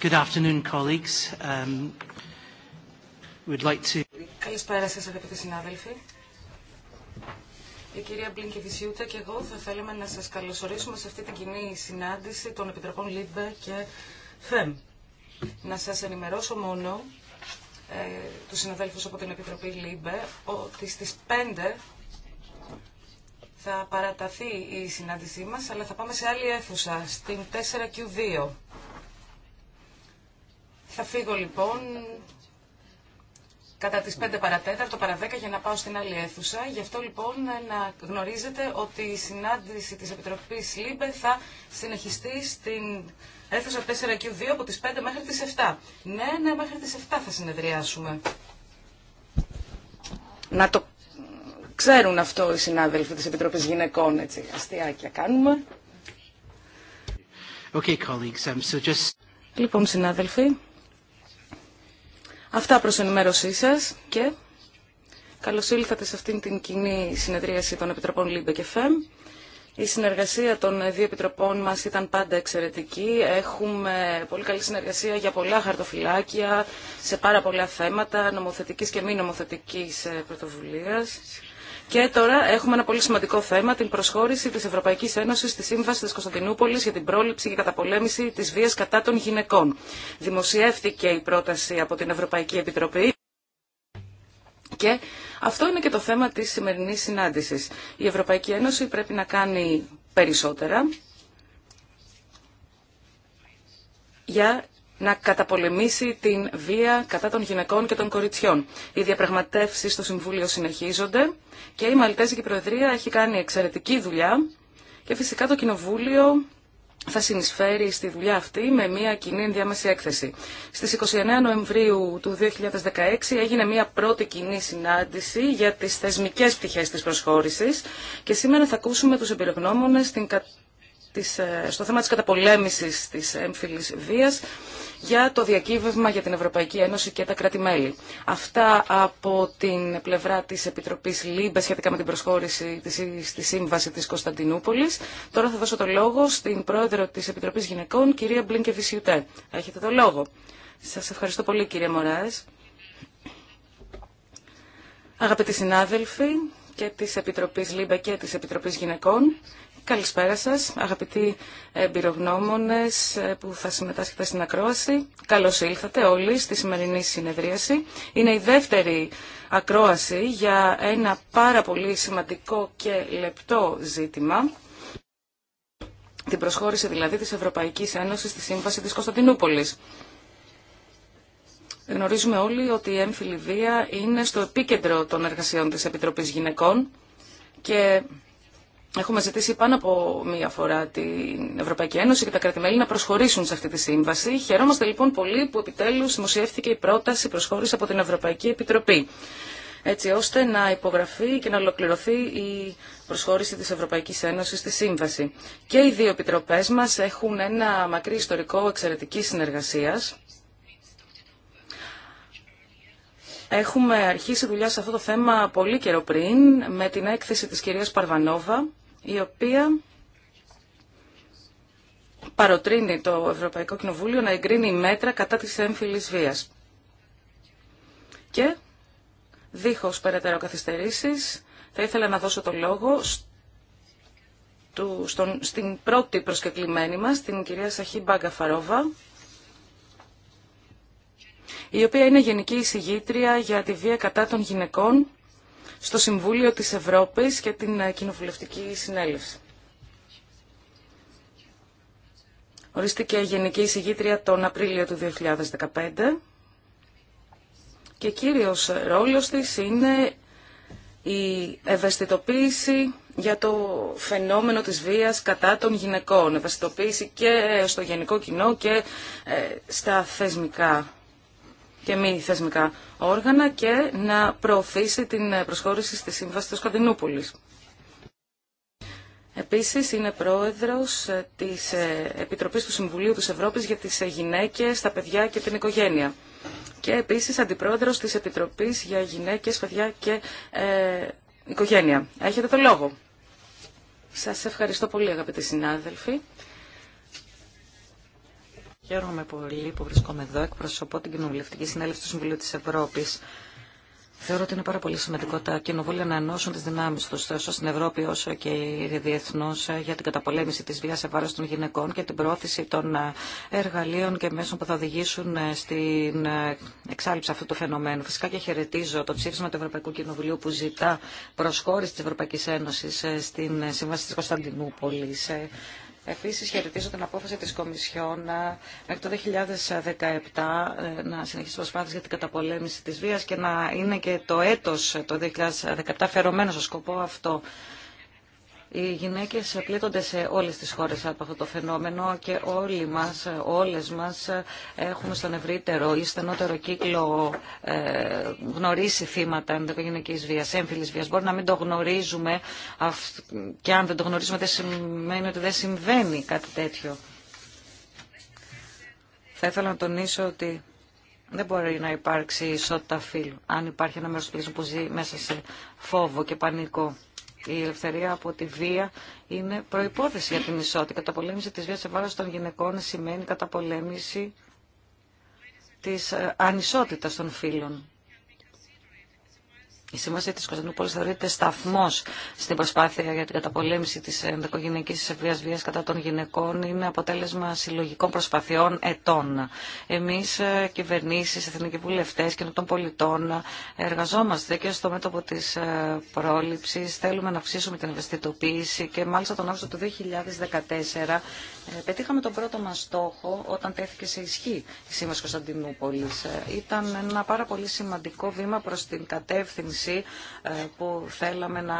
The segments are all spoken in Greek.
Good afternoon, colleagues. Um, we'd like to... Καλησπέρα σας, αγαπητοί συνάδελφοι. Η κυρία Μπλίνκεβισιούτα και εγώ θα θέλαμε να σας καλωσορίσουμε σε αυτή την κοινή συνάντηση των Επιτροπών ΛΥΜΠΕ και ΦΕΜ. Να σας ενημερώσω μόνο ε, τους συναδέλφους από την Επιτροπή ΛΥΜΠΕ ότι στις 5 θα παραταθεί η συνάντησή μας, αλλά θα πάμε σε άλλη αίθουσα, στην 4Q2. Θα φύγω λοιπόν κατά τις 5 παρατέταρτο, παρά 10 για να πάω στην άλλη αίθουσα. Γι' αυτό λοιπόν να γνωρίζετε ότι η συνάντηση της Επιτροπής ΛΥΜΠΕ θα συνεχιστεί στην αίθουσα 4Q2 από τις 5 μέχρι τις 7. Ναι, ναι, μέχρι τις 7 θα συνεδριάσουμε. Να το ξέρουν αυτό οι συνάδελφοι της Επιτροπής Γυναικών, έτσι, αστιάκια κάνουμε. Okay, colleagues, um, so just... Λοιπόν, συνάδελφοι, Αυτά προς ενημέρωσή σας και καλώς ήλθατε σε αυτήν την κοινή συνεδρίαση των Επιτροπών ΛΥΜΠΕ και ΦΕΜ. Η συνεργασία των δύο επιτροπών μας ήταν πάντα εξαιρετική. Έχουμε πολύ καλή συνεργασία για πολλά χαρτοφυλάκια, σε πάρα πολλά θέματα νομοθετικής και μη νομοθετικής ε, πρωτοβουλίας. Και τώρα έχουμε ένα πολύ σημαντικό θέμα, την προσχώρηση της Ευρωπαϊκής Ένωσης στη Σύμβαση της Κωνσταντινούπολη για την πρόληψη και καταπολέμηση τη βίας κατά των γυναικών. Δημοσιεύτηκε η πρόταση από την Ευρωπαϊκή Επιτροπή. Και αυτό είναι και το θέμα της σημερινής συνάντησης. Η Ευρωπαϊκή Ένωση πρέπει να κάνει περισσότερα για να καταπολεμήσει την βία κατά των γυναικών και των κοριτσιών. Οι διαπραγματεύσεις στο Συμβούλιο συνεχίζονται και η Μαλτέζικη Προεδρία έχει κάνει εξαιρετική δουλειά και φυσικά το Κοινοβούλιο θα συνεισφέρει στη δουλειά αυτή με μια κοινή ενδιάμεση έκθεση. Στις 29 Νοεμβρίου του 2016 έγινε μια πρώτη κοινή συνάντηση για τις θεσμικές πτυχές της προσχώρησης και σήμερα θα ακούσουμε τους εμπειρογνώμονες στην ε, στο θέμα της καταπολέμησης της έμφυλης βίας για το διακύβευμα για την Ευρωπαϊκή Ένωση και τα κράτη-μέλη. Αυτά από την πλευρά της Επιτροπής ΛΥΜΠΕ σχετικά με την προσχώρηση στη Σύμβαση της Κωνσταντινούπολης. Τώρα θα δώσω το λόγο στην Πρόεδρο της Επιτροπής Γυναικών, κυρία Μπλίνκεβισιουτέ. Έχετε το λόγο. Σας ευχαριστώ πολύ κύριε Μωράες. Αγαπητοί συνάδελφοι και της Επιτροπής ΛΥΜΠΕ και της Επιτροπής Γυναικών, Καλησπέρα σας, αγαπητοί εμπειρογνώμονες ε, που θα συμμετάσχετε στην ακρόαση. Καλώς ήλθατε όλοι στη σημερινή συνεδρίαση. Είναι η δεύτερη ακρόαση για ένα πάρα πολύ σημαντικό και λεπτό ζήτημα. Την προσχώρηση δηλαδή της Ευρωπαϊκής Ένωσης στη Σύμβαση της Κωνσταντινούπολης. Γνωρίζουμε όλοι ότι η έμφυλη είναι στο επίκεντρο των εργασιών της Επιτροπής Γυναικών και Έχουμε ζητήσει πάνω από μία φορά την Ευρωπαϊκή Ένωση και τα κράτη-μέλη να προσχωρήσουν σε αυτή τη σύμβαση. Χαιρόμαστε λοιπόν πολύ που επιτέλους δημοσιεύθηκε η πρόταση προσχώρηση από την Ευρωπαϊκή Επιτροπή έτσι ώστε να υπογραφεί και να ολοκληρωθεί η προσχώρηση της Ευρωπαϊκής Ένωσης στη Σύμβαση. Και οι δύο επιτροπές μας έχουν ένα μακρύ ιστορικό εξαιρετική συνεργασία. Έχουμε αρχίσει δουλειά σε αυτό το θέμα πολύ καιρό πριν με την έκθεση της κυρίας Παρβανόβα η οποία παροτρύνει το Ευρωπαϊκό Κοινοβούλιο να εγκρίνει μέτρα κατά της έμφυλης βίας. Και, δίχως περαιτέρω καθυστερήσεις, θα ήθελα να δώσω το λόγο στον, στην πρώτη προσκεκλημένη μας, την κυρία Σαχή Μπαγκαφαρόβα, η οποία είναι Γενική Εισηγήτρια για τη Βία κατά των Γυναικών στο Συμβούλιο της Ευρώπης και την ε, Κοινοβουλευτική Συνέλευση. Ορίστηκε Γενική Εισηγήτρια τον Απρίλιο του 2015 και κύριος ρόλος της είναι η ευαισθητοποίηση για το φαινόμενο της βίας κατά των γυναικών. Ευαισθητοποίηση και στο γενικό κοινό και ε, στα θεσμικά και μη θεσμικά όργανα και να προωθήσει την προσχώρηση στη Σύμβαση της Κωνσταντινούπολης. Επίσης είναι πρόεδρος ε, της ε, Επιτροπής του Συμβουλίου της Ευρώπης για τις ε, γυναίκες, τα παιδιά και την οικογένεια. Και επίσης αντιπρόεδρος της Επιτροπής για γυναίκες, παιδιά και οικογένεια. Έχετε το λόγο. Σας ευχαριστώ πολύ αγαπητοί συνάδελφοι. Χαίρομαι πολύ που βρισκόμαι εδώ, εκπροσωπώ την Κοινοβουλευτική Συνέλευση του Συμβουλίου τη Ευρώπη. Θεωρώ ότι είναι πάρα πολύ σημαντικό τα κοινοβούλια να ενώσουν τι δυνάμει του τόσο στην Ευρώπη όσο και διεθνώ για την καταπολέμηση τη βία σε βάρο των γυναικών και την πρόθεση των εργαλείων και μέσων που θα οδηγήσουν ε, στην ε, εξάλληψη αυτού του φαινομένου. Φυσικά και χαιρετίζω το ψήφισμα του Ευρωπαϊκού Κοινοβουλίου που ζητά προσχώρηση τη Ευρωπαϊκή Ένωση ε, στην Σύμβαση τη Κωνσταντινούπολη Επίση, χαιρετίζω την απόφαση της Κομισιόν μέχρι το 2017 ε, να συνεχίσει προσπάθειες για την καταπολέμηση της βίας και να είναι και το έτος το 2017 φερωμένο στο σκοπό αυτό. Οι γυναίκες πλήττονται σε όλες τις χώρες από αυτό το φαινόμενο και όλοι μας, όλες μας έχουμε στον ευρύτερο ή στενότερο κύκλο ε, γνωρίσει θύματα ενδοκογενειακής βίας, έμφυλης βίας. Μπορεί να μην το γνωρίζουμε και αν δεν το γνωρίζουμε δεν σημαίνει ότι δεν συμβαίνει κάτι τέτοιο. Θα ήθελα να τονίσω ότι δεν μπορεί να υπάρξει ισότητα φύλου αν υπάρχει ένα μέρος του πλήσου που ζει μέσα σε φόβο και πανικό η ελευθερία από τη βία είναι προϋπόθεση για την ισότητα. Η καταπολέμηση της βίας σε βάρος των γυναικών σημαίνει καταπολέμηση της ε, ανισότητας των φύλων. Η σημασία τη Κωνσταντινούπολη θεωρείται σταθμό στην προσπάθεια για την καταπολέμηση τη ενδοκογενειακή ευβία βία κατά των γυναικών. Είναι αποτέλεσμα συλλογικών προσπαθειών ετών. Εμεί, ε, κυβερνήσει, εθνικοί βουλευτέ και των πολιτών, ε, εργαζόμαστε και στο μέτωπο τη ε, πρόληψη, Θέλουμε να αυξήσουμε την ευαισθητοποίηση και μάλιστα τον Αύγουστο του 2014 πετύχαμε τον πρώτο μα στόχο όταν τέθηκε σε ισχύ η Σύμβαση Κωνσταντινούπολη. Ήταν ένα πάρα πολύ σημαντικό βήμα προ την κατεύθυνση ε, που θέλαμε να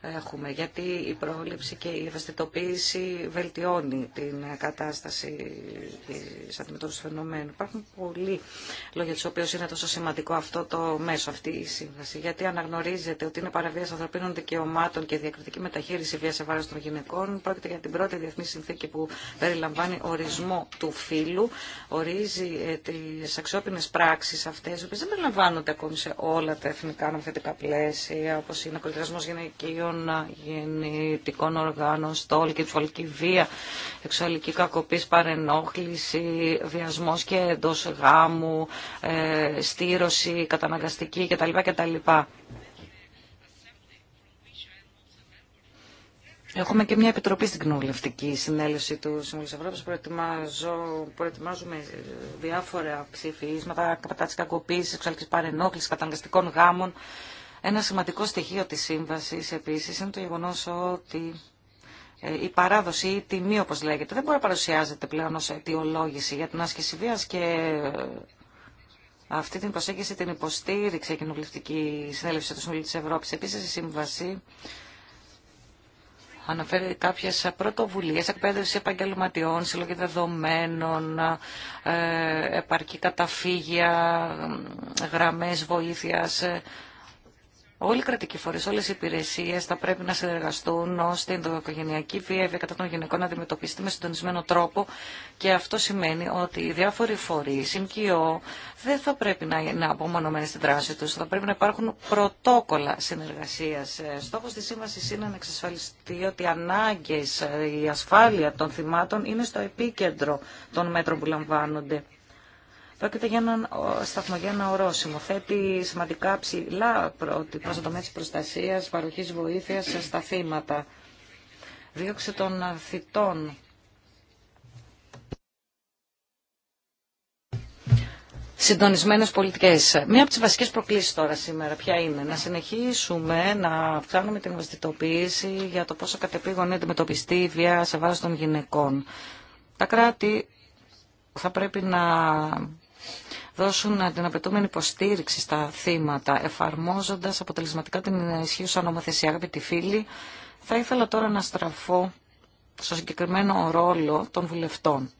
έχουμε. Γιατί η πρόληψη και η ευαισθητοποίηση βελτιώνει την κατάσταση τη αντιμετώπισης του φαινομένου. Υπάρχουν πολλοί για του οποίου είναι τόσο σημαντικό αυτό το μέσο, αυτή η σύμβαση. Γιατί αναγνωρίζεται ότι είναι παραβίαση ανθρωπίνων δικαιωμάτων και διακριτική μεταχείριση βία σε βάρο των γυναικών. Πρόκειται για την πρώτη διεθνή συνθήκη που περιλαμβάνει ορισμό του φύλου, ορίζει ε, τι αξιόπινε πράξει αυτέ, οι δεν περιλαμβάνονται ακόμη σε όλα τα εθνικά νομοθετικά πλαίσια, όπω είναι ο κολλητισμό γυναικείων, γεννητικών οργάνων, στόλ και τη βία, σεξουαλική κακοποίηση, παρενόχληση, βιασμό και εντό γάμου, ε, στήρωση, καταναγκαστική κτλ. κτλ. Έχουμε και μια επιτροπή στην κοινοβουλευτική συνέλευση του Συμβουλίου Ευρώπη. Προετοιμάζουμε ε, διάφορα ψηφίσματα κατά τη κακοποίηση, εξαλτική παρενόχληση, καταναγκαστικών γάμων. Ένα σημαντικό στοιχείο τη σύμβαση επίση είναι το γεγονό ότι ε, η παράδοση ή η τιμή, όπω λέγεται, δεν μπορεί να παρουσιάζεται πλέον ω αιτιολόγηση για την άσκηση βία και ε, αυτή την προσέγγιση την υποστήριξε η Κοινοβουλευτική Συνέλευση του Συμβουλίου τη Ευρώπη. Επίση, η Σύμβαση αναφέρει κάποιες πρωτοβουλίε, εκπαίδευση επαγγελματιών, συλλογή δεδομένων, ε, επαρκή καταφύγια, γραμμές βοήθειας ε, Όλοι οι κρατικοί φορείς, όλε οι υπηρεσίε θα πρέπει να συνεργαστούν ώστε η ενδοοικογενειακή βία κατά των γυναικών να αντιμετωπιστεί με συντονισμένο τρόπο και αυτό σημαίνει ότι οι διάφοροι φορείς, ΜΚΟ, δεν θα πρέπει να είναι απομονωμένοι στην δράση του. θα πρέπει να υπάρχουν πρωτόκολλα συνεργασία. Ε, Στόχο τη σύμβαση είναι να εξασφαλιστεί ότι οι ανάγκε, ε, η ασφάλεια των θυμάτων είναι στο επίκεντρο των μέτρων που λαμβάνονται. Πρόκειται για έναν σταθμό, για ένα ορόσημο. Θέτει σημαντικά ψηλά πρότυπα το τομέα τη προστασία, παροχή βοήθεια στα θύματα. Δίωξη των θητών. Συντονισμένε πολιτικέ. Μία από τι βασικέ προκλήσει τώρα σήμερα ποια είναι. Να συνεχίσουμε να αυξάνουμε την ευαισθητοποίηση για το πόσο κατεπήγον είναι αντιμετωπιστεί η βία σε βάρο των γυναικών. Τα κράτη θα πρέπει να δώσουν την απαιτούμενη υποστήριξη στα θύματα, εφαρμόζοντας αποτελεσματικά την ισχύουσα νομοθεσία. Αγαπητοί φίλοι, θα ήθελα τώρα να στραφώ στο συγκεκριμένο ρόλο των βουλευτών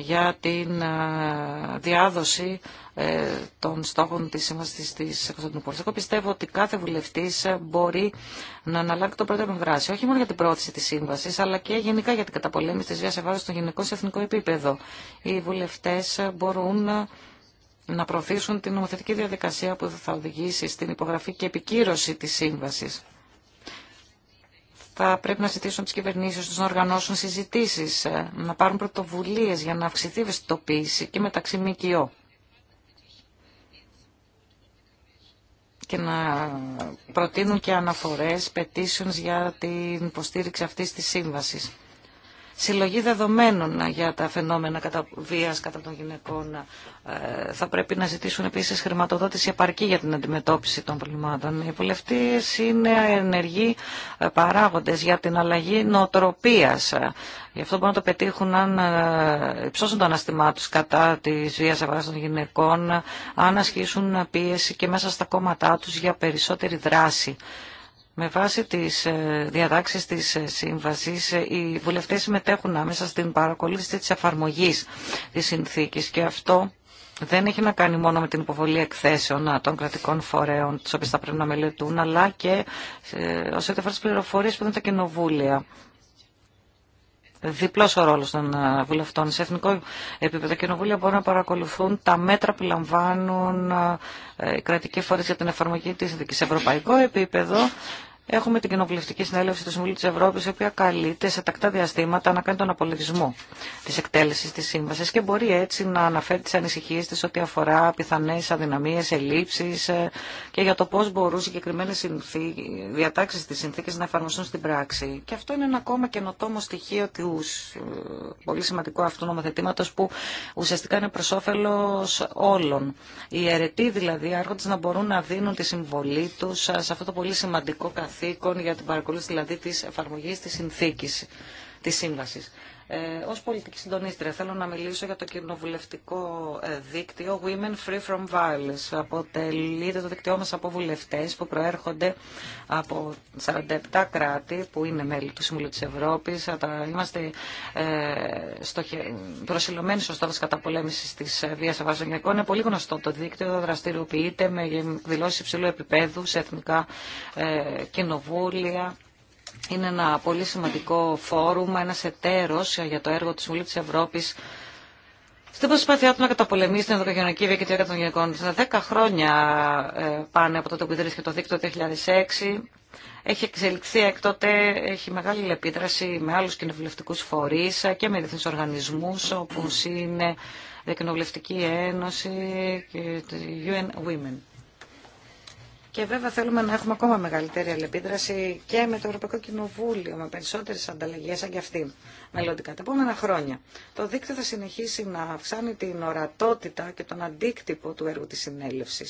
για την ε, διάδοση ε, των στόχων της Σύμβασης της Κωνσταντινούπολης. Εγώ πιστεύω ότι κάθε βουλευτής μπορεί να αναλάβει το πρώτο δράση, όχι μόνο για την πρόθεση της Σύμβασης, αλλά και γενικά για την καταπολέμηση της βίας σε των σε εθνικό επίπεδο. Οι βουλευτές μπορούν να προωθήσουν την νομοθετική διαδικασία που θα οδηγήσει στην υπογραφή και επικύρωση της Σύμβασης θα πρέπει να ζητήσουν τις κυβερνήσεις τους να οργανώσουν συζητήσεις, ε, να πάρουν πρωτοβουλίες για να αυξηθεί η ευαισθητοποίηση και μεταξύ ΜΚΟ. και να προτείνουν και αναφορές, petitions για την υποστήριξη αυτής της σύμβασης συλλογή δεδομένων για τα φαινόμενα κατά βίας κατά των γυναικών. Ε, θα πρέπει να ζητήσουν επίσης χρηματοδότηση επαρκή για την αντιμετώπιση των προβλημάτων. Οι βουλευτές είναι ενεργοί ε, παράγοντες για την αλλαγή νοοτροπίας. Ε, γι' αυτό μπορούν να το πετύχουν αν υψώσουν το αναστημά του κατά τη βία αγορά των γυναικών, αν ασχίσουν πίεση και μέσα στα κόμματά τους για περισσότερη δράση με βάση τις ε, διατάξει της ε, σύμβασης, ε, οι βουλευτές συμμετέχουν άμεσα στην παρακολούθηση της εφαρμογής της συνθήκης και αυτό δεν έχει να κάνει μόνο με την υποβολή εκθέσεων των κρατικών φορέων, τις οποίες θα πρέπει να μελετούν, αλλά και ως ό,τι αφορά πληροφορίες που είναι τα κοινοβούλια. Διπλό ο ρόλο των βουλευτών. Σε εθνικό επίπεδο, τα κοινοβούλια μπορούν να παρακολουθούν τα μέτρα που λαμβάνουν οι κρατικοί φορεί για την εφαρμογή τη συνθήκη. ευρωπαϊκό επίπεδο, Έχουμε την Κοινοβουλευτική Συνέλευση του Συμβουλίου τη Ευρώπη, η οποία καλείται σε τακτά διαστήματα να κάνει τον απολογισμό τη εκτέλεση τη σύμβαση και μπορεί έτσι να αναφέρει τι ανησυχίε τη ό,τι αφορά πιθανέ αδυναμίε, ελλείψει ε, και για το πώ μπορούν συγκεκριμένε διατάξει τη συνθήκη να εφαρμοστούν στην πράξη. Και αυτό είναι ένα ακόμα καινοτόμο στοιχείο του ε, πολύ σημαντικού αυτού νομοθετήματο που ουσιαστικά είναι προ όφελο όλων. Οι αιρετοί δηλαδή άρχοντε να μπορούν να δίνουν τη συμβολή του ε, σε αυτό το πολύ σημαντικό συνθήκων για την παρακολούθηση δηλαδή της εφαρμογής της συνθήκης της σύμβασης. Ε, ως πολιτική συντονίστρια θέλω να μιλήσω για το κοινοβουλευτικό ε, δίκτυο Women Free From Violence. Αποτελείται το δίκτυό μας από βουλευτές που προέρχονται από 47 κράτη που είναι μέλη του Συμβουλίου τη Ευρώπη. Είμαστε ε, στο, προσιλωμένοι στο στόχο της καταπολέμησης της ε, βίας βάση Είναι πολύ γνωστό το δίκτυο, δραστηριοποιείται με δηλώσει υψηλού επίπεδου σε εθνικά ε, κοινοβούλια είναι ένα πολύ σημαντικό φόρουμ, ένα εταίρο για το έργο τη Βουλή τη Ευρώπη. στην προσπάθειά του να καταπολεμήσει την ενδοκογενειακή βία και τη των γυναικών. Τα δέκα χρόνια ε, πάνε από τότε που ιδρύθηκε το δίκτυο 2006. Έχει εξελιχθεί εκ τότε, έχει μεγάλη επίδραση με άλλου κοινοβουλευτικού φορεί και με διεθνεί οργανισμού όπω είναι η Κοινοβουλευτική Ένωση και το UN Women. Και βέβαια θέλουμε να έχουμε ακόμα μεγαλύτερη αλληλεπίδραση και με το Ευρωπαϊκό Κοινοβούλιο, με περισσότερε ανταλλαγέ σαν και αυτή μελλοντικά. Τα επόμενα χρόνια το δίκτυο θα συνεχίσει να αυξάνει την ορατότητα και τον αντίκτυπο του έργου τη συνέλευση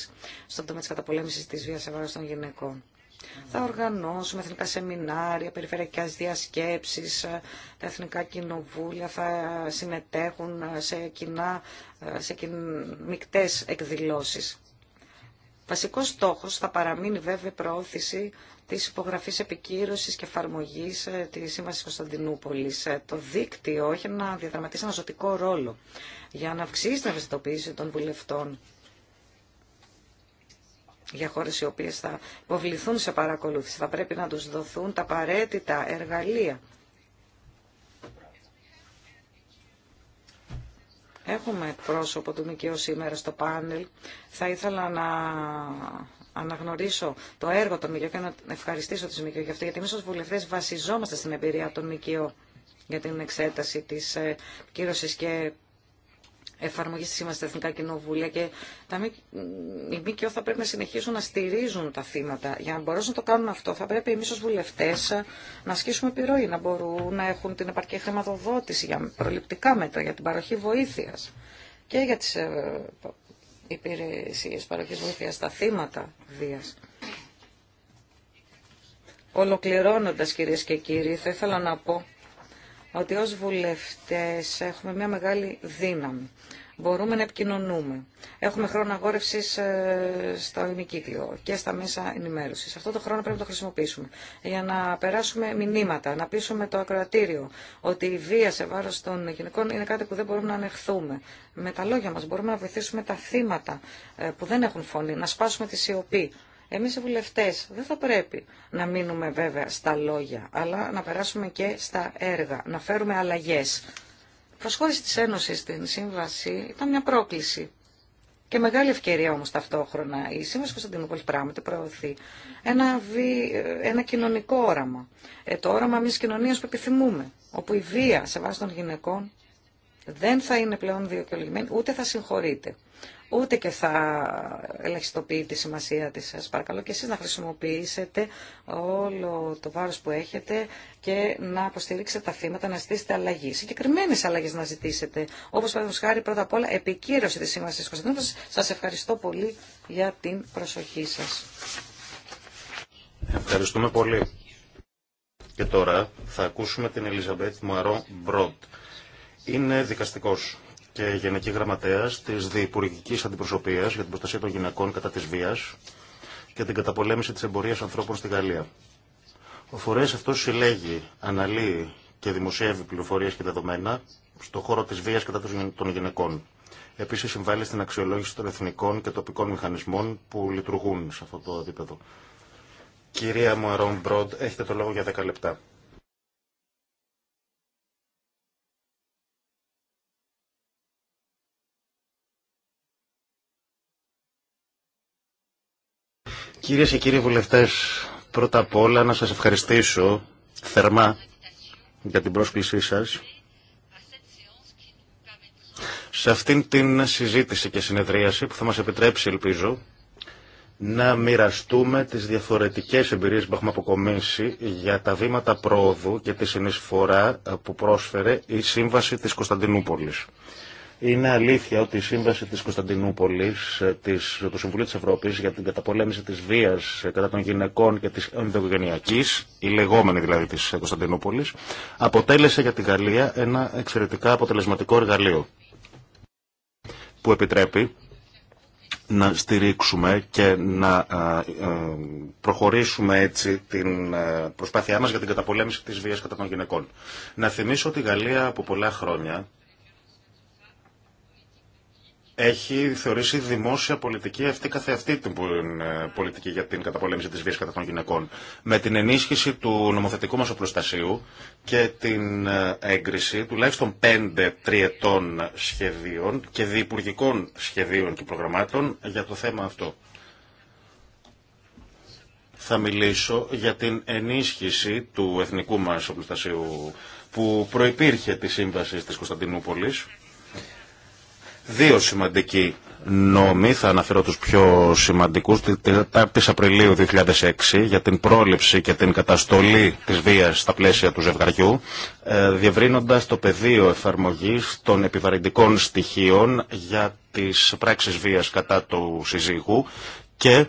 στον τομέα τη καταπολέμηση τη βία σε βάρο των γυναικών. Θα οργανώσουμε εθνικά σεμινάρια, περιφερειακέ διασκέψει, τα εθνικά κοινοβούλια θα συμμετέχουν σε, κοινά, σε κοιν, μεικτέ Βασικός στόχος θα παραμείνει βέβαια προώθηση της υπογραφής επικύρωσης και εφαρμογή ε, της Σύμβασης Κωνσταντινούπολης. Ε, το δίκτυο έχει να διαδραματίσει ένα ζωτικό ρόλο για να αυξήσει την ευαισθητοποίηση των βουλευτών για χώρες οι οποίες θα υποβληθούν σε παρακολούθηση. Θα πρέπει να τους δοθούν τα απαραίτητα εργαλεία Έχουμε πρόσωπο του ΜΚΟ σήμερα στο πάνελ. Θα ήθελα να αναγνωρίσω το έργο των ΜΚΟ και να ευχαριστήσω τις ΜΚΟ για αυτό, γιατί εμείς ως βουλευτές βασιζόμαστε στην εμπειρία των ΜΚΟ για την εξέταση της ε, κύρωσης και εφαρμογή στη σήμανση στα Εθνικά Κοινοβούλια και τα μη, οι ΜΚΟ θα πρέπει να συνεχίσουν να στηρίζουν τα θύματα. Για να μπορέσουν να το κάνουν αυτό, θα πρέπει εμεί ω βουλευτέ να ασκήσουμε επιρροή, να μπορούν να έχουν την επαρκή χρηματοδότηση για προληπτικά μέτρα, για την παροχή βοήθεια και για τι ε, υπηρεσίε παροχή βοήθεια στα θύματα βία. Ολοκληρώνοντας κυρίες και κύριοι, θα ήθελα να πω ότι ως βουλευτές έχουμε μια μεγάλη δύναμη. Μπορούμε να επικοινωνούμε. Έχουμε χρόνο αγόρευση ε, στο ημικύκλιο και στα μέσα ενημέρωση. Αυτό το χρόνο πρέπει να το χρησιμοποιήσουμε για να περάσουμε μηνύματα, να πείσουμε το ακροατήριο ότι η βία σε βάρο των γυναικών είναι κάτι που δεν μπορούμε να ανεχθούμε. Με τα λόγια μα μπορούμε να βοηθήσουμε τα θύματα ε, που δεν έχουν φωνή, να σπάσουμε τη σιωπή. Εμείς οι βουλευτές δεν θα πρέπει να μείνουμε βέβαια στα λόγια, αλλά να περάσουμε και στα έργα, να φέρουμε αλλαγές. Η προσχώρηση της Ένωσης στην Σύμβαση ήταν μια πρόκληση. Και μεγάλη ευκαιρία όμως ταυτόχρονα η Σύμβαση Κωνσταντινούπολης πράγματι προωθεί ένα, ένα κοινωνικό όραμα. Ε, το όραμα μιας κοινωνίας που επιθυμούμε, όπου η βία σε βάση των γυναικών δεν θα είναι πλέον ούτε θα συγχωρείται ούτε και θα ελαχιστοποιεί τη σημασία της. Σας παρακαλώ και εσείς να χρησιμοποιήσετε όλο το βάρος που έχετε και να αποστηρίξετε τα θύματα, να ζητήσετε αλλαγή. Συγκεκριμένε αλλαγέ να ζητήσετε. Όπω παραδείγματο χάρη πρώτα απ' όλα επικύρωση τη Σύμβαση τη Κωνσταντινούπολη. Σα ευχαριστώ πολύ για την προσοχή σα. Ευχαριστούμε πολύ. Και τώρα θα ακούσουμε την Ελιζαμπέτ Μαρό Μπροντ. Είναι δικαστικός και Γενική Γραμματέα τη Διυπουργική Αντιπροσωπεία για την Προστασία των Γυναικών κατά τη Βία και την καταπολέμηση τη εμπορία ανθρώπων στη Γαλλία. Ο φορέα αυτό συλλέγει, αναλύει και δημοσιεύει πληροφορίε και δεδομένα στον χώρο τη βία κατά των γυναικών. Επίση, συμβάλλει στην αξιολόγηση των εθνικών και τοπικών μηχανισμών που λειτουργούν σε αυτό το επίπεδο. Κυρία Μουαρόν Μπροντ, έχετε το λόγο για 10 λεπτά. Κυρίε και κύριοι βουλευτέ, πρώτα απ' όλα να σα ευχαριστήσω θερμά για την πρόσκλησή σα σε αυτήν την συζήτηση και συνεδρίαση που θα μας επιτρέψει, ελπίζω, να μοιραστούμε τις διαφορετικές εμπειρίες που έχουμε αποκομίσει για τα βήματα πρόοδου και τη συνεισφορά που πρόσφερε η Σύμβαση της Κωνσταντινούπολης είναι αλήθεια ότι η σύμβαση της Κωνσταντινούπολης, ε, της, του Συμβουλίου της Ευρώπης για την καταπολέμηση της βίας ε, κατά των γυναικών και της ενδογενειακής, η λεγόμενη δηλαδή της ε, Κωνσταντινούπολης, αποτέλεσε για τη Γαλλία ένα εξαιρετικά αποτελεσματικό εργαλείο που επιτρέπει να στηρίξουμε και να προχωρήσουμε έτσι την προσπάθειά μας για την καταπολέμηση της βίας κατά των γυναικών. Να θυμίσω ότι η Γαλλία από πολλά χρόνια έχει θεωρήσει δημόσια πολιτική αυτή καθεαυτή την ε, πολιτική για την καταπολέμηση της βίας κατά των γυναικών. Με την ενίσχυση του νομοθετικού μας οπλοστασίου και την ε, έγκριση τουλάχιστον πέντε τριετών σχεδίων και διυπουργικών σχεδίων και προγραμμάτων για το θέμα αυτό. Θα μιλήσω για την ενίσχυση του εθνικού μας οπλοστασίου που προϋπήρχε τη σύμβαση της Κωνσταντινούπολης δύο σημαντικοί νόμοι, θα αναφέρω τους πιο σημαντικούς, της Απριλίου 2006 για την πρόληψη και την καταστολή της βίας στα πλαίσια του ζευγαριού, ε, διευρύνοντας το πεδίο εφαρμογής των επιβαρυντικών στοιχείων για τις πράξεις βίας κατά του συζύγου και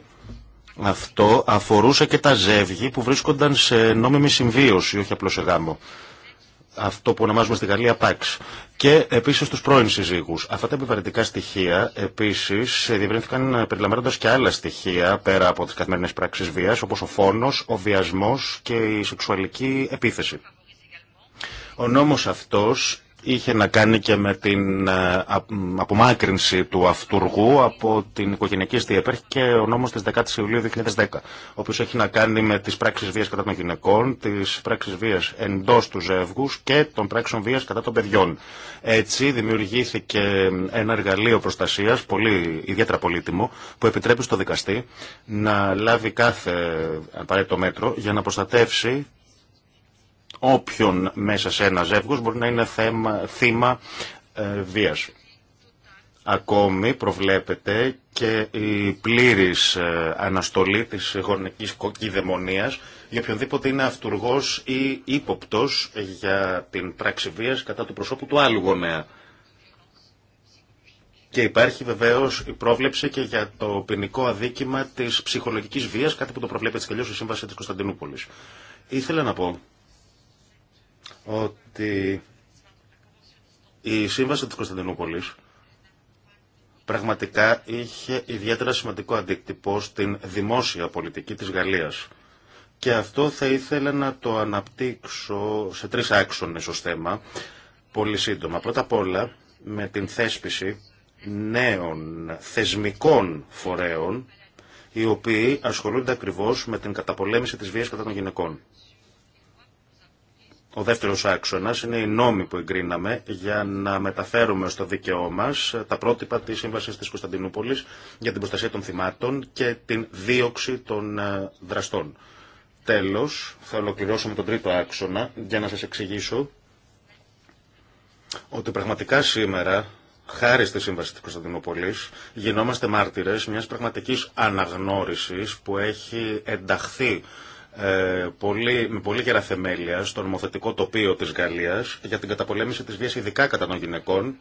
αυτό αφορούσε και τα ζεύγη που βρίσκονταν σε νόμιμη συμβίωση, όχι απλώς σε γάμο αυτό που ονομάζουμε στην Γαλλία ΠΑΞ. Και επίση του πρώην συζύγου. Αυτά τα επιβαρυντικά στοιχεία επίση διευρύνθηκαν περιλαμβάνοντα και άλλα στοιχεία πέρα από τι καθημερινές πράξεις βία, όπω ο φόνο, ο βιασμό και η σεξουαλική επίθεση. Ο νόμος αυτός είχε να κάνει και με την ε, απομάκρυνση του αυτούργου από την οικογενειακή αιστεία. Υπάρχει και ο νόμος της 10 Ιουλίου 2010, ο οποίος έχει να κάνει με τις πράξεις βίας κατά των γυναικών, τις πράξεις βίας εντός του ζεύγους και των πράξεων βίας κατά των παιδιών. Έτσι δημιουργήθηκε ένα εργαλείο προστασίας, πολύ, ιδιαίτερα πολύτιμο, που επιτρέπει στο δικαστή να λάβει κάθε απαραίτητο μέτρο για να προστατεύσει όποιον μέσα σε ένα ζεύγος μπορεί να είναι θέμα, θύμα ε, βίας. Ακόμη προβλέπεται και η πλήρης ε, αναστολή της γονικής κοκκιδαιμονίας για οποιονδήποτε είναι αυτουργός ή ύποπτος για την πράξη βίας κατά του προσώπου του άλλου γονέα. Και υπάρχει βεβαίως η πρόβλεψη και για το ποινικό αδίκημα της ψυχολογικής βίας, κάτι που το προβλέπει έτσι και η Σύμβαση τη Κωνσταντινούπολη. Ήθελα να πω ότι η σύμβαση της Κωνσταντινούπολης πραγματικά είχε ιδιαίτερα σημαντικό αντίκτυπο στην δημόσια πολιτική της Γαλλίας. Και αυτό θα ήθελα να το αναπτύξω σε τρεις άξονες ως θέμα, πολύ σύντομα. Πρώτα απ' όλα, με την θέσπιση νέων θεσμικών φορέων, οι οποίοι ασχολούνται ακριβώς με την καταπολέμηση της βίας κατά των γυναικών. Ο δεύτερο άξονας είναι οι νόμοι που εγκρίναμε για να μεταφέρουμε στο δίκαιό μας τα πρότυπα τη σύμβαση της Κωνσταντινούπολη για την προστασία των θυμάτων και την δίωξη των ε, δραστών. Τέλος, θα ολοκληρώσω με τον τρίτο άξονα για να σας εξηγήσω ότι πραγματικά σήμερα, χάρη στη Σύμβαση τη Κωνσταντινούπολη, γινόμαστε μάρτυρες μια πραγματική αναγνώριση που έχει ενταχθεί ε, πολύ, με πολύ γερά θεμέλια στο νομοθετικό τοπίο της Γαλλίας για την καταπολέμηση της βίας ειδικά κατά των γυναικών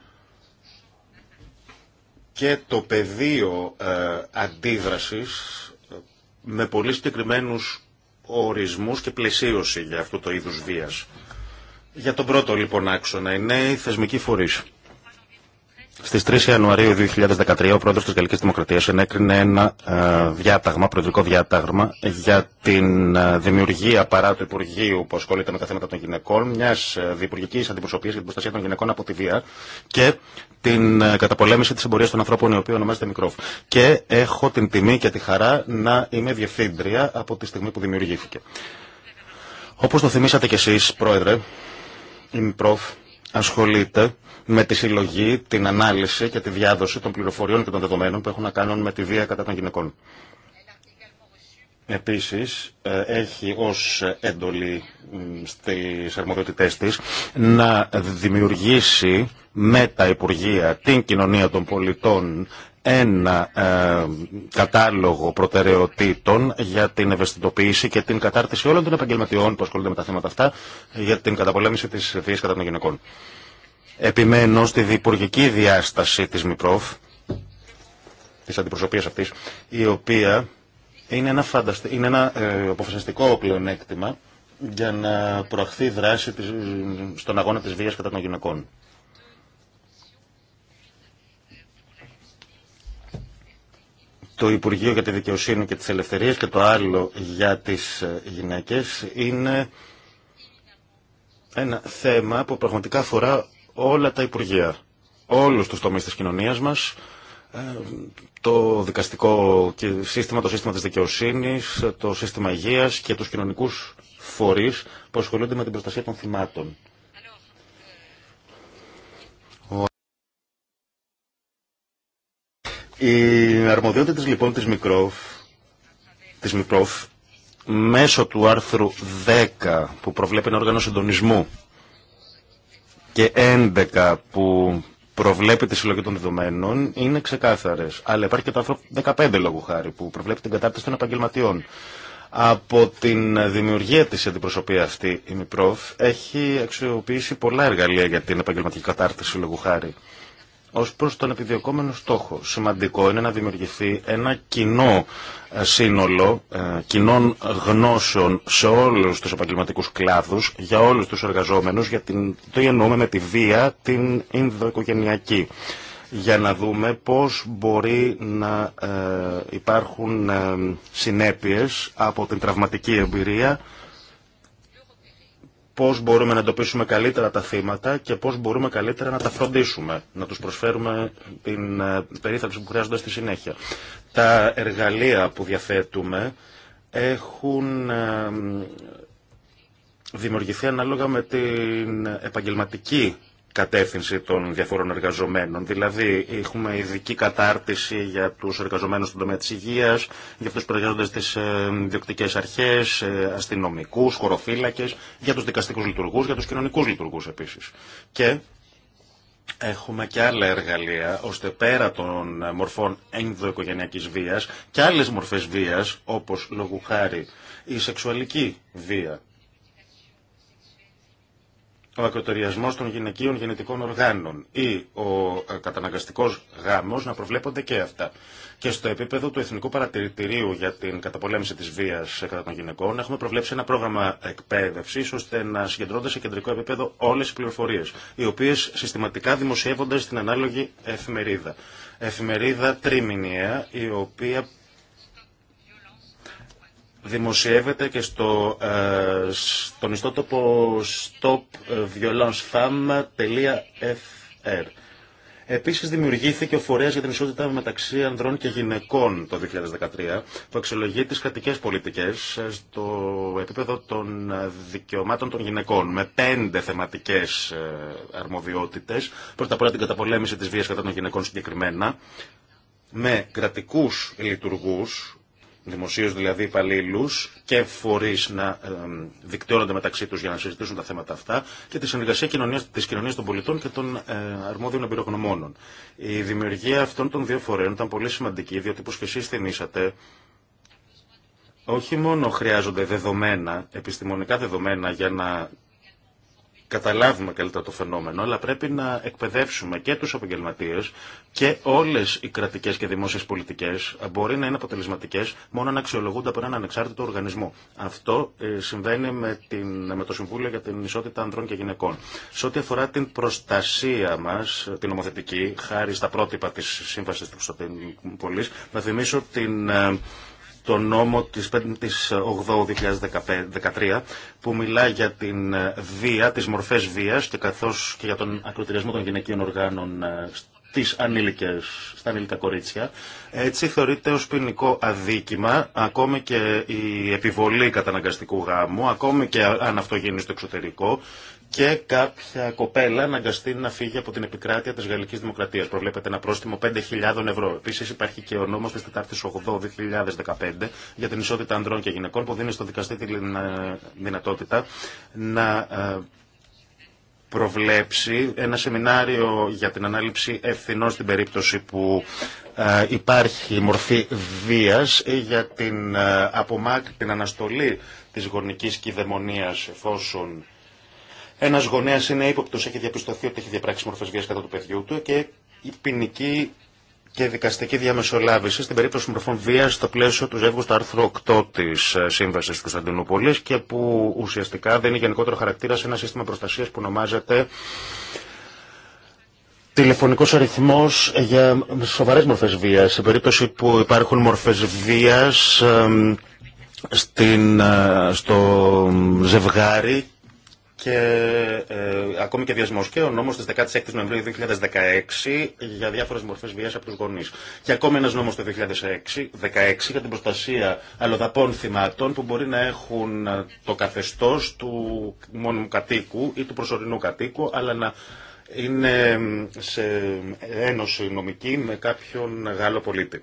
και το πεδίο ε, αντίδρασης ε, με πολύ συγκεκριμένου ορισμούς και πλαισίωση για αυτό το είδους βίας. Για τον πρώτο λοιπόν άξονα είναι οι θεσμικοί φορείς. Στι 3 Ιανουαρίου 2013, ο πρόεδρο τη Γαλλική Δημοκρατία ενέκρινε ένα ε, διάταγμα, προεδρικό διάταγμα, για την ε, δημιουργία παρά του Υπουργείου που ασχολείται με τα θέματα των γυναικών, μια ε, διπουργική αντιπροσωπεία για την προστασία των γυναικών από τη βία και την καταπολέμηση τη εμπορία των ανθρώπων, η οποία ονομάζεται Μικρόφ. Και έχω την τιμή και τη χαρά να είμαι διευθύντρια από τη στιγμή που δημιουργήθηκε. Όπω το θυμήσατε κι εσεί, πρόεδρε, η Μικρόφ ασχολείται με τη συλλογή, την ανάλυση και τη διάδοση των πληροφοριών και των δεδομένων που έχουν να κάνουν με τη βία κατά των γυναικών. Επίσης, ε, έχει ως έντολη στις αρμοδιότητές της να δημιουργήσει με τα Υπουργεία, την κοινωνία των πολιτών ένα ε, κατάλογο προτεραιοτήτων για την ευαισθητοποίηση και την κατάρτιση όλων των επαγγελματιών που ασχολούνται με τα θέματα αυτά για την καταπολέμηση της βίας κατά των γυναικών. Επιμένω στη διπουργική διάσταση της ΜΙΠΡΟΦ, της αντιπροσωπείας αυτής, η οποία είναι ένα, φανταστη... είναι ένα ε, αποφασιστικό πλεονέκτημα για να προαχθεί δράση ε, στον αγώνα της βίας κατά των γυναικών. το Υπουργείο για τη Δικαιοσύνη και τις Ελευθερίες και το άλλο για τις ε, γυναίκες είναι ένα θέμα που πραγματικά αφορά όλα τα Υπουργεία, όλους τους τομείς της κοινωνίας μας, ε, το δικαστικό σύστημα, το σύστημα της δικαιοσύνης, το σύστημα υγείας και τους κοινωνικούς φορείς που ασχολούνται με την προστασία των θυμάτων. Οι αρμοδιότητα λοιπόν της Μικρόφ, της Μικρόφ μέσω του άρθρου 10 που προβλέπει ένα όργανο συντονισμού και 11 που προβλέπει τη συλλογή των δεδομένων είναι ξεκάθαρες. Αλλά υπάρχει και το άρθρο 15 λόγου χάρη που προβλέπει την κατάρτιση των επαγγελματιών. Από την δημιουργία της αντιπροσωπείας αυτή η Μικρόφ έχει αξιοποιήσει πολλά εργαλεία για την επαγγελματική κατάρτιση λόγου χάρη ως προς τον επιδιωκόμενο στόχο. Σημαντικό είναι να δημιουργηθεί ένα κοινό ε, σύνολο ε, κοινών γνώσεων σε όλους τους επαγγελματικούς κλάδους, για όλους τους εργαζόμενους, για την, το εννοούμε με τη βία, την ενδοοικογενειακή για να δούμε πώς μπορεί να ε, υπάρχουν συνέπειες από την τραυματική εμπειρία πώς μπορούμε να εντοπίσουμε καλύτερα τα θύματα και πώς μπορούμε καλύτερα να τα φροντίσουμε, να τους προσφέρουμε την ε, περίθαλψη που χρειάζονται στη συνέχεια. Τα εργαλεία που διαθέτουμε έχουν ε, δημιουργηθεί ανάλογα με την επαγγελματική κατεύθυνση των διαφόρων εργαζομένων. Δηλαδή, έχουμε ειδική κατάρτιση για τους εργαζομένους στον τομέα της υγείας, για τους που εργάζονται στις ε, διοκτικές αρχές, ε, αστυνομικούς, χωροφύλακες, για τους δικαστικούς λειτουργούς, για τους κοινωνικούς λειτουργούς επίσης. Και Έχουμε και άλλα εργαλεία, ώστε πέρα των μορφών ενδοοικογενειακής βίας και άλλες μορφές βίας, όπως λόγου χάρη η σεξουαλική βία ο ακροτεριασμό των γυναικείων γενετικών οργάνων ή ο ε, καταναγκαστικός γάμο να προβλέπονται και αυτά. Και στο επίπεδο του Εθνικού Παρατηρητηρίου για την καταπολέμηση τη βία ε, κατά των γυναικών, έχουμε προβλέψει ένα πρόγραμμα εκπαίδευση ώστε να συγκεντρώνται σε κεντρικό επίπεδο όλε οι πληροφορίε, οι οποίε συστηματικά δημοσιεύονται στην ανάλογη εφημερίδα. Εφημερίδα τρίμηνιαία, η οποία δημοσιεύεται και στο, ε, στον ιστότοπο stopviolencefam.fr. Επίσης δημιουργήθηκε ο Φορέας για την Ισότητα μεταξύ ανδρών και γυναικών το 2013 που αξιολογεί τις κρατικές πολιτικές ε, στο επίπεδο των ε, δικαιωμάτων των γυναικών με πέντε θεματικές ε, αρμοδιότητες. Πρώτα απ' όλα την καταπολέμηση της βίας κατά των γυναικών συγκεκριμένα με κρατικούς λειτουργούς δημοσίως δηλαδή υπαλλήλου και φορείς να δικτυώνονται μεταξύ του για να συζητήσουν τα θέματα αυτά και τη συνεργασία τη κοινωνία των πολιτών και των ε, αρμόδιων εμπειρογνωμόνων. Η δημιουργία αυτών των δύο φορέων ήταν πολύ σημαντική διότι όπω και εσείς θυμήσατε όχι μόνο χρειάζονται δεδομένα, επιστημονικά δεδομένα για να καταλάβουμε καλύτερα το φαινόμενο, αλλά πρέπει να εκπαιδεύσουμε και τους επαγγελματίε και όλες οι κρατικές και δημόσιες πολιτικές μπορεί να είναι αποτελεσματικές μόνο να αξιολογούνται από έναν ανεξάρτητο οργανισμό. Αυτό ε, συμβαίνει με, την, με το Συμβούλιο για την Ισότητα Ανδρών και Γυναικών. Σε ό,τι αφορά την προστασία μας, ε, την νομοθετική, χάρη στα πρότυπα της Σύμβασης του Κωνσταντινούπολης, να θυμίσω την ε, το νόμο της 5ης 2013 που μιλά για την ε, βία, τις μορφές βίας και καθώς και για τον ακροτηριασμό των γυναικείων οργάνων ε, στις ανήλικες, στα ανήλικα κορίτσια. Έτσι θεωρείται ως ποινικό αδίκημα ακόμη και η επιβολή καταναγκαστικού γάμου, ακόμη και αν αυτό γίνει στο εξωτερικό και κάποια κοπέλα αναγκαστεί να φύγει από την επικράτεια τη Γαλλική Δημοκρατία. Προβλέπεται ένα πρόστιμο 5.000 ευρώ. Επίση υπάρχει και ο νόμο τη 4ης 8-2015 για την ισότητα ανδρών και γυναικών που δίνει στο δικαστή τη ε, δυνατότητα να ε, προβλέψει ένα σεμινάριο για την ανάληψη ευθυνών στην περίπτωση που ε, υπάρχει μορφή βίας ή για την, αναστολή της γονικής κυδαιμονίας εφόσον ένα γονέα είναι ύποπτο, έχει διαπιστωθεί ότι έχει διαπράξει μορφέ βία κατά του παιδιού του και η ποινική και δικαστική διαμεσολάβηση στην περίπτωση μορφών βία στο πλαίσιο του ζεύγου στο άρθρο 8 τη ε, Σύμβαση τη Κωνσταντινούπολη και που ουσιαστικά δεν είναι γενικότερο χαρακτήρα σε ένα σύστημα προστασία που ονομάζεται τηλεφωνικό αριθμό για σοβαρέ μορφέ βία. Σε περίπτωση που υπάρχουν μορφέ βία στην, ε, στο ζευγάρι και ε, ακόμη και διασμός και ο νόμος της 16ης Νοεμβρίου 2016 για διάφορε μορφές βία από του γονείς. Και ακόμη ένα νόμος το 2016 16, για την προστασία αλλοδαπών θυμάτων που μπορεί να έχουν ε, το καθεστώς του μόνιμου κατοίκου ή του προσωρινού κατοίκου αλλά να είναι ε, σε ένωση νομική με κάποιον Γάλλο πολίτη.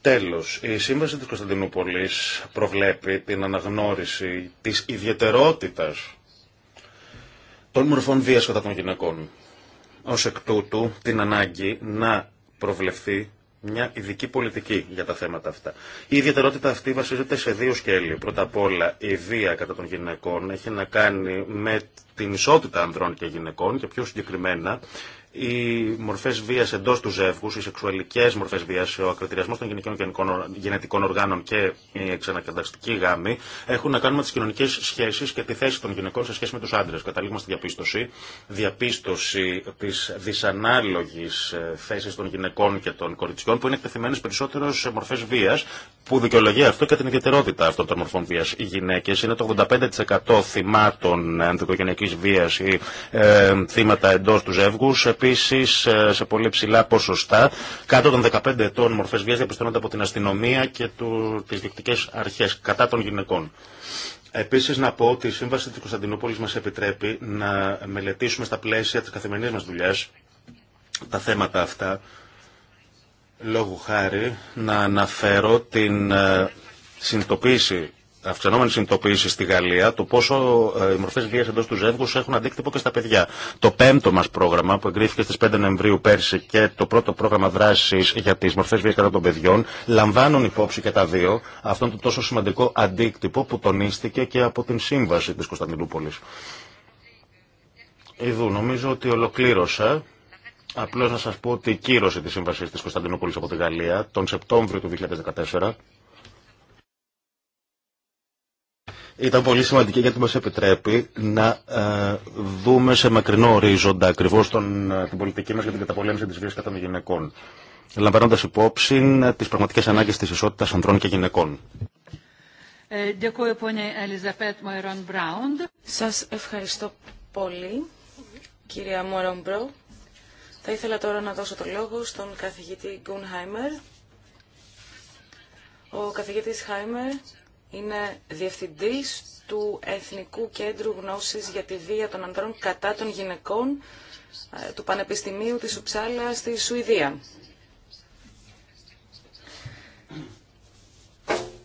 Τέλος, η Σύμβαση της Κωνσταντινούπολης προβλέπει την αναγνώριση της ιδιαιτερότητας των μορφών βίας κατά των γυναικών. Ως εκ τούτου την ανάγκη να προβλεφθεί μια ειδική πολιτική για τα θέματα αυτά. Η ιδιαιτερότητα αυτή βασίζεται σε δύο σκέλη. Πρώτα απ' όλα η βία κατά των γυναικών έχει να κάνει με την ισότητα ανδρών και γυναικών και πιο συγκεκριμένα οι μορφέ βία εντό του ζεύγου, οι σεξουαλικέ μορφέ βία, ο ακροτηριασμό των και γενετικών οργάνων και η εξανακαταστική γάμη έχουν να κάνουν με τι κοινωνικέ σχέσει και τη θέση των γυναικών σε σχέση με του άντρε. Καταλήγουμε στη διαπίστωση, διαπίστωση τη δυσανάλογη ε, θέση των γυναικών και των κοριτσιών που είναι εκτεθειμένε περισσότερο σε μορφέ βία, που δικαιολογεί αυτό και την ιδιαιτερότητα αυτών των μορφών βία. Οι γυναίκε είναι το 85% θυμάτων ενδοικογενειακή βία ή ε, θύματα εντό του ζεύγου επίσης ε, σε πολύ ψηλά ποσοστά. Κάτω των 15 ετών μορφές βίας διαπιστώνονται από την αστυνομία και του, τις δικτικές αρχές κατά των γυναικών. Επίσης να πω ότι η Σύμβαση της Κωνσταντινούπολης μας επιτρέπει να μελετήσουμε στα πλαίσια της καθημερινής μας δουλειάς τα θέματα αυτά. Λόγου χάρη να αναφέρω την ε, συνειδητοποίηση αυξανόμενη συνειδητοποίηση στη Γαλλία το πόσο ε, οι μορφέ βία εντό του ζεύγου έχουν αντίκτυπο και στα παιδιά. Το πέμπτο μα πρόγραμμα που εγκρίθηκε στι 5 Νοεμβρίου πέρσι και το πρώτο πρόγραμμα δράση για τι μορφέ βία κατά των παιδιών λαμβάνουν υπόψη και τα δύο αυτόν τον τόσο σημαντικό αντίκτυπο που τονίστηκε και από την σύμβαση τη Κωνσταντινούπολη. Ιδού, νομίζω ότι ολοκλήρωσα. Απλώ να σα πω ότι η τη σύμβαση τη Κωνσταντινούπολης από τη Γαλλία τον Σεπτέμβριο του 2014 Ήταν πολύ σημαντική γιατί μας επιτρέπει να ε, δούμε σε μακρινό ορίζοντα ακριβώς τον, ε, την πολιτική μας για την καταπολέμηση της βίας κατά των γυναικών, λαμβάνοντας υπόψη ε, τις πραγματικές ανάγκες της ισότητα ανδρών και γυναικών. Σα ευχαριστώ πολύ, κυρία Μπρο. Θα ήθελα τώρα να δώσω το λόγο στον καθηγητή Γκουνχάιμερ. Ο καθηγητή Χάιμερ είναι διευθυντής του Εθνικού Κέντρου Γνώσης για τη Βία των Ανδρών κατά των Γυναικών ε, του Πανεπιστημίου της Ουψάλα στη Σουηδία.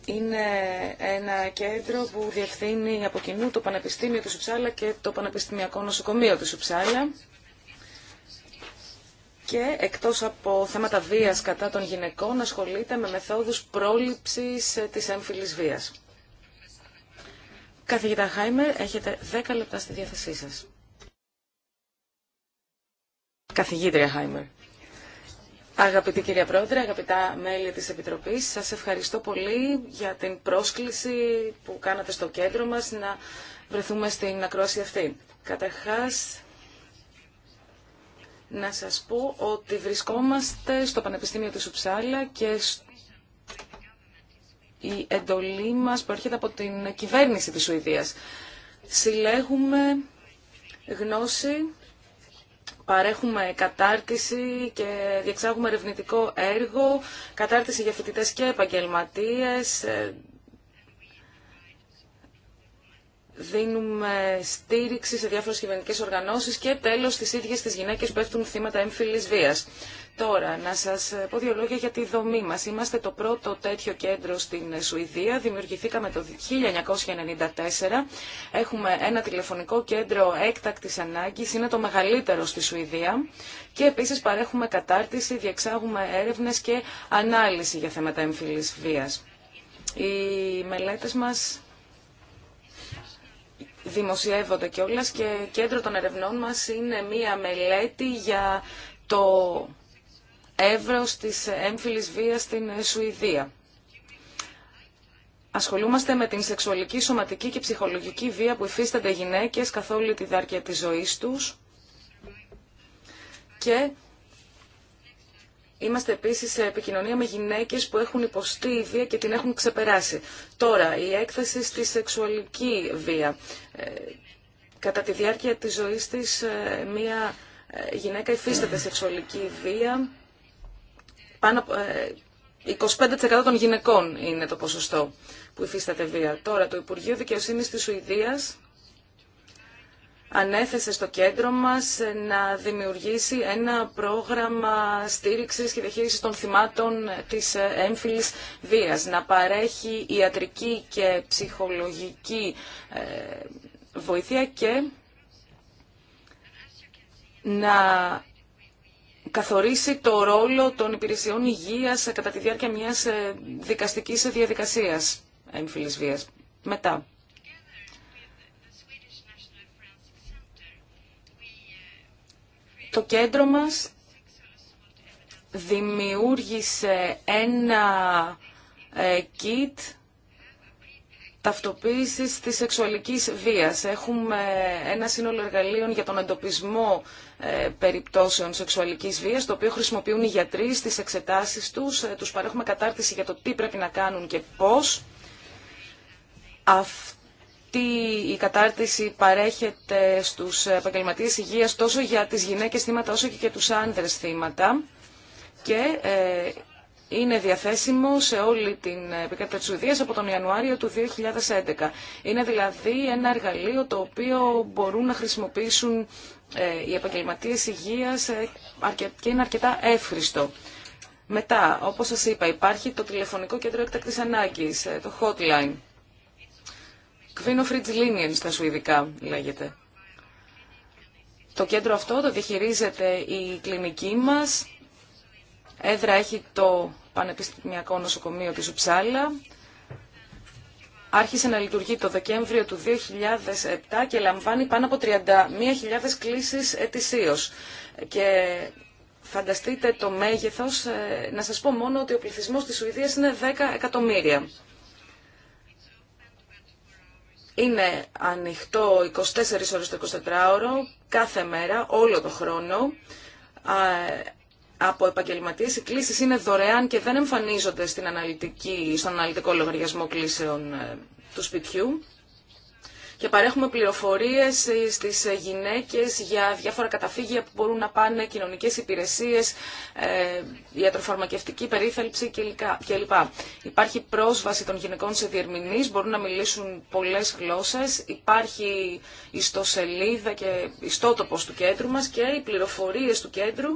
Είναι ένα κέντρο που διευθύνει από κοινού το Πανεπιστήμιο της Ουψάλα και το Πανεπιστημιακό Νοσοκομείο της Ουψάλα και εκτός από θέματα βίας κατά των γυναικών ασχολείται με μεθόδους πρόληψης ε, της έμφυλης βίας. Καθηγητά Χάιμερ, έχετε 10 λεπτά στη διάθεσή σας. Καθηγήτρια Χάιμερ. Αγαπητή κυρία Πρόεδρε, αγαπητά μέλη της Επιτροπής, σας ευχαριστώ πολύ για την πρόσκληση που κάνατε στο κέντρο μας να βρεθούμε στην ακρόαση αυτή. Καταρχάς, να σας πω ότι βρισκόμαστε στο Πανεπιστήμιο της ουψάλα και η εντολή μας προέρχεται από την κυβέρνηση της Σουηδίας. Συλλέγουμε γνώση, παρέχουμε κατάρτιση και διεξάγουμε ερευνητικό έργο, κατάρτιση για φοιτητές και επαγγελματίες, ε, δίνουμε στήριξη σε διάφορες κυβερνικές οργανώσεις και τέλος τις ίδιες τις γυναίκες πέφτουν θύματα έμφυλης βίας. Τώρα, να σας πω δύο λόγια για τη δομή μας. Είμαστε το πρώτο τέτοιο κέντρο στην Σουηδία. Δημιουργηθήκαμε το 1994. Έχουμε ένα τηλεφωνικό κέντρο έκτακτης ανάγκης. Είναι το μεγαλύτερο στη Σουηδία. Και επίσης παρέχουμε κατάρτιση, διεξάγουμε έρευνες και ανάλυση για θέματα εμφυλη. Οι μελέτες μας δημοσιεύονται κιόλα και κέντρο των ερευνών μας είναι μία μελέτη για το έβρο της έμφυλης βίας στην Σουηδία. Ασχολούμαστε με την σεξουαλική, σωματική και ψυχολογική βία που υφίστανται γυναίκες καθ' όλη τη διάρκεια της ζωής τους και Είμαστε επίσης σε επικοινωνία με γυναίκες που έχουν υποστεί βία και την έχουν ξεπεράσει. Τώρα, η έκθεση στη σεξουαλική βία. Ε, κατά τη διάρκεια της ζωής της, ε, μία ε, γυναίκα υφίσταται σεξουαλική βία. Πάνω, 25% των γυναικών είναι το ποσοστό που υφίσταται βία. Τώρα, το Υπουργείο Δικαιοσύνης της Σουηδίας ανέθεσε στο κέντρο μας να δημιουργήσει ένα πρόγραμμα στήριξης και διαχείρισης των θυμάτων της έμφυλης βίας, να παρέχει ιατρική και ψυχολογική ε, βοήθεια και να καθορίσει το ρόλο των υπηρεσιών υγείας κατά τη διάρκεια μιας ε, δικαστικής διαδικασίας έμφυλης βίας. Μετά. Το κέντρο μας δημιούργησε ένα ε, kit ταυτοποίησης της σεξουαλικής βίας. Έχουμε ένα σύνολο εργαλείων για τον εντοπισμό ε, περιπτώσεων σεξουαλικής βίας, το οποίο χρησιμοποιούν οι γιατροί στις εξετάσεις τους. Ε, τους παρέχουμε κατάρτιση για το τι πρέπει να κάνουν και πώς. Αυτό αυτή η κατάρτιση παρέχεται στους επαγγελματίε υγείας τόσο για τις γυναίκες θύματα όσο και για τους άνδρες θύματα και ε, είναι διαθέσιμο σε όλη την επικράτεια της Ουδίας από τον Ιανουάριο του 2011. Είναι δηλαδή ένα εργαλείο το οποίο μπορούν να χρησιμοποιήσουν ε, οι επαγγελματίες υγείας ε, και είναι αρκετά εύχριστο. Μετά, όπως σας είπα, υπάρχει το τηλεφωνικό κέντρο έκτακτης ανάγκης, το hotline Κβίνο Λίνιεν στα Σουηδικά λέγεται. Το κέντρο αυτό το διαχειρίζεται η κλινική μας. Έδρα έχει το Πανεπιστημιακό Νοσοκομείο της Ουψάλα. Άρχισε να λειτουργεί το Δεκέμβριο του 2007 και λαμβάνει πάνω από 31.000 κλήσεις ετησίως. Και φανταστείτε το μέγεθος, ε, να σας πω μόνο ότι ο πληθυσμός της Σουηδίας είναι 10 εκατομμύρια. Είναι ανοιχτό 24 ώρες το 24ωρο, κάθε μέρα, όλο το χρόνο. Από επαγγελματίες οι κλήσεις είναι δωρεάν και δεν εμφανίζονται στην αναλυτική, στον αναλυτικό λογαριασμό κλήσεων ε, του σπιτιού και παρέχουμε πληροφορίες στις γυναίκες για διάφορα καταφύγια που μπορούν να πάνε, κοινωνικές υπηρεσίες, ε, ιατροφαρμακευτική περίθαλψη κλπ. Υπάρχει πρόσβαση των γυναικών σε διερμηνείς, μπορούν να μιλήσουν πολλές γλώσσες, υπάρχει ιστοσελίδα και ιστότοπος του κέντρου μας και οι πληροφορίες του κέντρου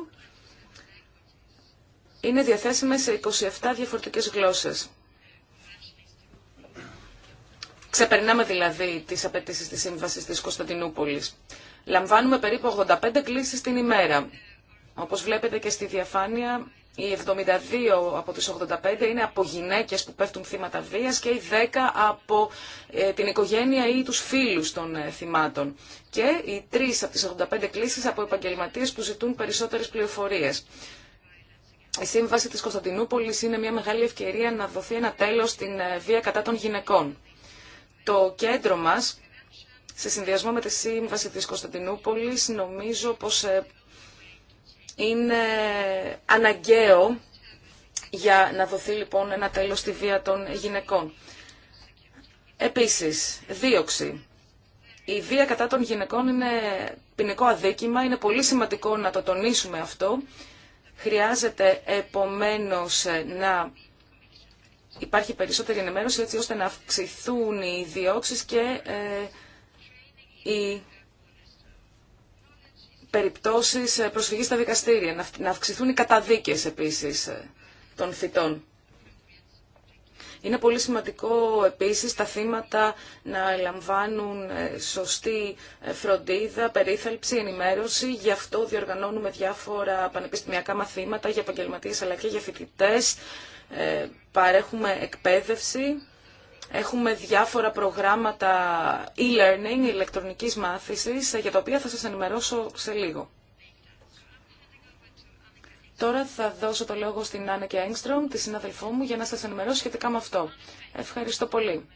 είναι διαθέσιμες σε 27 διαφορετικές γλώσσες. Ξεπερνάμε δηλαδή τι απαιτήσει τη σύμβαση τη Κωνσταντινούπολη. Λαμβάνουμε περίπου 85 κλήσεις την ημέρα. Όπω βλέπετε και στη διαφάνεια, οι 72 από τι 85 είναι από γυναίκε που πέφτουν θύματα βία και οι 10 από ε, την οικογένεια ή του φίλου των ε, θυμάτων. Και οι 3 από τι 85 κλήσεις από επαγγελματίε που ζητούν περισσότερε πληροφορίε. Η σύμβαση της Κωνσταντινούπολης είναι μια μεγάλη ευκαιρία να δοθεί ένα τέλος στην ε, βία κατά των γυναικών. Το κέντρο μας, σε συνδυασμό με τη Σύμβαση της Κωνσταντινούπολης, νομίζω πως ε, είναι αναγκαίο για να δοθεί λοιπόν ένα τέλος στη βία των γυναικών. Επίσης, δίωξη. Η βία κατά των γυναικών είναι ποινικό αδίκημα, είναι πολύ σημαντικό να το τονίσουμε αυτό. Χρειάζεται επομένως ε, να υπάρχει περισσότερη ενημέρωση έτσι ώστε να αυξηθούν οι διώξεις και ε, οι περιπτώσεις ε, προσφυγής στα δικαστήρια, να αυξηθούν οι καταδίκες επίσης ε, των φυτών. Είναι πολύ σημαντικό επίσης τα θύματα να λαμβάνουν σωστή φροντίδα, περίθαλψη, ενημέρωση. Γι' αυτό διοργανώνουμε διάφορα πανεπιστημιακά μαθήματα για επαγγελματίε αλλά και για φοιτητέ ε, παρέχουμε εκπαίδευση, έχουμε διάφορα προγράμματα e-learning, ηλεκτρονικής μάθησης, ε, για τα οποία θα σας ενημερώσω σε λίγο. Τώρα θα δώσω το λόγο στην Άννα και Έγκστρομ, τη συναδελφό μου, για να σας ενημερώσω σχετικά με αυτό. Ευχαριστώ πολύ.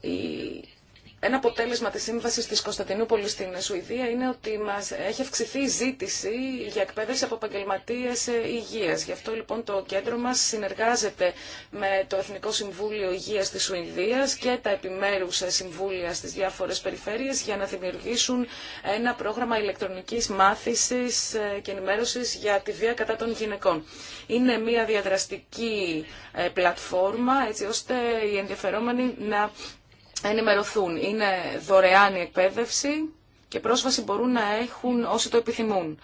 Η ένα αποτέλεσμα της σύμβασης της Κωνσταντινούπολης στην Σουηδία είναι ότι μας έχει αυξηθεί η ζήτηση για εκπαίδευση από επαγγελματίε ε, υγείας. Γι' αυτό λοιπόν το κέντρο μας συνεργάζεται με το Εθνικό Συμβούλιο Υγείας της Σουηδίας και τα επιμέρους ε, συμβούλια στις διάφορες περιφέρειες για να δημιουργήσουν ένα πρόγραμμα ηλεκτρονικής μάθησης ε, και ενημέρωσης για τη βία κατά των γυναικών. Είναι μια διαδραστική πλατφόρμα έτσι ώστε οι ενδιαφερόμενοι να ενημερωθούν. Είναι δωρεάν η εκπαίδευση και πρόσβαση μπορούν να έχουν όσοι το επιθυμούν.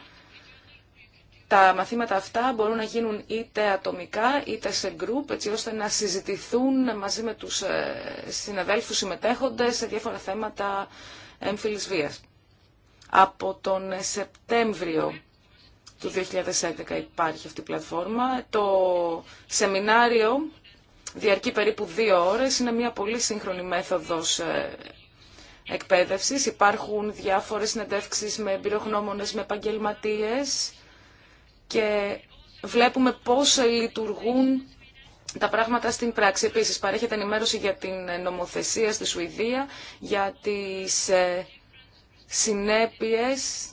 Τα μαθήματα αυτά μπορούν να γίνουν είτε ατομικά είτε σε group, έτσι ώστε να συζητηθούν μαζί με τους ε, συναδέλφους συμμετέχοντες σε διάφορα θέματα έμφυλης βίας. Από τον Σεπτέμβριο του 2011 υπάρχει αυτή η πλατφόρμα. Το σεμινάριο διαρκεί περίπου δύο ώρες. Είναι μια πολύ σύγχρονη μέθοδος ε, εκπαίδευσης. Υπάρχουν διάφορες συνεντεύξεις με εμπειρογνώμονες, με επαγγελματίε και βλέπουμε πώς λειτουργούν τα πράγματα στην πράξη. Επίσης, παρέχεται ενημέρωση για την νομοθεσία στη Σουηδία, για τις ε, συνέπειες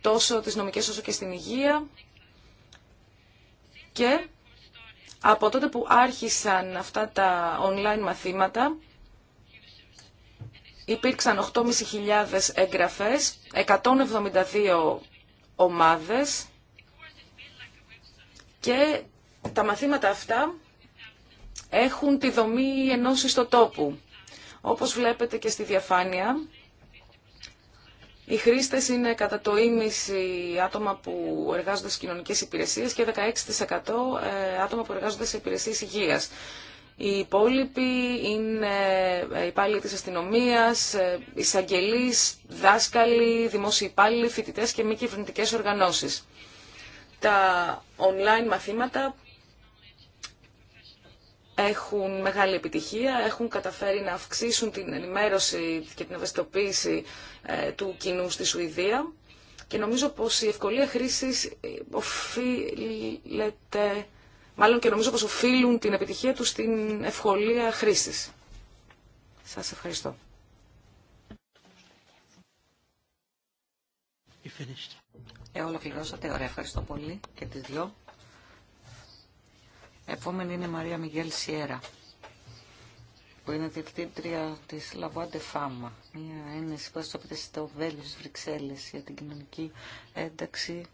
τόσο τις νομικές όσο και στην υγεία και από τότε που άρχισαν αυτά τα online μαθήματα, υπήρξαν 8.500 εγγραφές, 172 ομάδες και τα μαθήματα αυτά έχουν τη δομή ενός ιστοτόπου. Όπως βλέπετε και στη διαφάνεια, οι χρήστε είναι κατά το ίμιση άτομα που εργάζονται σε κοινωνικές υπηρεσίες και 16% ε, άτομα που εργάζονται σε υπηρεσίες υγείας. Οι υπόλοιποι είναι ε, υπάλληλοι τη αστυνομίας, ε, εισαγγελεί, δάσκαλοι, δημόσιοι υπάλληλοι, φοιτητές και μη κυβερνητικέ οργανώσει. Τα online μαθήματα έχουν μεγάλη επιτυχία, έχουν καταφέρει να αυξήσουν την ενημέρωση και την ευαισθητοποίηση ε, του κοινού στη Σουηδία και νομίζω πως η ευκολία χρήσης ε, οφείλεται, μάλλον και νομίζω πως οφείλουν την επιτυχία τους στην ευκολία χρήσης. Σας ευχαριστώ. Ε, ολοκληρώσατε. Ωραία, ευχαριστώ πολύ και τις δυο. Επόμενη είναι Μαρία Μιγέλ Σιέρα, που είναι διευθύντρια της Λαβάντε Φάμα, μια ένεση που ασκείται στο Βέλγιο Βρυξέλλες για την κοινωνική ένταξη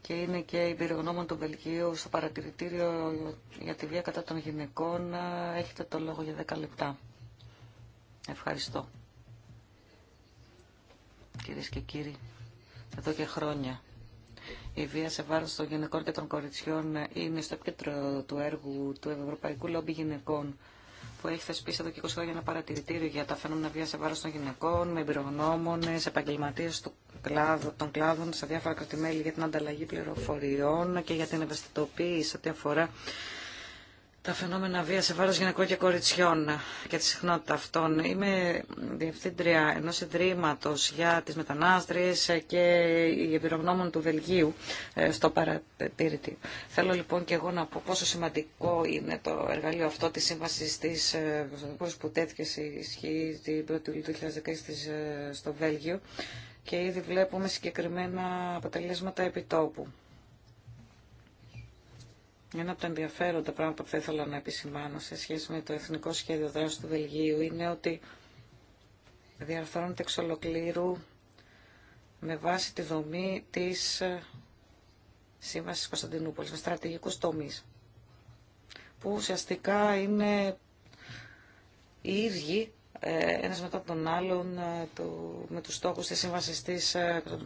και είναι και η πυρογνώμων του Βελγίου στο παρατηρητήριο για τη βία κατά των γυναικών. Έχετε το λόγο για 10 λεπτά. Ευχαριστώ. Κυρίες και κύριοι, εδώ και χρόνια η βία σε βάρος των γυναικών και των κοριτσιών είναι στο επίκεντρο του έργου του Ευρωπαϊκού Λόμπι Γυναικών που έχει θεσπίσει εδώ και 20 χρόνια ένα παρατηρητήριο για τα φαινόμενα βία σε βάρος των γυναικών, με εμπειρογνώμονε, επαγγελματίε των κλάδων σε διάφορα κρατημέλη για την ανταλλαγή πληροφοριών και για την ευαισθητοποίηση ό,τι αφορά τα φαινόμενα βία σε βάρος γυναικών και κοριτσιών και τη συχνότητα αυτών. Είμαι διευθύντρια ενός ιδρύματος για τις μετανάστριες και η εμπειρογνώμων του Βελγίου ε, στο παρατηρητή. Θέλω λοιπόν και εγώ να πω πόσο σημαντικό είναι το εργαλείο αυτό της σύμβασης της ε, που τέθηκε ισχύει την 1η Ιουλίου του 2016 ε, στο Βέλγιο και ήδη βλέπουμε συγκεκριμένα αποτελέσματα επιτόπου. Ένα από τα ενδιαφέροντα πράγματα που θα ήθελα να επισημάνω σε σχέση με το Εθνικό Σχέδιο Δράσης του Βελγίου είναι ότι διαρθρώνεται εξ ολοκλήρου με βάση τη δομή της ε, Σύμβασης Κωνσταντινούπολης, με στρατηγικούς τομείς, που ουσιαστικά είναι οι ίδιοι ε, ένας μετά τον άλλον ε, με τους στόχους της σύμβασης της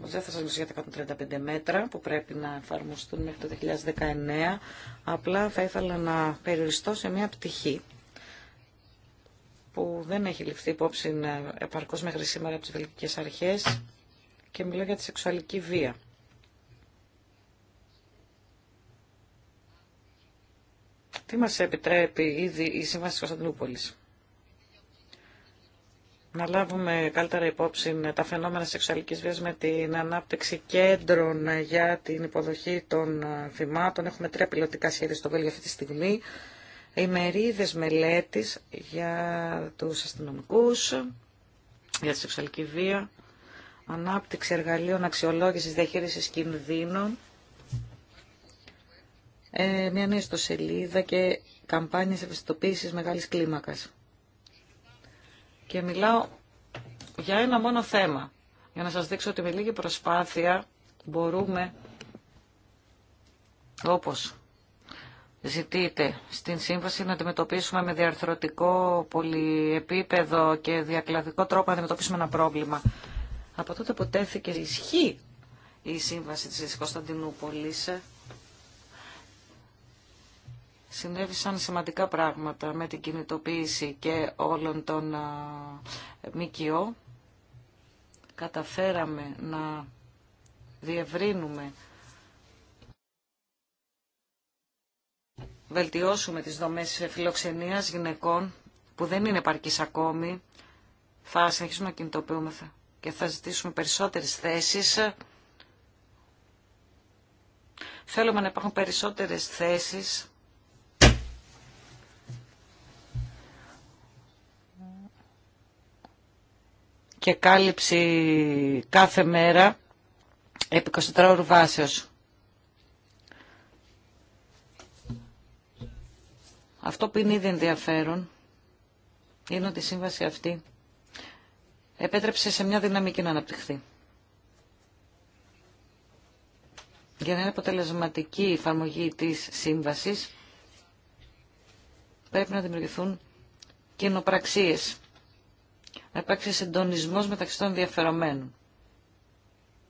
δεν θα για τα 135 μέτρα που πρέπει να εφαρμοστούν μέχρι το 2019 απλά θα ήθελα να περιοριστώ σε μια πτυχή που δεν έχει ληφθεί υπόψη ε, επαρκώς μέχρι σήμερα από τις βελτικές αρχές και μιλώ για τη σεξουαλική βία. Τι μας επιτρέπει ήδη η Σύμβαση της Κωνσταντινούπολης να λάβουμε καλύτερα υπόψη τα φαινόμενα σεξουαλικής βίας με την ανάπτυξη κέντρων για την υποδοχή των ε, θυμάτων. Έχουμε τρία πιλωτικά σχέδια στο Βέλγιο αυτή τη στιγμή. Οι μερίδες μελέτης για τους αστυνομικούς, για τη σεξουαλική βία, ανάπτυξη εργαλείων αξιολόγησης διαχείρισης κινδύνων, ε, μια νέα ιστοσελίδα και καμπάνιες ευαισθητοποίησης μεγάλης κλίμακας. Και μιλάω για ένα μόνο θέμα, για να σας δείξω ότι με λίγη προσπάθεια μπορούμε, όπως ζητείτε στην σύμβαση, να αντιμετωπίσουμε με διαρθρωτικό, πολυεπίπεδο και διακλαδικό τρόπο να αντιμετωπίσουμε ένα πρόβλημα. Από τότε που τέθηκε ισχύ η σύμβαση της Κωνσταντινούπολης, συνέβησαν σημαντικά πράγματα με την κινητοποίηση και όλων των ΜΚΟ. Καταφέραμε να διευρύνουμε, βελτιώσουμε τις δομές φιλοξενίας γυναικών που δεν είναι παρκισακόμη, ακόμη. Θα συνεχίσουμε να κινητοποιούμε και θα ζητήσουμε περισσότερες θέσεις. Θέλουμε να υπάρχουν περισσότερες θέσεις και κάλυψη κάθε μέρα επί 24 ώρου βάσεως. Αυτό που είναι ήδη ενδιαφέρον είναι ότι η σύμβαση αυτή επέτρεψε σε μια δυναμική να αναπτυχθεί. Για να είναι αποτελεσματική η εφαρμογή της σύμβασης πρέπει να δημιουργηθούν κοινοπραξίες να υπάρξει συντονισμό μεταξύ των ενδιαφερομένων.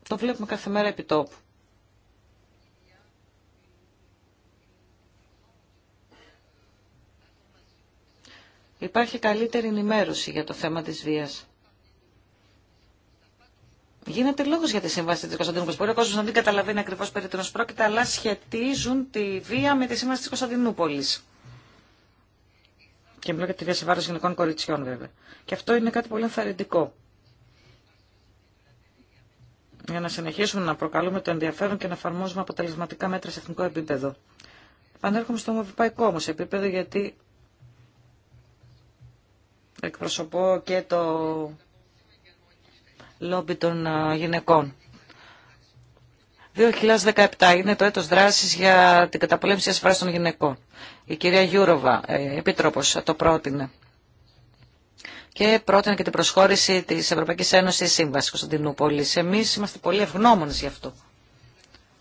Το βλέπουμε κάθε μέρα επί τόπου. Υπάρχει καλύτερη ενημέρωση για το θέμα της βίας. Γίνεται λόγος για τη σύμβαση της Κωνσταντινούπολη. Μπορεί ο κόσμος να μην καταλαβαίνει ακριβώς περί τίνο πρόκειται, αλλά σχετίζουν τη βία με τη σύμβαση της Κωνσταντινούπολη. Και μιλώ για τη βία σε βάρος γυναικών κοριτσιών βέβαια. Και αυτό είναι κάτι πολύ ενθαρρυντικό. Για να συνεχίσουμε να προκαλούμε το ενδιαφέρον και να εφαρμόζουμε αποτελεσματικά μέτρα σε εθνικό επίπεδο. Πανέρχομαι στο ευρωπαϊκό όμω επίπεδο γιατί εκπροσωπώ και το λόμπι των ε, γυναικών. 2017 είναι το έτος δράσης για την καταπολέμηση ασφάλειας των γυναικών. Η κυρία Γιούροβα, ε, επίτροπος, το πρότεινε. Και πρότεινε και την προσχώρηση της Ευρωπαϊκής Ένωσης Σύμβασης Κωνσταντινούπολης. Εμείς είμαστε πολύ ευγνώμονες γι' αυτό.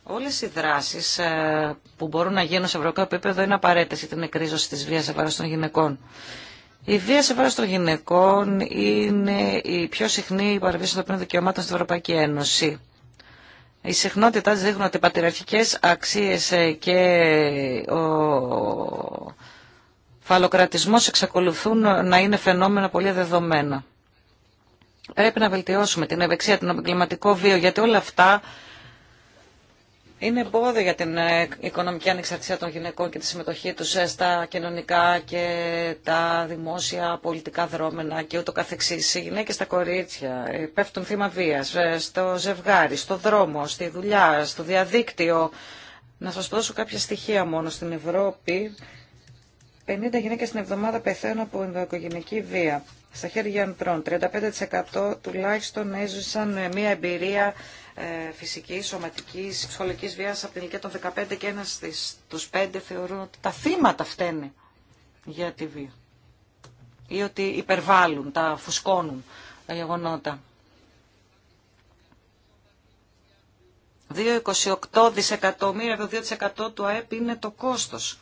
Όλες οι δράσεις ε, που μπορούν να γίνουν σε ευρωπαϊκό επίπεδο είναι απαραίτητες για την εκρίζωση της βίας σε των γυναικών. Η βία σε βάρο των γυναικών είναι η πιο συχνή παραβίαση των δικαιωμάτων στην Ευρωπαϊκή Ένωση η συχνότητα δείχνουν ότι οι πατριαρχικές αξίες ε, και ο φαλοκρατισμός εξακολουθούν να είναι φαινόμενα πολύ δεδομένα. Πρέπει να βελτιώσουμε την ευεξία, τον επαγγελματικό βίο, γιατί όλα αυτά είναι εμπόδιο για την ε, οικονομική ανεξαρτησία των γυναικών και τη συμμετοχή τους ε, στα κοινωνικά και τα δημόσια πολιτικά δρόμενα και ούτω καθεξής. Οι γυναίκες στα κορίτσια ε, πέφτουν θύμα βίας, στο ζευγάρι, στο δρόμο, στη δουλειά, στο διαδίκτυο. Να σας δώσω κάποια στοιχεία μόνο στην Ευρώπη. 50 γυναίκες την εβδομάδα πεθαίνουν από ενδοοικογενειακή βία. Στα χέρια αντρών, 35% τουλάχιστον έζησαν μια εμπειρία ε, φυσικής, σωματικής, ψυχολογικής βίας από την ηλικία των 15 και ένας στους 5 θεωρούν ότι τα θύματα φταίνε για τη βία ή ότι υπερβάλλουν, τα φουσκώνουν τα γεγονότα. 2,28 δισεκατομμύρια, το 2% του ΑΕΠ είναι το κόστος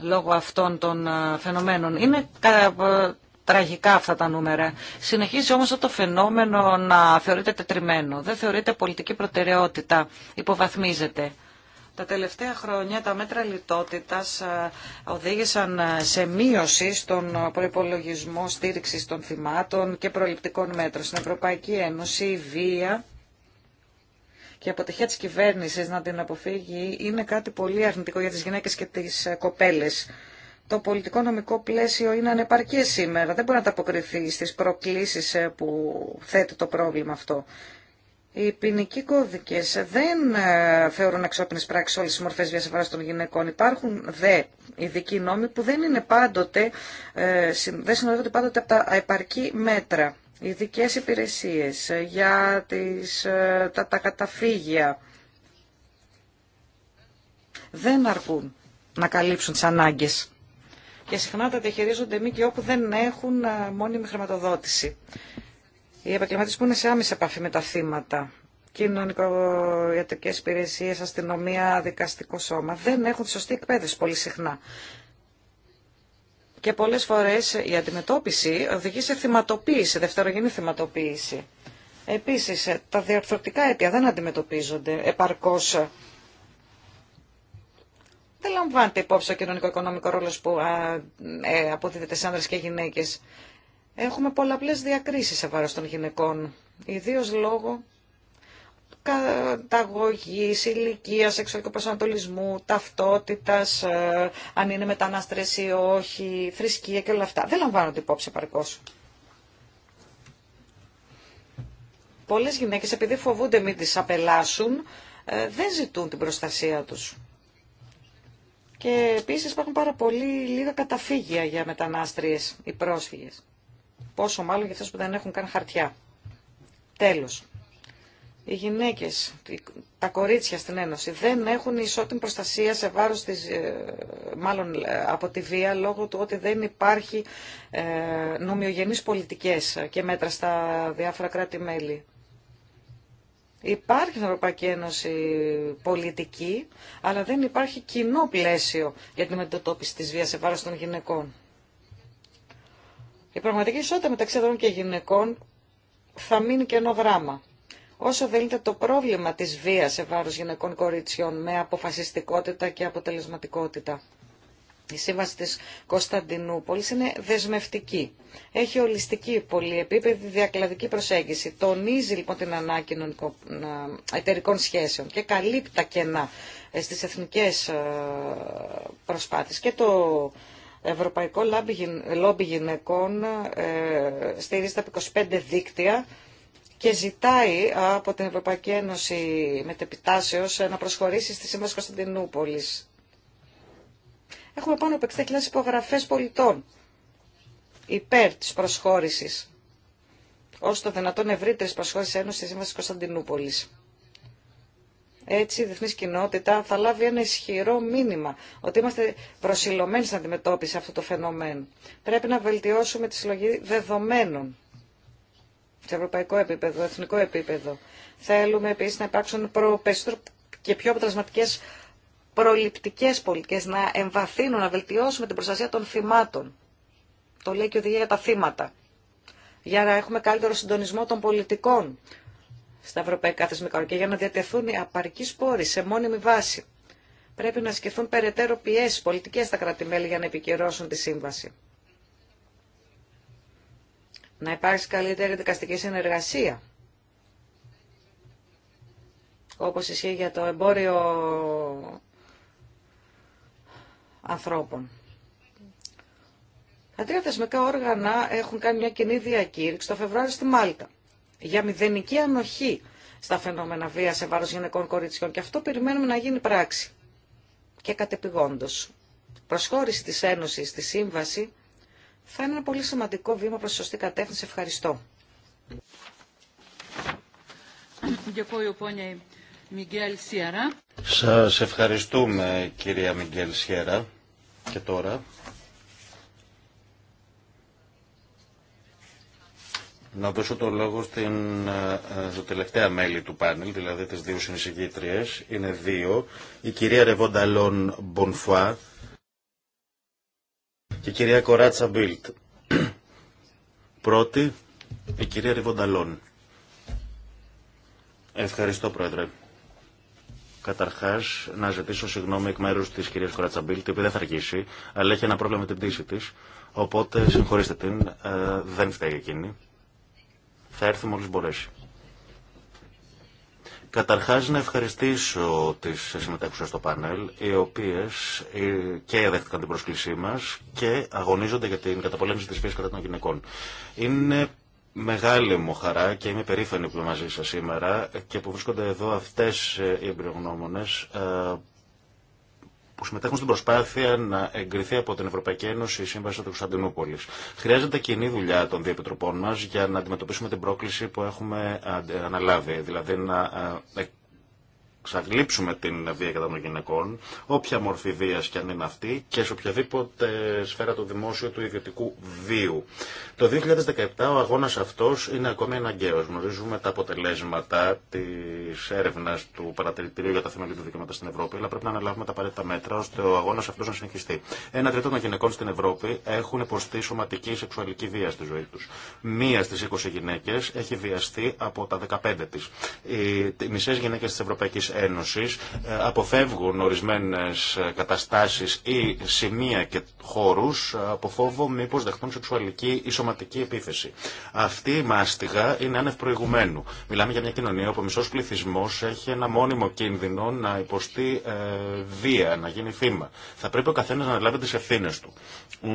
λόγω αυτών των ε, φαινομένων. Είναι ε, τραγικά αυτά τα νούμερα. Συνεχίζει όμως το φαινόμενο να θεωρείται τετριμένο. Δεν θεωρείται πολιτική προτεραιότητα. Υποβαθμίζεται. Τα τελευταία χρόνια τα μέτρα λιτότητας ε, οδήγησαν σε μείωση στον προϋπολογισμό στήριξης των θυμάτων και προληπτικών μέτρων. Στην Ευρωπαϊκή Ένωση η βία και η αποτυχία της κυβέρνησης να την αποφύγει είναι κάτι πολύ αρνητικό για τις γυναίκες και τις ε, κοπέλες. Το πολιτικό νομικό πλαίσιο είναι ανεπαρκές σήμερα. Δεν μπορεί να ανταποκριθεί στις προκλήσεις ε, που θέτει το πρόβλημα αυτό. Οι ποινικοί κώδικε δεν ε, θεωρούν αξιόπινε πράξει όλε τι μορφέ βία των γυναικών. Υπάρχουν δε ειδικοί νόμοι που δεν, είναι πάντοτε, δεν συνοδεύονται πάντοτε από τα επαρκή μέτρα ειδικές υπηρεσίες, ε, για τις, ε, τα, τα καταφύγια, δεν αρκούν να καλύψουν τις ανάγκες. Και συχνά τα διαχειρίζονται μη και όπου δεν έχουν ε, μόνιμη χρηματοδότηση. Οι επαγγελματίε που είναι σε άμεση επαφή με τα θύματα, κοινωνικοιατρικέ υπηρεσίε, αστυνομία, δικαστικό σώμα, δεν έχουν τη σωστή εκπαίδευση πολύ συχνά. Και πολλές φορές η αντιμετώπιση οδηγεί σε θυματοποίηση, δευτερογενή θυματοποίηση. Επίσης, τα διαρθρωτικά αίτια δεν αντιμετωπίζονται επαρκώς. Δεν λαμβάνεται υπόψη ο κοινωνικο-οικονομικό ρόλος που ε, αποδίδεται σε άνδρες και γυναίκες. Έχουμε πολλαπλές διακρίσεις σε βάρος των γυναικών, ιδίως λόγω καταγωγή, ηλικία, σεξουαλικού προσανατολισμού, ταυτότητα, ε, αν είναι μετανάστε ή όχι, θρησκεία και όλα αυτά. Δεν λαμβάνονται υπόψη επαρκώ. Πολλέ γυναίκες επειδή φοβούνται μην τι απελάσουν, ε, δεν ζητούν την προστασία τους. Και επίση υπάρχουν πάρα πολύ λίγα καταφύγια για μετανάστριες ή πρόσφυγε. Πόσο μάλλον για αυτέ που δεν έχουν καν χαρτιά. Τέλος οι γυναίκες, τα κορίτσια στην Ένωση δεν έχουν ισότιμη προστασία σε βάρος της, ε, μάλλον ε, από τη βία λόγω του ότι δεν υπάρχει ε, νομιογενείς πολιτικές και μέτρα στα διάφορα κράτη-μέλη. Υπάρχει στην Ευρωπαϊκή Ένωση πολιτική, αλλά δεν υπάρχει κοινό πλαίσιο για την μετατόπιση της βίας σε βάρος των γυναικών. Η πραγματική ισότητα μεταξύ των και γυναικών θα μείνει ένα δράμα όσο δελείται το πρόβλημα της βίας σε βάρος γυναικών κοριτσιών με αποφασιστικότητα και αποτελεσματικότητα. Η σύμβαση της Κωνσταντινούπολης είναι δεσμευτική. Έχει ολιστική, πολυεπίπεδη, διακλαδική προσέγγιση. Τονίζει λοιπόν την ανάγκη εταιρικών σχέσεων και καλύπτει τα κενά ε, στις εθνικές ε, προσπάθειες. Και το Ευρωπαϊκό Λόμπι Γυναικών ε, στηρίζεται από 25 δίκτυα και ζητάει από την Ευρωπαϊκή Ένωση μετεπιτάσεως να προσχωρήσει στη Σύμβαση Κωνσταντινούπολης. Έχουμε πάνω από 60.000 υπογραφές πολιτών υπέρ της προσχώρησης ως το δυνατόν ευρύτερης προσχώρησης Ένωσης στη Σύμβαση Κωνσταντινούπολης. Έτσι η διεθνή κοινότητα θα λάβει ένα ισχυρό μήνυμα ότι είμαστε προσιλωμένοι στην αντιμετώπιση αυτού του φαινομένου. Πρέπει να βελτιώσουμε τη συλλογή δεδομένων σε ευρωπαϊκό επίπεδο, εθνικό επίπεδο. Θέλουμε επίσης να υπάρξουν προ, και πιο αποτελεσματικέ προληπτικές πολιτικές, να εμβαθύνουν, να βελτιώσουμε την προστασία των θυμάτων. Το λέει και οδηγία για τα θύματα. Για να έχουμε καλύτερο συντονισμό των πολιτικών στα ευρωπαϊκά θεσμικά και για να διατεθούν οι απαρικοί σπόροι σε μόνιμη βάση. Πρέπει να σκεφτούν περαιτέρω πιέσει πολιτικέ στα κράτη-μέλη για να επικυρώσουν τη σύμβαση να υπάρξει καλύτερη δικαστική συνεργασία. Όπως ισχύει για το εμπόριο ανθρώπων. Τα τρία θεσμικά όργανα έχουν κάνει μια κοινή διακήρυξη το Φεβρουάριο στη Μάλτα για μηδενική ανοχή στα φαινόμενα βία σε βάρος γυναικών κοριτσιών και αυτό περιμένουμε να γίνει πράξη και κατεπηγόντως. Προσχώρηση της Ένωσης στη Σύμβαση θα είναι ένα πολύ σημαντικό βήμα προς τη σωστή κατεύθυνση. Ευχαριστώ. Σας ευχαριστούμε κυρία Μιγγέλ Σιέρα και τώρα να δώσω το λόγο στην στο ε, ε, τελευταία μέλη του πάνελ, δηλαδή τις δύο συνεισηγήτριες, είναι δύο, η κυρία Ρεβονταλόν Μπονφουά, και η κυρία Κοράτσα Μπίλτ. Πρώτη, η κυρία Ριβονταλόν. Ευχαριστώ, Πρόεδρε. Καταρχά, να ζητήσω συγγνώμη εκ μέρου τη κυρία Μπίλτ, η οποία δεν θα αργήσει, αλλά έχει ένα πρόβλημα με την πτήση τη. Οπότε συγχωρήστε την, ε, δεν φταίει εκείνη. Θα έρθει μόλι μπορέσει. Καταρχάς να ευχαριστήσω τις συμμετέχουσες στο πάνελ, οι οποίες ε, και έδεχτηκαν την πρόσκλησή μας και αγωνίζονται για την καταπολέμηση της φύσης κατά των γυναικών. Είναι μεγάλη μου χαρά και είμαι περήφανη που είμαι μαζί σας σήμερα και που βρίσκονται εδώ αυτές ε, οι εμπειρογνώμονες ε, που συμμετέχουν στην προσπάθεια να εγκριθεί από την Ευρωπαϊκή Ένωση η Σύμβαση του Κωνσταντινούπολη. Χρειάζεται κοινή δουλειά των δύο επιτροπών μα για να αντιμετωπίσουμε την πρόκληση που έχουμε αναλάβει, δηλαδή να ε, ξαγλύψουμε την βία κατά των γυναικών, όποια μορφή βία και αν είναι αυτή, και σε οποιαδήποτε σφαίρα του δημόσιου του ιδιωτικού βίου. Το 2017 ο αγώνα αυτό είναι ακόμη αναγκαίο. Γνωρίζουμε τα αποτελέσματα τη έρευνα του Παρατηρητηρίου για τα του δικαιώματα στην Ευρώπη, αλλά πρέπει να αναλάβουμε τα απαραίτητα μέτρα ώστε ο αγώνα αυτό να συνεχιστεί. Ένα τρίτο των γυναικών στην Ευρώπη έχουν υποστεί σωματική σεξουαλική βία στη ζωή του. Μία στι 20 γυναίκε έχει βιαστεί από τα 15 τη. Οι μισέ γυναίκε τη Ευρωπαϊκή ε, ε, ή σημεία και χώρους και ε, χώρου από φόβο μήπω δεχτούν σεξουαλική ήσωματική επίθεση. Αυτή η σημεια και χωρου απο φοβο μηπω δεχτουν σεξουαλικη άνευ προηγουμένου. Μιλάμε για μια κοινωνία όπου ο μισό πληθυσμός έχει ένα μόνιμο κίνδυνο να υποστεί βία, να γίνει θύμα. Θα πρέπει ο καθένα να αναλάβει τι ευθύνε του.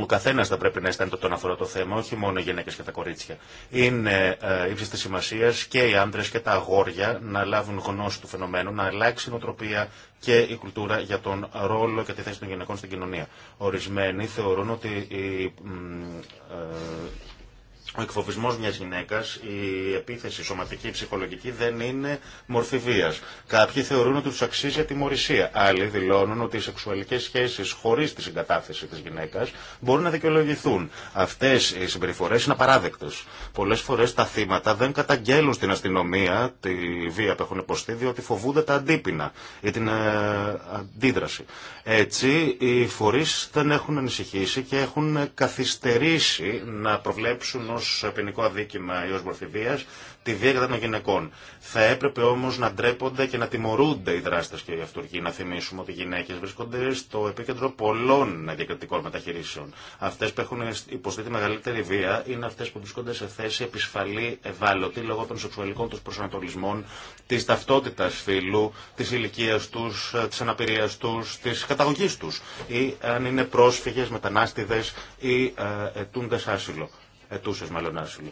Ο καθένα θα πρέπει να αισθάνεται τον αφορά το θέμα, όχι μόνο οι γυναίκε και τα κορίτσια. Είναι ύψη τη σημασία και οι άντρε και τα αγόρια να λάβουν γνώση του φαινομένου, αλλάξει η νοοτροπία και η κουλτούρα για τον ρόλο και τη θέση των γυναικών στην κοινωνία. Ορισμένοι θεωρούν ότι η ε, ο εκφοβισμό μια γυναίκα, η επίθεση σωματική ή ψυχολογική δεν είναι μορφή βία. Κάποιοι θεωρούν ότι του αξίζει ατιμορρησία. Άλλοι δηλώνουν ότι οι σεξουαλικέ σχέσει χωρί τη συγκατάθεση τη γυναίκα μπορούν να δικαιολογηθούν. Αυτέ οι συμπεριφορέ είναι απαράδεκτε. Πολλέ φορέ τα θύματα δεν καταγγέλουν στην αστυνομία τη βία που έχουν υποστεί διότι φοβούνται τα αντίπεινα ή την ε, αντίδραση. Έτσι, οι φορείς δεν έχουν ανησυχήσει και έχουν καθυστερήσει να προβλέψουν ως ποινικό αδίκημα ή ως τη βία κατά των γυναικών. Θα έπρεπε όμω να ντρέπονται και να τιμωρούνται οι δράστε και οι αυτούργοι. Να θυμίσουμε ότι οι γυναίκε βρίσκονται στο επίκεντρο πολλών διακριτικών μεταχειρήσεων. Αυτέ που έχουν υποστεί τη μεγαλύτερη βία είναι αυτέ που βρίσκονται σε θέση επισφαλή, ευάλωτη λόγω των σεξουαλικών του προσανατολισμών, τη ταυτότητα φύλου, τη ηλικία του, τη αναπηρία του, τη καταγωγή του. Ή αν είναι πρόσφυγε, μετανάστηδε ή ε, ετούντε άσυλο. Ετούσε μάλλον άσυλο.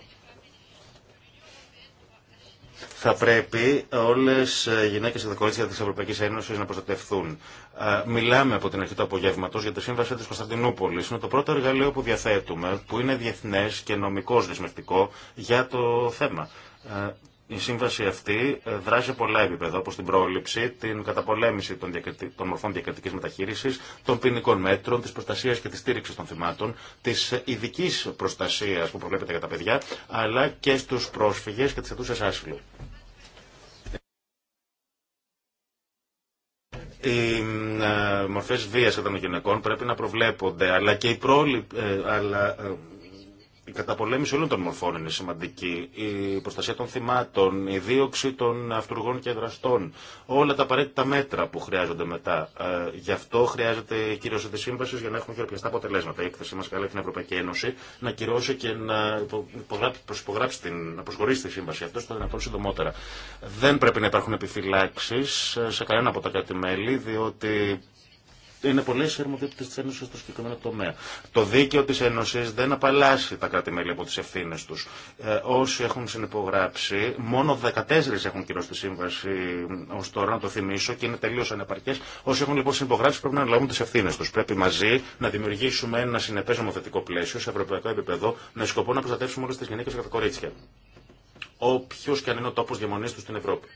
Θα πρέπει όλε ε, οι γυναίκε και τα κορίτσια τη Ευρωπαϊκή Ένωση να προστατευθούν. Ε, μιλάμε από την αρχή του απογεύματο για τη Σύμβαση τη Κωνσταντινούπολη. Είναι το πρώτο εργαλείο που διαθέτουμε, που είναι διεθνέ και νομικώ δεσμευτικό για το θέμα. Ε, η σύμβαση αυτή δράζει πολλά επίπεδα, όπω την πρόληψη, την καταπολέμηση των, των μορφών διακριτική μεταχείριση, των ποινικών μέτρων, τη προστασία και τη στήριξη των θυμάτων, τη ειδική προστασία που προβλέπεται για τα παιδιά, αλλά και στου πρόσφυγε και τι αιτούσε άσυλου. οι ε, μορφές βίας κατά των γυναικών πρέπει να προβλέπονται, αλλά και οι πρόληψη, ε, αλλά ε, η καταπολέμηση όλων των μορφών είναι σημαντική. Η προστασία των θυμάτων, η δίωξη των αυτούργων και δραστών. Όλα τα απαραίτητα μέτρα που χρειάζονται μετά. Ε, γι' αυτό χρειάζεται η κύρωση τη σύμβαση για να έχουμε χειροπιαστά αποτελέσματα. Η έκθεσή μα καλεί την Ευρωπαϊκή Ένωση να κυρώσει και να, προσυπογράψει την, να προσχωρήσει τη σύμβαση αυτό το δυνατόν συντομότερα. Δεν πρέπει να υπάρχουν επιφυλάξει ε, σε κανένα από τα κράτη-μέλη, διότι είναι πολλέ οι αρμοδιότητε τη Ένωση στο συγκεκριμένο τομέα. Το δίκαιο τη Ένωση δεν απαλλάσσει τα κράτη-μέλη από τι ευθύνε του. Ε, όσοι έχουν συνυπογράψει, μόνο 14 έχουν κυρώσει τη σύμβαση ω τώρα, να το θυμίσω, και είναι τελείω ανεπαρκέ. Όσοι έχουν λοιπόν συνυπογράψει πρέπει να αναλάβουν τι ευθύνε του. Πρέπει μαζί να δημιουργήσουμε ένα συνεπέ νομοθετικό πλαίσιο σε ευρωπαϊκό επίπεδο με σκοπό να προστατεύσουμε όλε τι γυναίκε και τα κορίτσια όποιο και αν είναι ο τόπο διαμονή του στην Ευρώπη.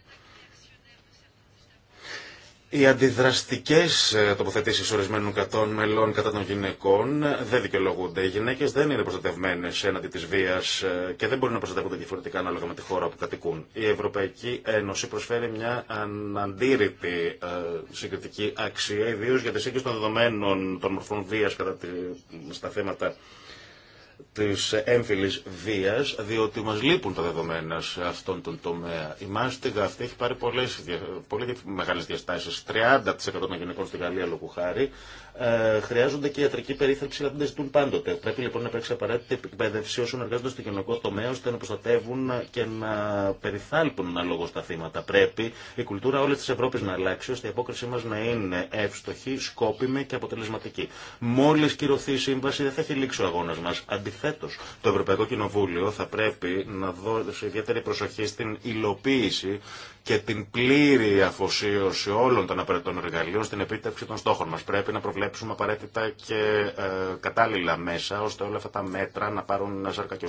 Οι αντιδραστικέ ε, τοποθετήσει ορισμένων κατών μελών κατά των γυναικών ε, δεν δικαιολογούνται. Οι γυναίκε δεν είναι προστατευμένε έναντι τη βία ε, και δεν μπορούν να προστατεύονται διαφορετικά ανάλογα με τη χώρα που κατοικούν. Η Ευρωπαϊκή Ένωση προσφέρει μια αναντήρητη συγκριτική αξία, ιδίω για τη σύγκριση των δεδομένων των μορφών βία στα θέματα της έμφυλης βίας, διότι μας λείπουν τα δεδομένα σε αυτόν τον τομέα. Η μάστιγα αυτή έχει πάρει πολλές, πολύ μεγάλες διαστάσεις. 30% των γυναικών στη Γαλλία λόγου χάρη ε, χρειάζονται και ιατρική περίθαλψη, αλλά δεν τα ζητούν πάντοτε. Πρέπει λοιπόν να υπάρξει απαραίτητη εκπαίδευση όσων εργάζονται στο κοινωνικό τομέα, ώστε να προστατεύουν και να περιθάλπουν ανάλογω τα θύματα. Πρέπει η κουλτούρα όλη τη Ευρώπη να αλλάξει, ώστε η απόκρισή μα να είναι εύστοχη, σκόπιμη και αποτελεσματική. Μόλι κυρωθεί η σύμβαση, δεν θα έχει λήξει ο αγώνα μα. Αντιθέτω, το Ευρωπαϊκό Κοινοβούλιο θα πρέπει να δώσει ιδιαίτερη προσοχή στην υλοποίηση και την πλήρη αφοσίωση όλων των απαραίτητων εργαλείων στην επίτευξη των στόχων μας. Πρέπει να προβλέψουμε απαραίτητα και ε, κατάλληλα μέσα, ώστε όλα αυτά τα μέτρα να πάρουν ένα και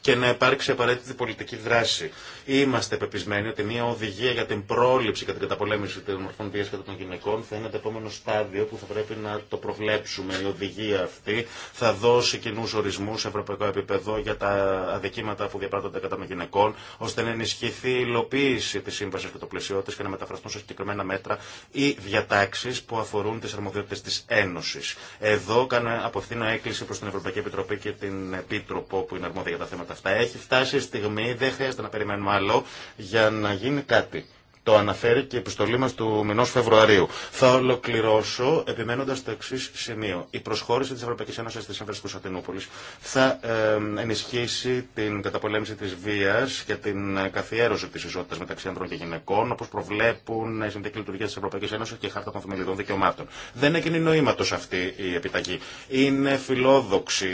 και να υπάρξει απαραίτητη πολιτική δράση. Είμαστε πεπισμένοι ότι μια οδηγία για την πρόληψη και την καταπολέμηση των μορφών βίας κατά των γυναικών θα είναι το επόμενο στάδιο που θα πρέπει να το προβλέψουμε. Η οδηγία αυτή θα δώσει κοινού ορισμού σε ευρωπαϊκό επίπεδο για τα αδικήματα που διαπράττονται κατά των γυναικών, ώστε να ενισχυθεί η υλοποίηση τη σύμβαση και το πλαισιό και να μεταφραστούν σε συγκεκριμένα μέτρα ή διατάξει που αφορούν τι αρμοδιότητε τη Ένωση. Εδώ κάνω, απευθύνω έκκληση προ την Ευρωπαϊκή Επιτροπή και την Επίτροπο που είναι αρμόδια για τα θέματα αυτά. Έχει φτάσει η στιγμή, δεν χρειάζεται να περιμένουμε άλλο για να γίνει κάτι. Το αναφέρει και η επιστολή μα του μηνό Φεβρουαρίου. Θα ολοκληρώσω επιμένοντα το εξή σημείο. Η προσχώρηση τη Ευρωπαϊκή Ένωση τη Σύμφωση Κωνσταντινούπολη θα ε, ενισχύσει την καταπολέμηση τη βία και την ε, καθιέρωση τη ισότητα μεταξύ ανδρών και γυναικών, όπω προβλέπουν οι συνθήκε λειτουργία τη Ευρωπαϊκή Ένωση και η Χάρτα των Θεμελιδών Δικαιωμάτων. Δεν έγινε νοήματο αυτή η επιταγή. Είναι φιλόδοξη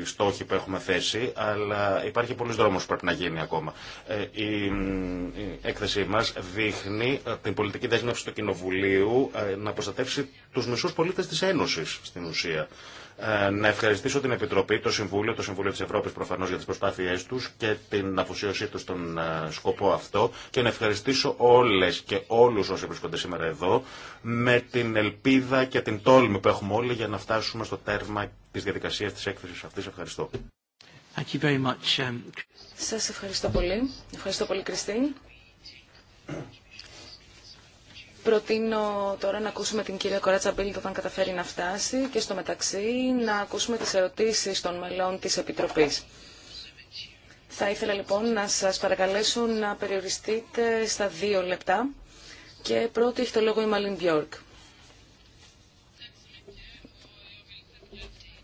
η στόχη που έχουμε θέσει, αλλά υπάρχει πολλή δρόμο που πρέπει να γίνει ακόμα. Ε, η έκθεσή μα δείχνει ε, την πολιτική δέσμευση του Κοινοβουλίου ε, να προστατεύσει τους μισούς πολίτες της Ένωσης στην ουσία. Ε, να ευχαριστήσω την Επιτροπή, το Συμβούλιο, το Συμβούλιο της Ευρώπης προφανώς για τις προσπάθειε τους και την αφοσίωσή τους στον σκοπό αυτό και να ευχαριστήσω όλες και όλους όσοι βρίσκονται σήμερα εδώ με την ελπίδα και την τόλμη που έχουμε όλοι για να φτάσουμε στο τέρμα της διαδικασίας της έκθεσης αυτής. Ευχαριστώ. Um, Σα ευχαριστώ πολύ. Ευχαριστώ πολύ, Κριστίν. Προτείνω τώρα να ακούσουμε την κυρία Κοράτσα Μπίλτ όταν καταφέρει να φτάσει και στο μεταξύ να ακούσουμε τις ερωτήσεις των μελών της Επιτροπής. Θα ήθελα λοιπόν να σας παρακαλέσω να περιοριστείτε στα δύο λεπτά και πρώτη έχει το λόγο η Μαλίν Μπιόρκ.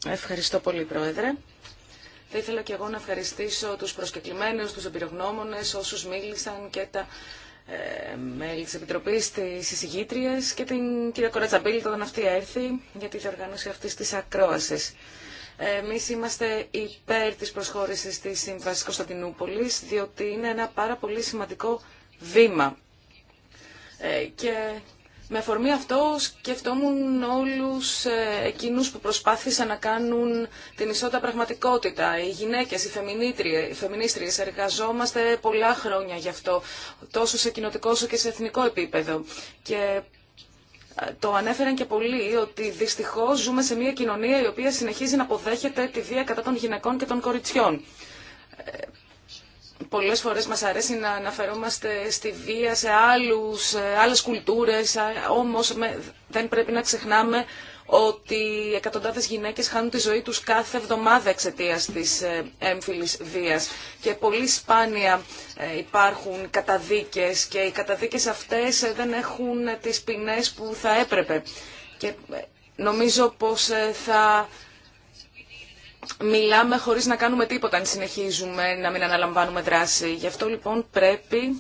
Ευχαριστώ πολύ Πρόεδρε. Θα ήθελα και εγώ να ευχαριστήσω τους προσκεκλημένους, τους εμπειρογνώμονες, όσους μίλησαν και τα ε, μέλη τη επιτροπή, τι εισηγήτριες και την κυρία Κορατσαμπίλη όταν αυτή έρθει για τη διοργάνωση αυτή τη ακρόαση. Εμεί είμαστε υπέρ τη προσχώρηση τη σύμβαση Κωνσταντινούπολη, διότι είναι ένα πάρα πολύ σημαντικό βήμα. Ε, και με αφορμή αυτό σκεφτόμουν όλους ε, εκείνους που προσπάθησαν να κάνουν την ισότητα πραγματικότητα. Οι γυναίκες, οι, οι φεμινίστριες, εργαζόμαστε πολλά χρόνια γι' αυτό, τόσο σε κοινοτικό όσο και σε εθνικό επίπεδο. Και ε, το ανέφεραν και πολλοί ότι δυστυχώς ζούμε σε μια κοινωνία η οποία συνεχίζει να αποδέχεται τη βία κατά των γυναικών και των κοριτσιών. Ε, πολλές φορές μας αρέσει να αναφερόμαστε στη βία, σε άλλους, άλλες κουλτούρες, όμως δεν πρέπει να ξεχνάμε ότι εκατοντάδες γυναίκες χάνουν τη ζωή τους κάθε εβδομάδα εξαιτία της ε, έμφυλης βίας και πολύ σπάνια ε, υπάρχουν καταδίκες και οι καταδίκες αυτές δεν έχουν τις ποινές που θα έπρεπε. Και ε, νομίζω πως θα μιλάμε χωρίς να κάνουμε τίποτα αν συνεχίζουμε να μην αναλαμβάνουμε δράση. Γι' αυτό λοιπόν πρέπει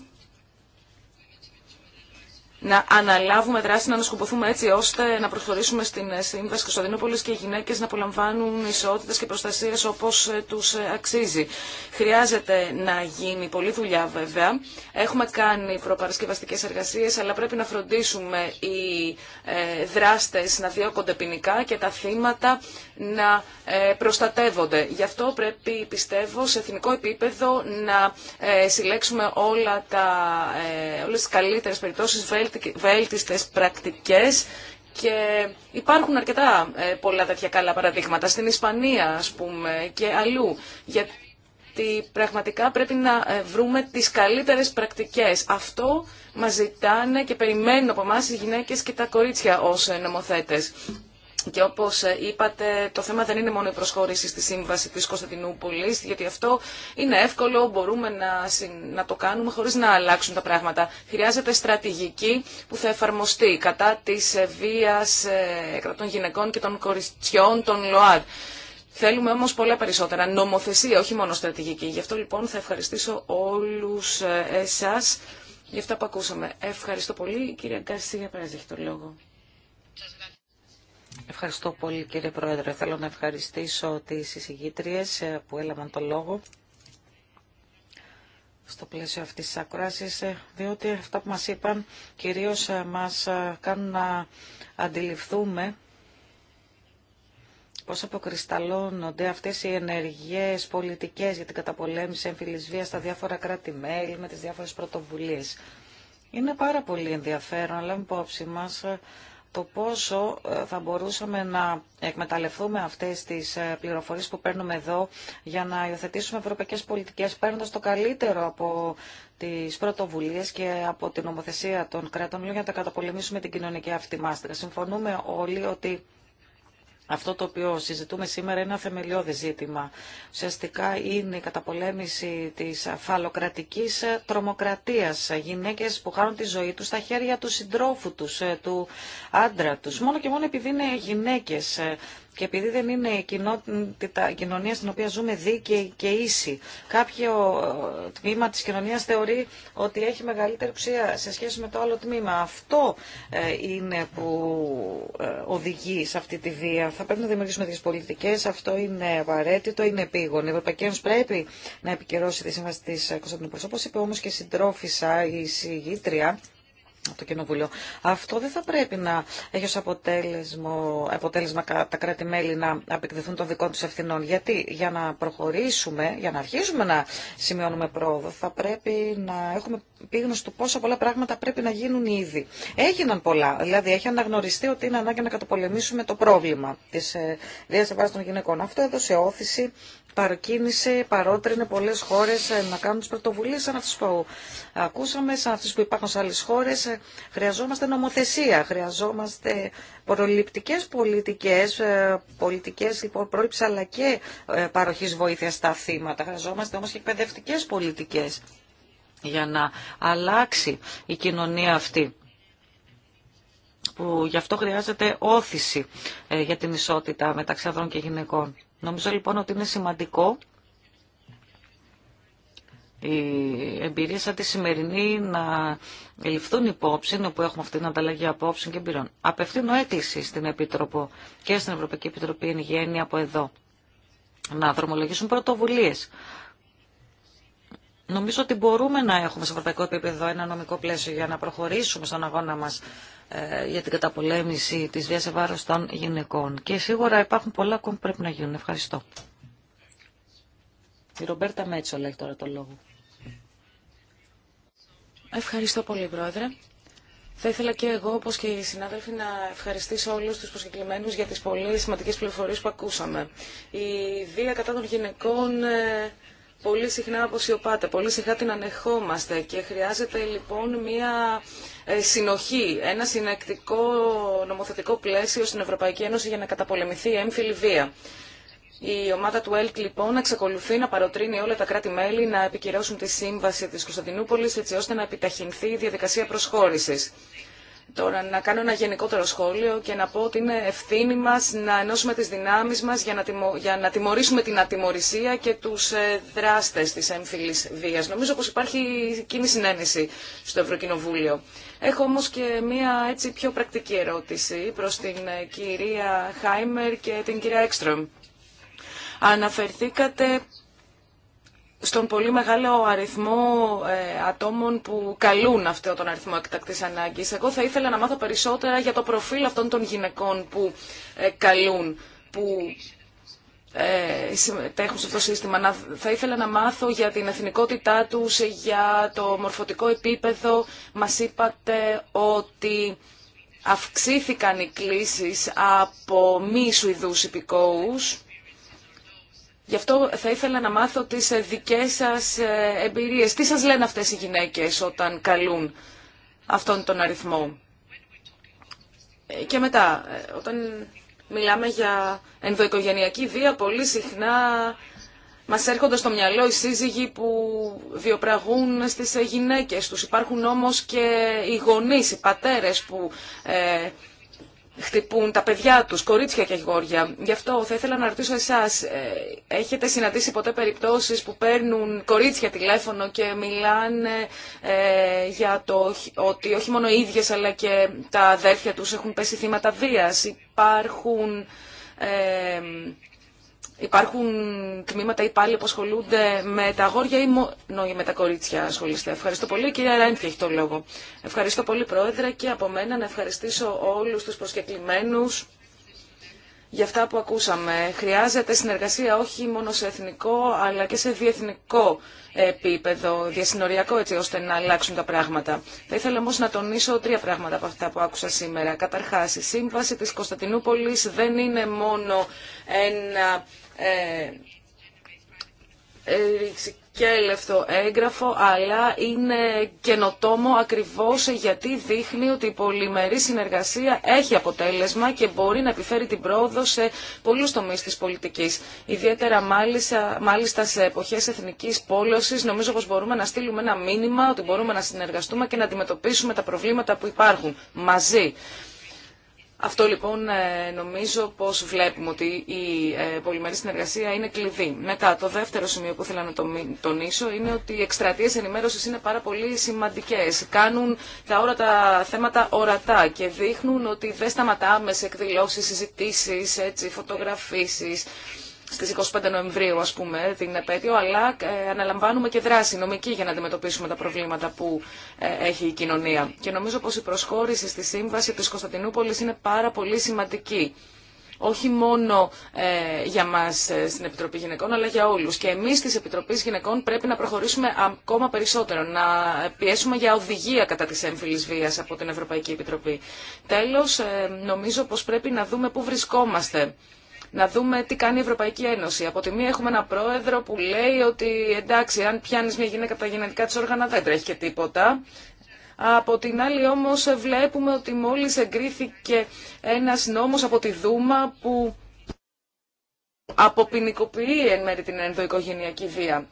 να αναλάβουμε δράση, να ανασκουμποθούμε έτσι ώστε να προσχωρήσουμε στην Σύμβαση Κωνσταντινούπολη και οι γυναίκε να απολαμβάνουν ισότητε και προστασίε όπω ε, του ε, αξίζει. Χρειάζεται να γίνει πολλή δουλειά βέβαια. Έχουμε κάνει προπαρασκευαστικέ εργασίε, αλλά πρέπει να φροντίσουμε οι ε, δράστε να διώκονται ποινικά και τα θύματα να προστατεύονται. Γι' αυτό πρέπει, πιστεύω, σε εθνικό επίπεδο να συλλέξουμε όλα τα, όλες τις καλύτερες βέλτιστες πρακτικές και υπάρχουν αρκετά ε, πολλά τέτοια καλά παραδείγματα στην Ισπανία, ας πούμε, και αλλού. Γιατί πραγματικά πρέπει να ε, βρούμε τις καλύτερες πρακτικές. Αυτό μας ζητάνε και περιμένουν από εμά οι γυναίκες και τα κορίτσια ως ε, νομοθέτες. Και όπω ε, είπατε, το θέμα δεν είναι μόνο η προσχώρηση στη σύμβαση τη Κωνσταντινούπολη, γιατί αυτό είναι εύκολο, μπορούμε να, να το κάνουμε χωρί να αλλάξουν τα πράγματα. Χρειάζεται στρατηγική που θα εφαρμοστεί κατά τη ε, βία ε, κατά των γυναικών και των κοριτσιών των ΛΟΑΔ. Θέλουμε όμως πολλά περισσότερα. Νομοθεσία, όχι μόνο στρατηγική. Γι' αυτό λοιπόν θα ευχαριστήσω όλους εσάς για αυτά που ακούσαμε. Ευχαριστώ πολύ. Η κυρία Γκαρσία Πέρας έχει το λόγο. Ευχαριστώ πολύ κύριε Πρόεδρε. Θέλω να ευχαριστήσω τις εισηγήτριες ε, που έλαβαν το λόγο στο πλαίσιο αυτής της ακράσης, ε, διότι αυτά που μας είπαν κυρίως ε, μας κάνουν να αντιληφθούμε πώς αποκρισταλώνονται αυτές οι ενεργές πολιτικές για την καταπολέμηση εμφυλής στα διάφορα κράτη-μέλη με τις διάφορες πρωτοβουλίες. Είναι πάρα πολύ ενδιαφέρον, αλλά υπόψη μας το πόσο ε, θα μπορούσαμε να εκμεταλλευτούμε αυτές τις ε, πληροφορίες που παίρνουμε εδώ για να υιοθετήσουμε ευρωπαϊκές πολιτικές παίρνοντας το καλύτερο από τις πρωτοβουλίες και από την νομοθεσία των κρατών για να τα καταπολεμήσουμε την κοινωνική αυτή Συμφωνούμε όλοι ότι αυτό το οποίο συζητούμε σήμερα είναι ένα θεμελιώδη ζήτημα. Ουσιαστικά είναι η καταπολέμηση της φαλοκρατικής τρομοκρατίας. Γυναίκες που χάνουν τη ζωή τους στα χέρια του συντρόφου τους, ε, του άντρα τους. Μόνο και μόνο επειδή είναι γυναίκες ε, και επειδή δεν είναι η, κοινότητα, η κοινωνία στην οποία ζούμε δίκαιη και ίση, κάποιο ε, τμήμα της κοινωνίας θεωρεί ότι έχει μεγαλύτερη ουσία σε σχέση με το άλλο τμήμα. Αυτό ε, είναι που ε, οδηγεί σε αυτή τη βία. Θα πρέπει να δημιουργήσουμε τις πολιτικές, αυτό είναι απαραίτητο, είναι επίγον. Η Ευρωπαϊκή Ένωση πρέπει να επικυρώσει τη σύμβαση της Κωνσταντινούπολης. Όπως είπε όμως και συντρόφισσα η συγγήτρια, από το Κοινοβουλίο. Αυτό δεν θα πρέπει να έχει ως αποτέλεσμα, αποτέλεσμα τα κράτη-μέλη να απεκδεθούν των δικών τους ευθυνών. Γιατί για να προχωρήσουμε, για να αρχίσουμε να σημειώνουμε πρόοδο, θα πρέπει να έχουμε πείγνωση του πόσα πολλά πράγματα πρέπει να γίνουν ήδη. Έγιναν πολλά, δηλαδή έχει αναγνωριστεί ότι είναι ανάγκη να καταπολεμήσουμε το πρόβλημα της ε, βίας των γυναικών. Αυτό έδωσε όθηση παροκίνησε, παρότρινε πολλές χώρε ε, να κάνουν τι πρωτοβουλίε σαν αυτέ που ακούσαμε, σαν αυτές που υπάρχουν σε άλλες χώρε, ε, Χρειαζόμαστε νομοθεσία, χρειαζόμαστε προληπτικέ πολιτικές, ε, πολιτικές λοιπόν, πρόληψη αλλά και παροχής βοήθειας στα θύματα. Χρειαζόμαστε όμως και εκπαιδευτικέ πολιτικές για να αλλάξει η κοινωνία αυτή που γι' αυτό χρειάζεται όθηση για την ισότητα μεταξύ ανδρών και γυναικών. Νομίζω λοιπόν ότι είναι σημαντικό οι εμπειρίες σαν τη σημερινή να ληφθούν υπόψη, όπου έχουμε αυτή την ανταλλαγή απόψεων και εμπειρών. Απευθύνω έκκληση στην Επίτροπο και στην Ευρωπαϊκή Επιτροπή εν από εδώ να δρομολογήσουν πρωτοβουλίες Νομίζω ότι μπορούμε να έχουμε σε ευρωπαϊκό επίπεδο ένα νομικό πλαίσιο για να προχωρήσουμε στον αγώνα μας ε, για την καταπολέμηση της βίας σε βάρος των γυναικών. Και σίγουρα υπάρχουν πολλά ακόμα που πρέπει να γίνουν. Ευχαριστώ. Η Ρομπέρτα Μέτσολα έχει τώρα το λόγο. Ευχαριστώ πολύ, Πρόεδρε. Θα ήθελα και εγώ, όπω και οι συνάδελφοι, να ευχαριστήσω όλου του προσκεκλημένους για τι πολύ σημαντικέ πληροφορίε που ακούσαμε. Η βία κατά των γυναικών ε, πολύ συχνά αποσιωπάται, πολύ συχνά την ανεχόμαστε και χρειάζεται λοιπόν μια ε, συνοχή, ένα συνεκτικό νομοθετικό πλαίσιο στην Ευρωπαϊκή Ένωση για να καταπολεμηθεί η έμφυλη βία. Η ομάδα του ΕΛΚ λοιπόν εξακολουθεί να παροτρύνει όλα τα κράτη-μέλη να επικυρώσουν τη σύμβαση της Κωνσταντινούπολης έτσι ώστε να επιταχυνθεί η διαδικασία προσχώρησης. Τώρα να κάνω ένα γενικότερο σχόλιο και να πω ότι είναι ευθύνη μας να ενώσουμε τις δυνάμεις μας για να, για να τιμωρήσουμε την ατιμορρησία και τους ε, δράστες της έμφυλης βίας. Νομίζω πως υπάρχει κοινή συνένεση στο Ευρωκοινοβούλιο. Έχω όμως και μία έτσι πιο πρακτική ερώτηση προς την ε, κυρία Χάιμερ και την κυρία Έκστρομ. Αναφερθήκατε στον πολύ μεγάλο αριθμό ε, ατόμων που καλούν αυτό τον αριθμό εκτακτής ανάγκης. Εγώ θα ήθελα να μάθω περισσότερα για το προφίλ αυτών των γυναικών που ε, καλούν, που ε, συμμετέχουν σε αυτό το σύστημα. Θα ήθελα να μάθω για την εθνικότητά τους, για το μορφωτικό επίπεδο. Μας είπατε ότι αυξήθηκαν οι κλήσεις από μη Σουηδούς υπηκόους Γι' αυτό θα ήθελα να μάθω τις ε, δικές σας ε, εμπειρίες. Τι σας λένε αυτές οι γυναίκες όταν καλούν αυτόν τον αριθμό. Ε, και μετά, όταν μιλάμε για ενδοοικογενειακή βία, πολύ συχνά μας έρχονται στο μυαλό οι σύζυγοι που βιοπραγούν στις γυναίκες τους. Υπάρχουν όμως και οι γονείς, οι πατέρες που χτυπούν τα παιδιά τους, κορίτσια και γόρια. Γι' αυτό θα ήθελα να ρωτήσω εσάς, ε, έχετε συναντήσει ποτέ περιπτώσεις που παίρνουν κορίτσια τηλέφωνο και μιλάνε ε, για το ότι όχι μόνο οι ίδιες αλλά και τα αδέρφια τους έχουν πέσει θύματα βίας. Υπάρχουν... Ε, Υπάρχουν τμήματα ή πάλι που ασχολούνται με τα αγόρια ή μόνο με τα κορίτσια ασχολείστε. Ευχαριστώ πολύ. Κυρία Ρέντια έχει το λόγο. Ευχαριστώ πολύ Πρόεδρε και από μένα να ευχαριστήσω όλους τους προσκεκλημένους για αυτά που ακούσαμε. Χρειάζεται συνεργασία όχι μόνο σε εθνικό αλλά και σε διεθνικό επίπεδο, διασυνοριακό έτσι ώστε να αλλάξουν τα πράγματα. Θα ήθελα όμως να τονίσω τρία πράγματα από αυτά που άκουσα σήμερα. Καταρχάς, η σύμβαση της Κωνσταντινούπολης δεν είναι μόνο ένα ε, ε, ρηξικέλευτο έγγραφο, αλλά είναι καινοτόμο ακριβώς γιατί δείχνει ότι η πολυμερή συνεργασία έχει αποτέλεσμα και μπορεί να επιφέρει την πρόοδο σε πολλούς τομείς της πολιτικής. Ιδιαίτερα μάλιστα, μάλιστα σε εποχές εθνικής πόλωσης νομίζω πως μπορούμε να στείλουμε ένα μήνυμα ότι μπορούμε να συνεργαστούμε και να αντιμετωπίσουμε τα προβλήματα που υπάρχουν μαζί. Αυτό λοιπόν ε, νομίζω πως βλέπουμε ότι η ε, πολυμερή συνεργασία είναι κλειδί. Μετά το δεύτερο σημείο που ήθελα να τονίσω είναι ότι οι εκστρατείε ενημέρωση είναι πάρα πολύ σημαντικές. Κάνουν τα όρατα θέματα ορατά και δείχνουν ότι δεν σταματάμε σε εκδηλώσεις, συζητήσεις, έτσι, φωτογραφίσεις στις 25 Νοεμβρίου, ας πούμε, την επέτειο, αλλά ε, αναλαμβάνουμε και δράση νομική για να αντιμετωπίσουμε τα προβλήματα που ε, έχει η κοινωνία. Και νομίζω πως η προσχώρηση στη Σύμβαση της Κωνσταντινούπολης είναι πάρα πολύ σημαντική όχι μόνο ε, για μα στην Επιτροπή Γυναικών, αλλά για όλου. Και εμεί τη Επιτροπή Γυναικών πρέπει να προχωρήσουμε ακόμα περισσότερο, να πιέσουμε για οδηγία κατά τη έμφυλη βία από την Ευρωπαϊκή Επιτροπή. Τέλο, νομίζω πω πρέπει να δούμε πού βρισκόμαστε να δούμε τι κάνει η Ευρωπαϊκή Ένωση. Από τη μία έχουμε ένα πρόεδρο που λέει ότι εντάξει, αν πιάνει μια γυναίκα από τα γενετικά τη όργανα δεν τρέχει και τίποτα. Από την άλλη όμως βλέπουμε ότι μόλις εγκρίθηκε ένας νόμος από τη Δούμα που αποποινικοποιεί εν μέρη την ενδοοικογενειακή τη δουμα που αποποινικοποιει εν μερει την ενδοοικογενειακη βια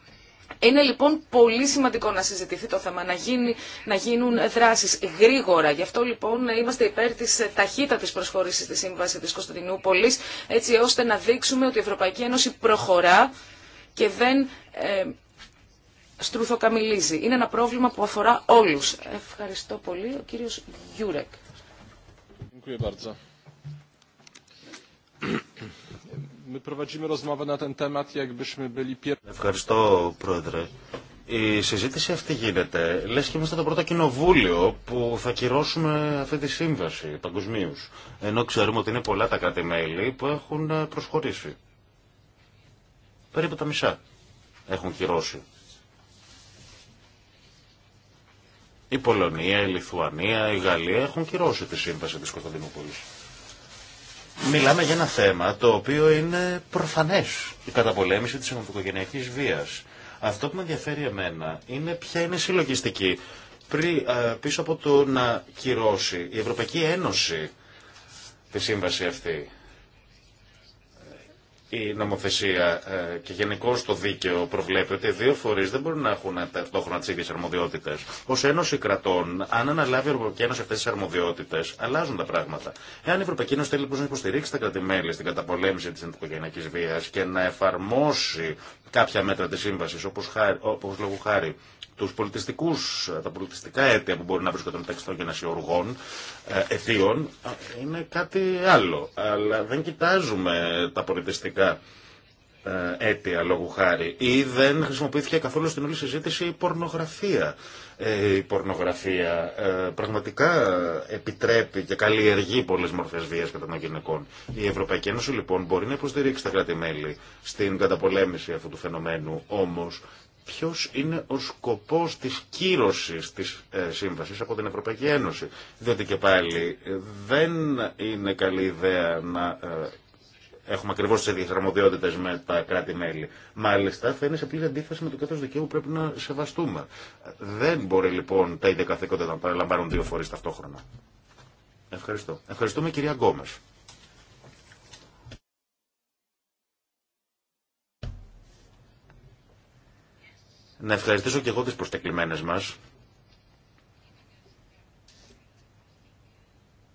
είναι λοιπόν πολύ σημαντικό να συζητηθεί το θέμα, να, γίνει, να γίνουν δράσεις γρήγορα. Γι' αυτό λοιπόν είμαστε υπέρ της ταχύτατης προσχώρηση της σύμβαση τη Κωνσταντινούπολη, έτσι ώστε να δείξουμε ότι η Ευρωπαϊκή Ένωση προχωρά και δεν ε, στρουθοκαμιλίζει. Είναι ένα πρόβλημα που αφορά όλους. Ευχαριστώ πολύ. Ο κύριο Γιούρεκ. Ευχαριστώ, Πρόεδρε. Η συζήτηση αυτή γίνεται. Λες και είμαστε το πρώτο κοινοβούλιο που θα κυρώσουμε αυτή τη σύμβαση παγκοσμίω. Ενώ ξέρουμε ότι είναι πολλά τα κράτη-μέλη που έχουν ε, προσχωρήσει. Περίπου τα μισά έχουν κυρώσει. Η Πολωνία, η Λιθουανία, η Γαλλία έχουν κυρώσει τη σύμβαση της Κωνσταντινούπολης. Μιλάμε για ένα θέμα το οποίο είναι προφανές η καταπολέμηση της ομοφικογενειακής βίας. Αυτό που με ενδιαφέρει εμένα είναι ποια είναι η συλλογιστική πίσω από το να κυρώσει η Ευρωπαϊκή Ένωση τη σύμβαση αυτή η νομοθεσία ε, και γενικώ το δίκαιο προβλέπει ότι δύο φορεί δεν μπορούν να έχουν ταυτόχρονα τι ίδιε αρμοδιότητε. Ω Ένωση Κρατών, αν αναλάβει η Ευρωπαϊκή Ένωση αυτέ τι αρμοδιότητε, αλλάζουν τα πράγματα. Εάν η Ευρωπαϊκή Ένωση θέλει λοιπόν να υποστηρίξει τα κρατημέλη στην καταπολέμηση τη ενδοικογενειακή βία και να εφαρμόσει κάποια μέτρα της σύμβασης, όπως, χάρη, όπως λόγω χάρη τους πολιτιστικούς, τα πολιτιστικά αίτια που μπορεί να βρίσκονται μεταξύ των γεννασιωργών ε, αιτίων, ε, είναι κάτι άλλο. Αλλά δεν κοιτάζουμε τα πολιτιστικά ε, αίτια λόγου χάρη ή δεν χρησιμοποιήθηκε καθόλου στην όλη συζήτηση η πορνογραφία. Ε, η πορνογραφία ε, πραγματικά επιτρέπει και καλλιεργεί πολλέ μορφέ βία κατά των γυναικών. Η Ευρωπαϊκή Ένωση λοιπόν μπορεί να υποστηρίξει τα κράτη-μέλη στην καταπολέμηση αυτού του φαινομένου, όμω ποιο είναι ο σκοπό τη κύρωση τη ε, σύμβαση από την Ευρωπαϊκή Ένωση. Διότι και πάλι ε, δεν είναι καλή ιδέα να ε, έχουμε ακριβώ τι ίδιε αρμοδιότητε με τα κράτη-μέλη. Μάλιστα, θα είναι σε πλήρη αντίθεση με το κράτο δικαίου που πρέπει να σεβαστούμε. Δεν μπορεί λοιπόν τα ίδια καθήκοντα να παραλαμβάνουν δύο φορέ ταυτόχρονα. Ευχαριστώ. Ευχαριστούμε κυρία Γκόμε. Να ευχαριστήσω και εγώ τις προστακλημένες μας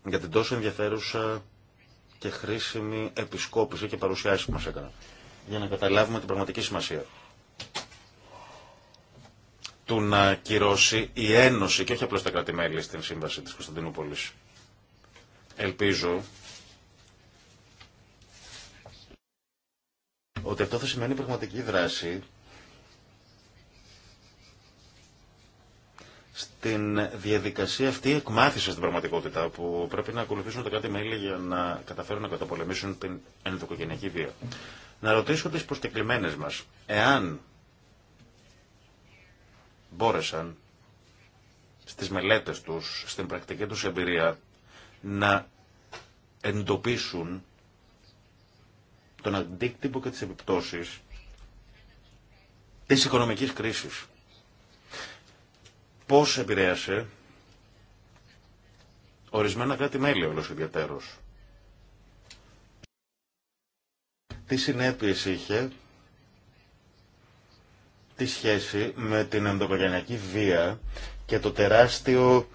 για την τόσο ενδιαφέρουσα και χρήσιμη επισκόπηση και παρουσιάση που μας έκανα για να καταλάβουμε την πραγματική σημασία του να κυρώσει η Ένωση και όχι απλώς τα κρατη στην Σύμβαση της Κωνσταντινούπολης. Ελπίζω ότι αυτό θα σημαίνει πραγματική δράση την διαδικασία αυτή εκμάθησε στην πραγματικότητα που πρέπει να ακολουθήσουν τα κράτη-μέλη για να καταφέρουν να καταπολεμήσουν την ενδοκογενειακή βία. Να ρωτήσω τις προσκεκλημένες μας, εάν μπόρεσαν στις μελέτες τους, στην πρακτική τους εμπειρία, να εντοπίσουν τον αντίκτυπο και τις επιπτώσεις της οικονομικής κρίσης πώς επηρέασε κάτι κράτη-μέλη όλος ιδιαίτερος. Τι συνέπειες είχε τη σχέση με την ενδοκογενειακή βία και το τεράστιο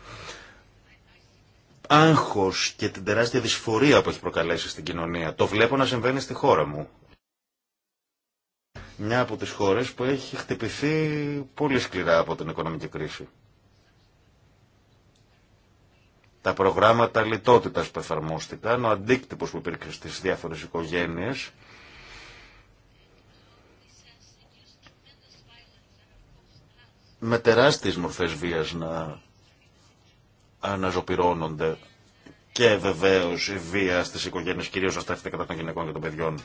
άγχος και την τεράστια δυσφορία που έχει προκαλέσει στην κοινωνία. Το βλέπω να συμβαίνει στη χώρα μου. Μια από τις χώρες που έχει χτυπηθεί πολύ σκληρά από την οικονομική κρίση τα προγράμματα λιτότητας που εφαρμόστηκαν, ο αντίκτυπος που υπήρχε στις διάφορες οικογένειες, με τεράστιες μορφές βίας να αναζωπυρώνονται και βεβαίως η βία στις οικογένειες, κυρίως αστέφεται κατά των γυναικών και των παιδιών.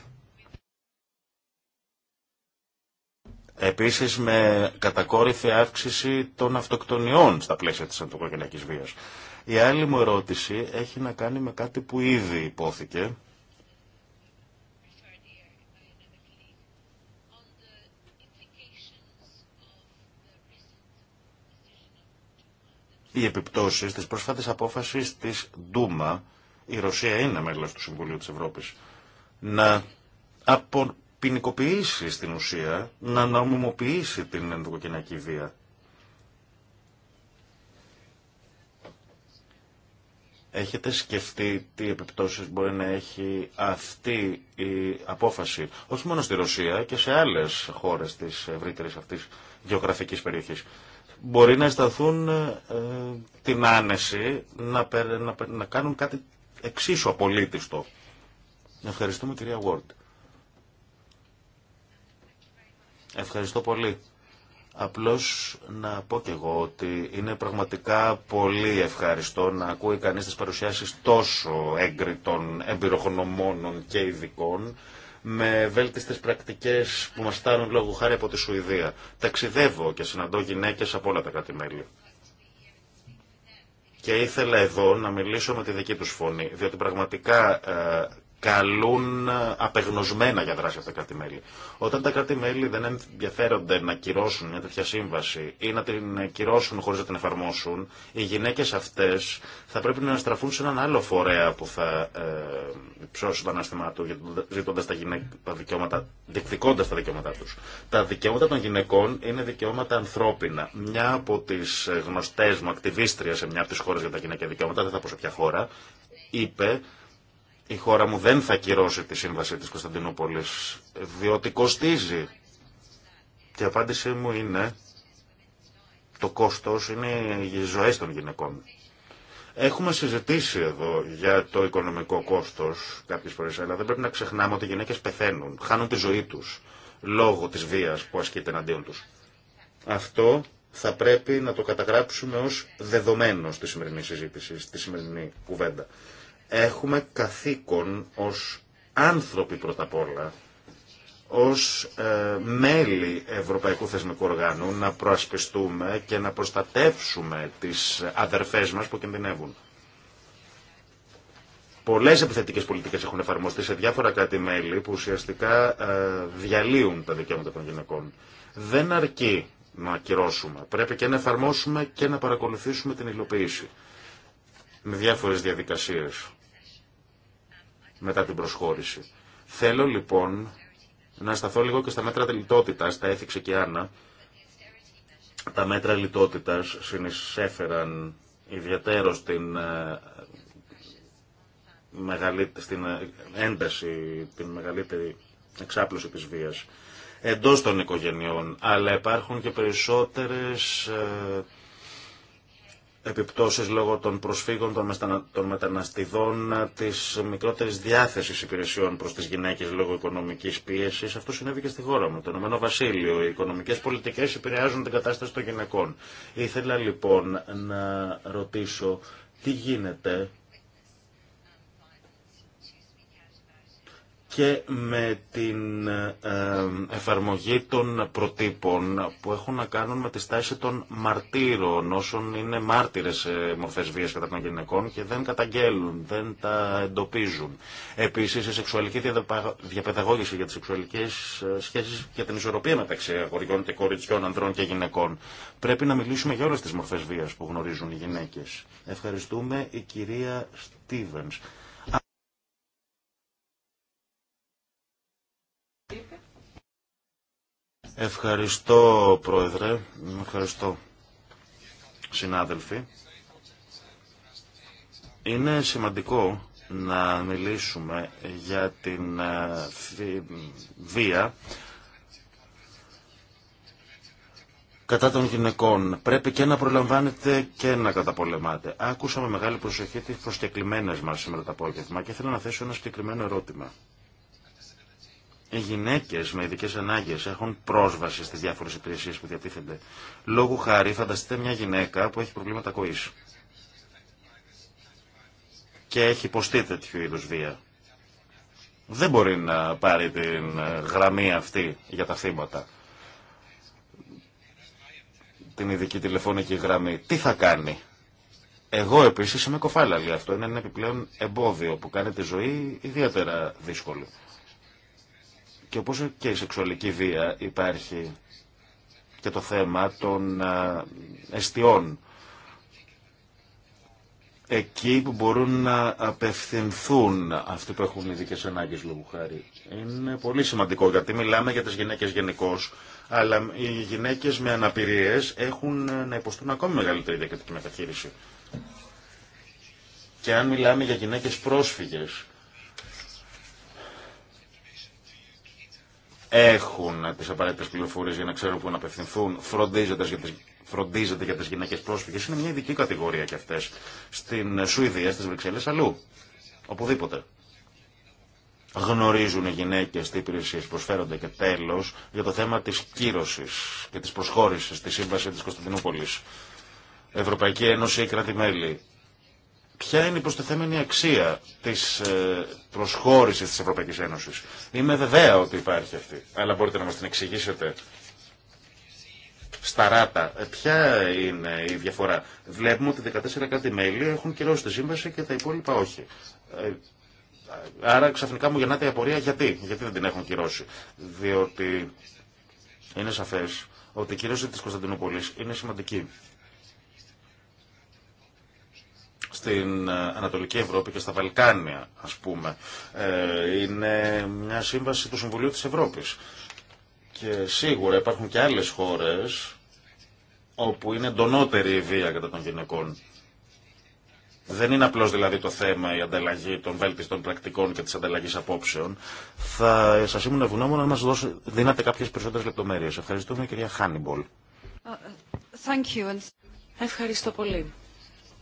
Επίσης με κατακόρυφη αύξηση των αυτοκτονιών στα πλαίσια της αντικογενειακής βίας. Η άλλη μου ερώτηση έχει να κάνει με κάτι που ήδη υπόθηκε. Οι επιπτώσεις της πρόσφατης απόφασης της Ντούμα, η Ρωσία είναι μέλος του Συμβουλίου της Ευρώπης, να ποινικοποιήσει στην ουσία, να νομιμοποιήσει την ενδοκοκενιακή βία. Έχετε σκεφτεί τι επιπτώσεις μπορεί να έχει αυτή η απόφαση, όχι μόνο στη Ρωσία και σε άλλες χώρες της ευρύτερης αυτής γεωγραφικής περιοχής. Μπορεί να αισθανθούν ε, την άνεση να, να, να κάνουν κάτι εξίσου απολύτιστο. Ευχαριστούμε κυρία Γουόρντ. Ευχαριστώ πολύ. Απλώς να πω και εγώ ότι είναι πραγματικά πολύ ευχαριστώ να ακούει κανείς τις παρουσιάσεις τόσο έγκριτων εμπειροχονομόνων και ειδικών με βέλτιστες πρακτικές που μας στάνουν λόγω χάρη από τη Σουηδία. Ταξιδεύω και συναντώ γυναίκες από όλα τα κράτη-μέλη. Και ήθελα εδώ να μιλήσω με τη δική τους φωνή, διότι πραγματικά ε, καλούν ε, απεγνωσμένα για δράση αυτά τα κράτη-μέλη. Όταν τα κράτη-μέλη δεν ενδιαφέρονται να κυρώσουν μια τέτοια σύμβαση ή να την κυρώσουν χωρίς να την εφαρμόσουν, οι γυναίκες αυτές θα πρέπει να στραφούν σε έναν άλλο φορέα που θα ε, ψώσει το ανάστημά του, ζητώντας τα, γυναί... τα δικαιώματα, διεκδικώντας τα δικαιώματά τους. Τα δικαιώματα των γυναικών είναι δικαιώματα ανθρώπινα. Μια από τις ε, γνωστές μου ακτιβίστρια σε μια από τις χώρες για τα γυναικεία δικαιώματα, δεν θα πω σε ποια χώρα, είπε η χώρα μου δεν θα κυρώσει τη σύμβαση της Κωνσταντινούπολης, διότι κοστίζει. Και η απάντησή μου είναι, το κόστος είναι οι ζωές των γυναικών. Έχουμε συζητήσει εδώ για το οικονομικό κόστος κάποιες φορές, αλλά δεν πρέπει να ξεχνάμε ότι οι γυναίκες πεθαίνουν, χάνουν τη ζωή τους, λόγω της βίας που ασκείται εναντίον τους. Αυτό θα πρέπει να το καταγράψουμε ως δεδομένο στη σημερινή συζήτηση, στη σημερινή κουβέντα. Έχουμε καθήκον ως άνθρωποι πρώτα απ' όλα, ως ε, μέλη Ευρωπαϊκού Θεσμικού Οργάνου να προασπιστούμε και να προστατεύσουμε τις αδερφές μας που κινδυνεύουν. Πολλές επιθετικές πολιτικές έχουν εφαρμοστεί σε διάφορα κράτη-μέλη που ουσιαστικά ε, διαλύουν τα δικαιώματα των γυναικών. Δεν αρκεί να ακυρώσουμε. Πρέπει και να εφαρμόσουμε και να παρακολουθήσουμε την υλοποίηση με διάφορες διαδικασίες μετά την προσχώρηση. Θέλω λοιπόν να σταθώ λίγο και στα μέτρα λιτότητας, τα έθιξε και η Άννα. Τα μέτρα λιτότητας συνεισέφεραν ιδιαίτερο στην, ε, στην ε, ένταση, την μεγαλύτερη εξάπλωση της βίας εντός των οικογενειών, αλλά υπάρχουν και περισσότερες ε, επιπτώσεις λόγω των προσφύγων, των μεταναστιδών, της μικρότερης διάθεσης υπηρεσιών προς τις γυναίκες λόγω οικονομικής πίεσης. Αυτό συνέβη και στη χώρα μου, το Ηνωμένο Βασίλειο. Οι οικονομικές πολιτικές επηρεάζουν την κατάσταση των γυναικών. Ήθελα λοιπόν να ρωτήσω τι γίνεται και με την ε, ε, εφαρμογή των προτύπων που έχουν να κάνουν με τη στάση των μαρτύρων όσων είναι μάρτυρες μορφές βίας κατά των γυναικών και δεν καταγγέλουν, δεν τα εντοπίζουν. Επίσης η σεξουαλική διαπαιδαγώγηση για τις σεξουαλικές ε, σχέσεις και την ισορροπία μεταξύ αγοριών και κοριτσιών, ανδρών και γυναικών. Πρέπει να μιλήσουμε για όλες τις μορφές βίας που γνωρίζουν οι γυναίκες. Ευχαριστούμε η κυρία Στίβενς. Ευχαριστώ, Πρόεδρε. Ευχαριστώ, συνάδελφοι. Είναι σημαντικό να μιλήσουμε για την ε, βία κατά των γυναικών. Πρέπει και να προλαμβάνετε και να καταπολεμάτε. Άκουσα με μεγάλη προσοχή τις προσκεκλημένες μας σήμερα το απόγευμα και θέλω να θέσω ένα συγκεκριμένο ερώτημα οι γυναίκε με ειδικέ ανάγκε έχουν πρόσβαση στι διάφορε υπηρεσίε που διατίθενται. Λόγου χάρη, φανταστείτε μια γυναίκα που έχει προβλήματα ακοή και έχει υποστεί τέτοιου είδου βία. Δεν μπορεί να πάρει την γραμμή αυτή για τα θύματα. Την ειδική τηλεφωνική γραμμή. Τι θα κάνει. Εγώ επίσης είμαι κοφάλαλη. Αυτό είναι ένα επιπλέον εμπόδιο που κάνει τη ζωή ιδιαίτερα δύσκολη. Και όπως και η σεξουαλική βία υπάρχει και το θέμα των ε, εστιών. Εκεί που μπορούν να απευθυνθούν αυτοί που έχουν ειδικέ ανάγκε λόγου χάρη. Είναι πολύ σημαντικό γιατί μιλάμε για τι γυναίκε γενικώ, αλλά οι γυναίκε με αναπηρίε έχουν να υποστούν ακόμη μεγαλύτερη διακριτική μεταχείριση. Και αν μιλάμε για γυναίκε πρόσφυγες έχουν τις απαραίτητε πληροφορίε για να ξέρουν πού να απευθυνθούν, για τις φροντίζεται για τις γυναίκες πρόσφυγες, είναι μια ειδική κατηγορία και αυτές. Στην Σουηδία, στις Βρυξέλλες, αλλού. Οπουδήποτε. Γνωρίζουν οι γυναίκες τι υπηρεσίες προσφέρονται και τέλος για το θέμα της κύρωσης και της προσχώρησης στη Σύμβαση της Κωνσταντινούπολης. Ευρωπαϊκή Ένωση, κράτη-μέλη. Ποια είναι η προστεθέμενη αξία της ε, προσχώρησης της Ευρωπαϊκής Ένωσης. Είμαι βεβαία ότι υπάρχει αυτή, αλλά μπορείτε να μας την εξηγήσετε στα ράτα. Ε, ποια είναι η διαφορά. Βλέπουμε ότι 14 κάτι μέλη έχουν κυρώσει τη σύμβαση και τα υπόλοιπα όχι. Ε, άρα ξαφνικά μου γεννάται η απορία γιατί. Γιατί δεν την έχουν κυρώσει. Διότι είναι σαφές ότι η κύρωση της Κωνσταντινούπολης είναι σημαντική. στην ε, Ανατολική Ευρώπη και στα Βαλκάνια, ας πούμε, ε, είναι μια σύμβαση του Συμβουλίου της Ευρώπης. Και σίγουρα υπάρχουν και άλλες χώρες όπου είναι εντονότερη η βία κατά των γυναικών. Δεν είναι απλώς δηλαδή το θέμα η ανταλλαγή των βέλτιστων πρακτικών και της ανταλλαγής απόψεων. Θα σας ήμουν ευγνώμων να μας δώσω δίνατε κάποιες περισσότερες λεπτομέρειες. Ευχαριστούμε κυρία Χάνιμπολ. Uh, uh, thank you. Ευχαριστώ πολύ.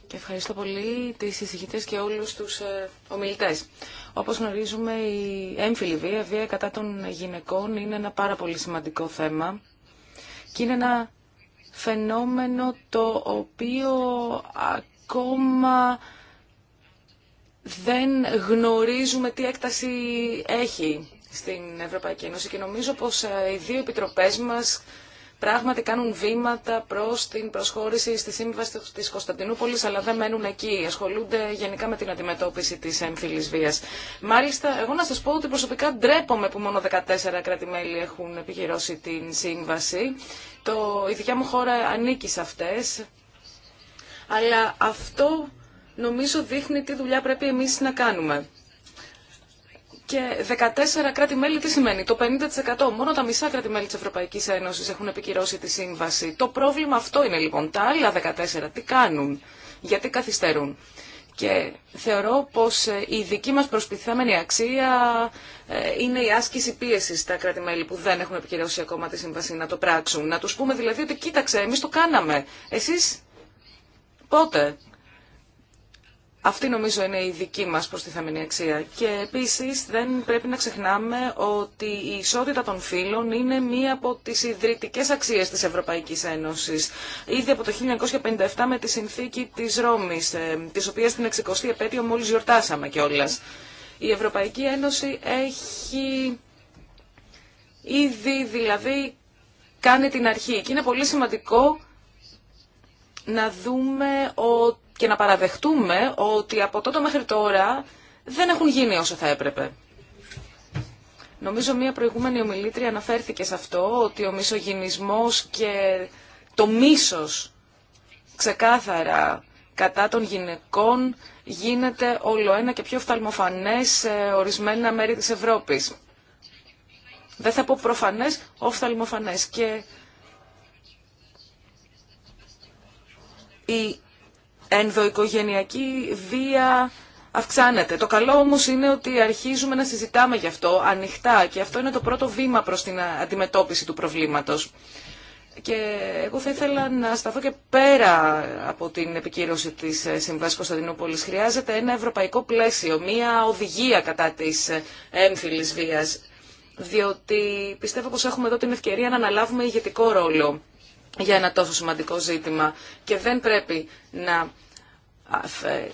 Και ευχαριστώ πολύ τις συζητητές και όλους τους ε, ομιλητές. Όπως γνωρίζουμε, η έμφυλη βία, βία κατά των γυναικών, είναι ένα πάρα πολύ σημαντικό θέμα και είναι ένα φαινόμενο το οποίο ακόμα δεν γνωρίζουμε τι έκταση έχει στην Ευρωπαϊκή Ένωση και νομίζω πως ε, οι δύο επιτροπές μας πράγματι κάνουν βήματα προς την προσχώρηση στη σύμβαση της Κωνσταντινούπολη, αλλά δεν μένουν εκεί. Ασχολούνται γενικά με την αντιμετώπιση της έμφυλη βία. Μάλιστα, εγώ να σας πω ότι προσωπικά ντρέπομαι που μόνο 14 κράτη-μέλη έχουν επιχειρώσει την σύμβαση. Το, η δικιά μου χώρα ανήκει σε αυτές. Αλλά αυτό νομίζω δείχνει τι δουλειά πρέπει εμείς να κάνουμε και 14 κράτη-μέλη τι σημαίνει, το 50%. Μόνο τα μισά κράτη-μέλη της Ευρωπαϊκής Ένωσης έχουν επικυρώσει τη σύμβαση. Το πρόβλημα αυτό είναι λοιπόν. Τα άλλα 14 τι κάνουν, γιατί καθυστερούν. Και θεωρώ πως ε, η δική μας προσπιθέμενη αξία ε, είναι η άσκηση πίεσης στα κράτη-μέλη που δεν έχουν επικυρώσει ακόμα τη σύμβαση να το πράξουν. Να τους πούμε δηλαδή ότι κοίταξε, εμείς το κάναμε. Εσείς πότε αυτή νομίζω είναι η δική μας προστιθέμενη αξία. Και επίσης δεν πρέπει να ξεχνάμε ότι η ισότητα των φύλων είναι μία από τις ιδρυτικές αξίες της Ευρωπαϊκής Ένωσης. Ήδη από το 1957 με τη συνθήκη της Ρώμης, ε, τη οποία την 60η επέτειο μόλις γιορτάσαμε κιόλας. Η επετειο μόλι γιορτασαμε κιόλα. έχει ήδη δηλαδή κάνει την αρχή και είναι πολύ σημαντικό να δούμε ότι και να παραδεχτούμε ότι από τότε μέχρι τώρα δεν έχουν γίνει όσο θα έπρεπε. Νομίζω μια προηγούμενη ομιλήτρια αναφέρθηκε σε αυτό, ότι ο μισογυνισμός και το μίσος ξεκάθαρα κατά των γυναικών γίνεται όλο ένα και πιο φθαλμοφανές σε ορισμένα μέρη της Ευρώπης. Δεν θα πω προφανές, οφθαλμοφανές. Και η ενδοοικογενειακή βία αυξάνεται. Το καλό όμως είναι ότι αρχίζουμε να συζητάμε γι' αυτό ανοιχτά και αυτό είναι το πρώτο βήμα προς την αντιμετώπιση του προβλήματος. Και εγώ θα ήθελα να σταθώ και πέρα από την επικύρωση της Συμβάσης Κωνσταντινούπολης. Χρειάζεται ένα ευρωπαϊκό πλαίσιο, μία οδηγία κατά της έμφυλης βίας, διότι πιστεύω πως έχουμε εδώ την ευκαιρία να αναλάβουμε ηγετικό ρόλο για ένα τόσο σημαντικό ζήτημα και δεν πρέπει να, ε,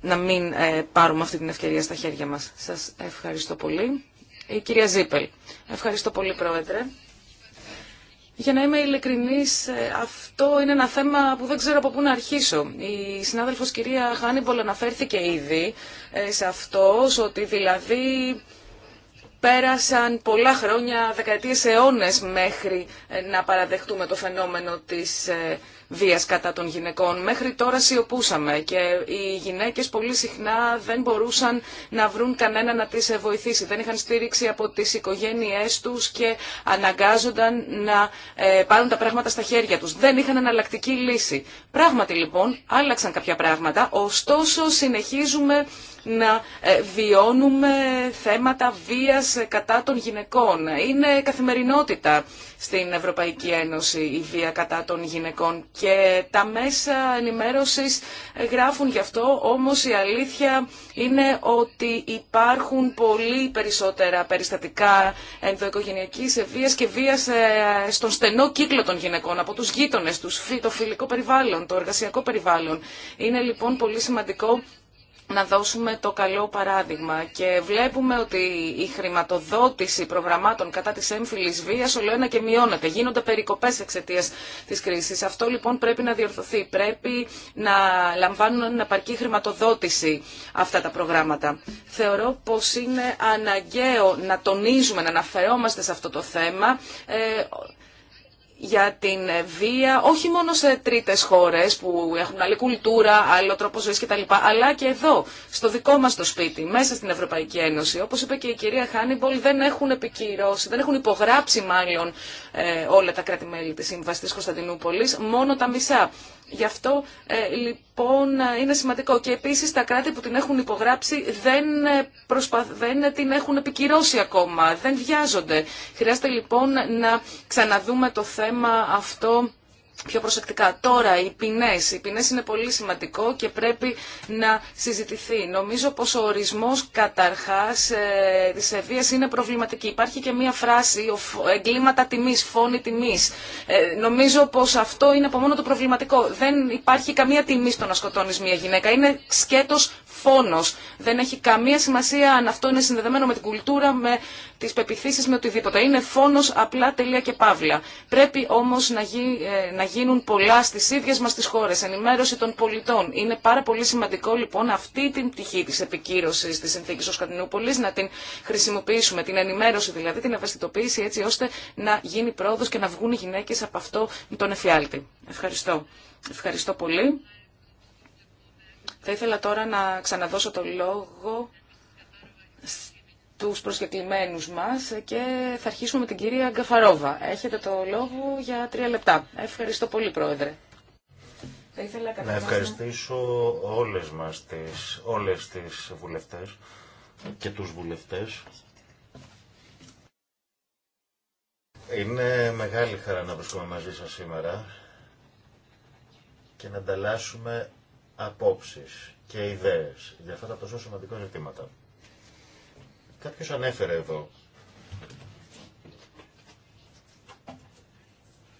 να μην ε, πάρουμε αυτή την ευκαιρία στα χέρια μας. Σας ευχαριστώ πολύ. Η κυρία Ζίπελ. Ευχαριστώ πολύ, Πρόεδρε. Για να είμαι ειλικρινής, ε, αυτό είναι ένα θέμα που δεν ξέρω από πού να αρχίσω. Η συνάδελφος κυρία Χάνιμπολ αναφέρθηκε ήδη σε αυτό, ότι δηλαδή Πέρασαν πολλά χρόνια, δεκαετίες αιώνες μέχρι να παραδεχτούμε το φαινόμενο της ε, βίας κατά των γυναικών. Μέχρι τώρα σιωπούσαμε και οι γυναίκες πολύ συχνά δεν μπορούσαν να βρουν κανένα να τι βοηθήσει. Δεν είχαν στήριξη από τις οικογένειές τους και αναγκάζονταν να ε, πάρουν τα πράγματα στα χέρια τους. Δεν είχαν εναλλακτική λύση. Πράγματι λοιπόν άλλαξαν κάποια πράγματα, ωστόσο συνεχίζουμε να ε, βιώνουμε θέματα βίας ε, κατά των γυναικών. Είναι καθημερινότητα στην Ευρωπαϊκή Ένωση η βία κατά των γυναικών και τα μέσα ενημέρωσης γράφουν γι' αυτό, όμως η αλήθεια είναι ότι υπάρχουν πολύ περισσότερα περιστατικά ενδοοικογενειακής βίας και βίας ε, στον στενό κύκλο των γυναικών, από τους γείτονες, τους, το φιλικό περιβάλλον, το εργασιακό περιβάλλον. Είναι λοιπόν πολύ σημαντικό να δώσουμε το καλό παράδειγμα και βλέπουμε ότι η χρηματοδότηση προγραμμάτων κατά της έμφυλης βίας ολοένα και μειώνεται. Γίνονται περικοπές εξαιτία της κρίσης. Αυτό λοιπόν πρέπει να διορθωθεί. Πρέπει να λαμβάνουν να παρκεί χρηματοδότηση αυτά τα προγράμματα. Θεωρώ πως είναι αναγκαίο να τονίζουμε, να αναφερόμαστε σε αυτό το θέμα ε, για την βία, όχι μόνο σε τρίτες χώρες που έχουν άλλη κουλτούρα, άλλο τρόπο ζωής κτλ, αλλά και εδώ, στο δικό μας το σπίτι, μέσα στην Ευρωπαϊκή Ένωση. Όπως είπε και η κυρία Χάνιμπολ, δεν έχουν επικυρώσει, δεν έχουν υπογράψει μάλλον ε, όλα τα κράτη-μέλη της Σύμβασης της Κωνσταντινούπολης, μόνο τα μισά. Γι' αυτό ε, λοιπόν ε, είναι σημαντικό. Και επίσης τα κράτη που την έχουν υπογράψει δεν, ε, προσπα... δεν την έχουν επικυρώσει ακόμα, δεν βιάζονται. Χρειάζεται λοιπόν να ξαναδούμε το θέμα αυτό πιο προσεκτικά. Τώρα, οι ποινέ. Οι ποινέ είναι πολύ σημαντικό και πρέπει να συζητηθεί. Νομίζω πω ο ορισμό καταρχά ε, τη είναι προβληματική. Υπάρχει και μία φράση, εγκλήματα τιμή, φόνη τιμή. Ε, νομίζω πω αυτό είναι από μόνο το προβληματικό. Δεν υπάρχει καμία τιμή στο να σκοτώνει μία γυναίκα. Είναι σκέτο φόνος. Δεν έχει καμία σημασία αν αυτό είναι συνδεδεμένο με την κουλτούρα, με τις πεπιθήσεις, με οτιδήποτε. Είναι φόνος απλά τελεία και παύλα. Πρέπει όμως να, γι, ε, να γίνουν πολλά στις ίδιες μας τις χώρες, ενημέρωση των πολιτών. Είναι πάρα πολύ σημαντικό λοιπόν αυτή την πτυχή της επικύρωσης της συνθήκης ως Κατινούπολης να την χρησιμοποιήσουμε, την ενημέρωση δηλαδή, την ευαισθητοποίηση έτσι ώστε να γίνει πρόοδος και να βγουν οι γυναίκες από αυτό τον εφιάλτη. Ευχαριστώ. Ευχαριστώ πολύ. Θα ήθελα τώρα να ξαναδώσω το λόγο τους προσκεκλημένους μας και θα αρχίσουμε με την κυρία Γκαφαρόβα. Έχετε το λόγο για τρία λεπτά. Ευχαριστώ πολύ, Πρόεδρε. Θα ήθελα να ευχαριστήσω όλες μας τις, όλες τις βουλευτές και τους βουλευτές. Είναι μεγάλη χαρά να βρισκόμαστε μαζί σας σήμερα και να ανταλλάσσουμε απόψεις και ιδέες για αυτά τα τόσο σημαντικά ζητήματα. Κάποιος ανέφερε εδώ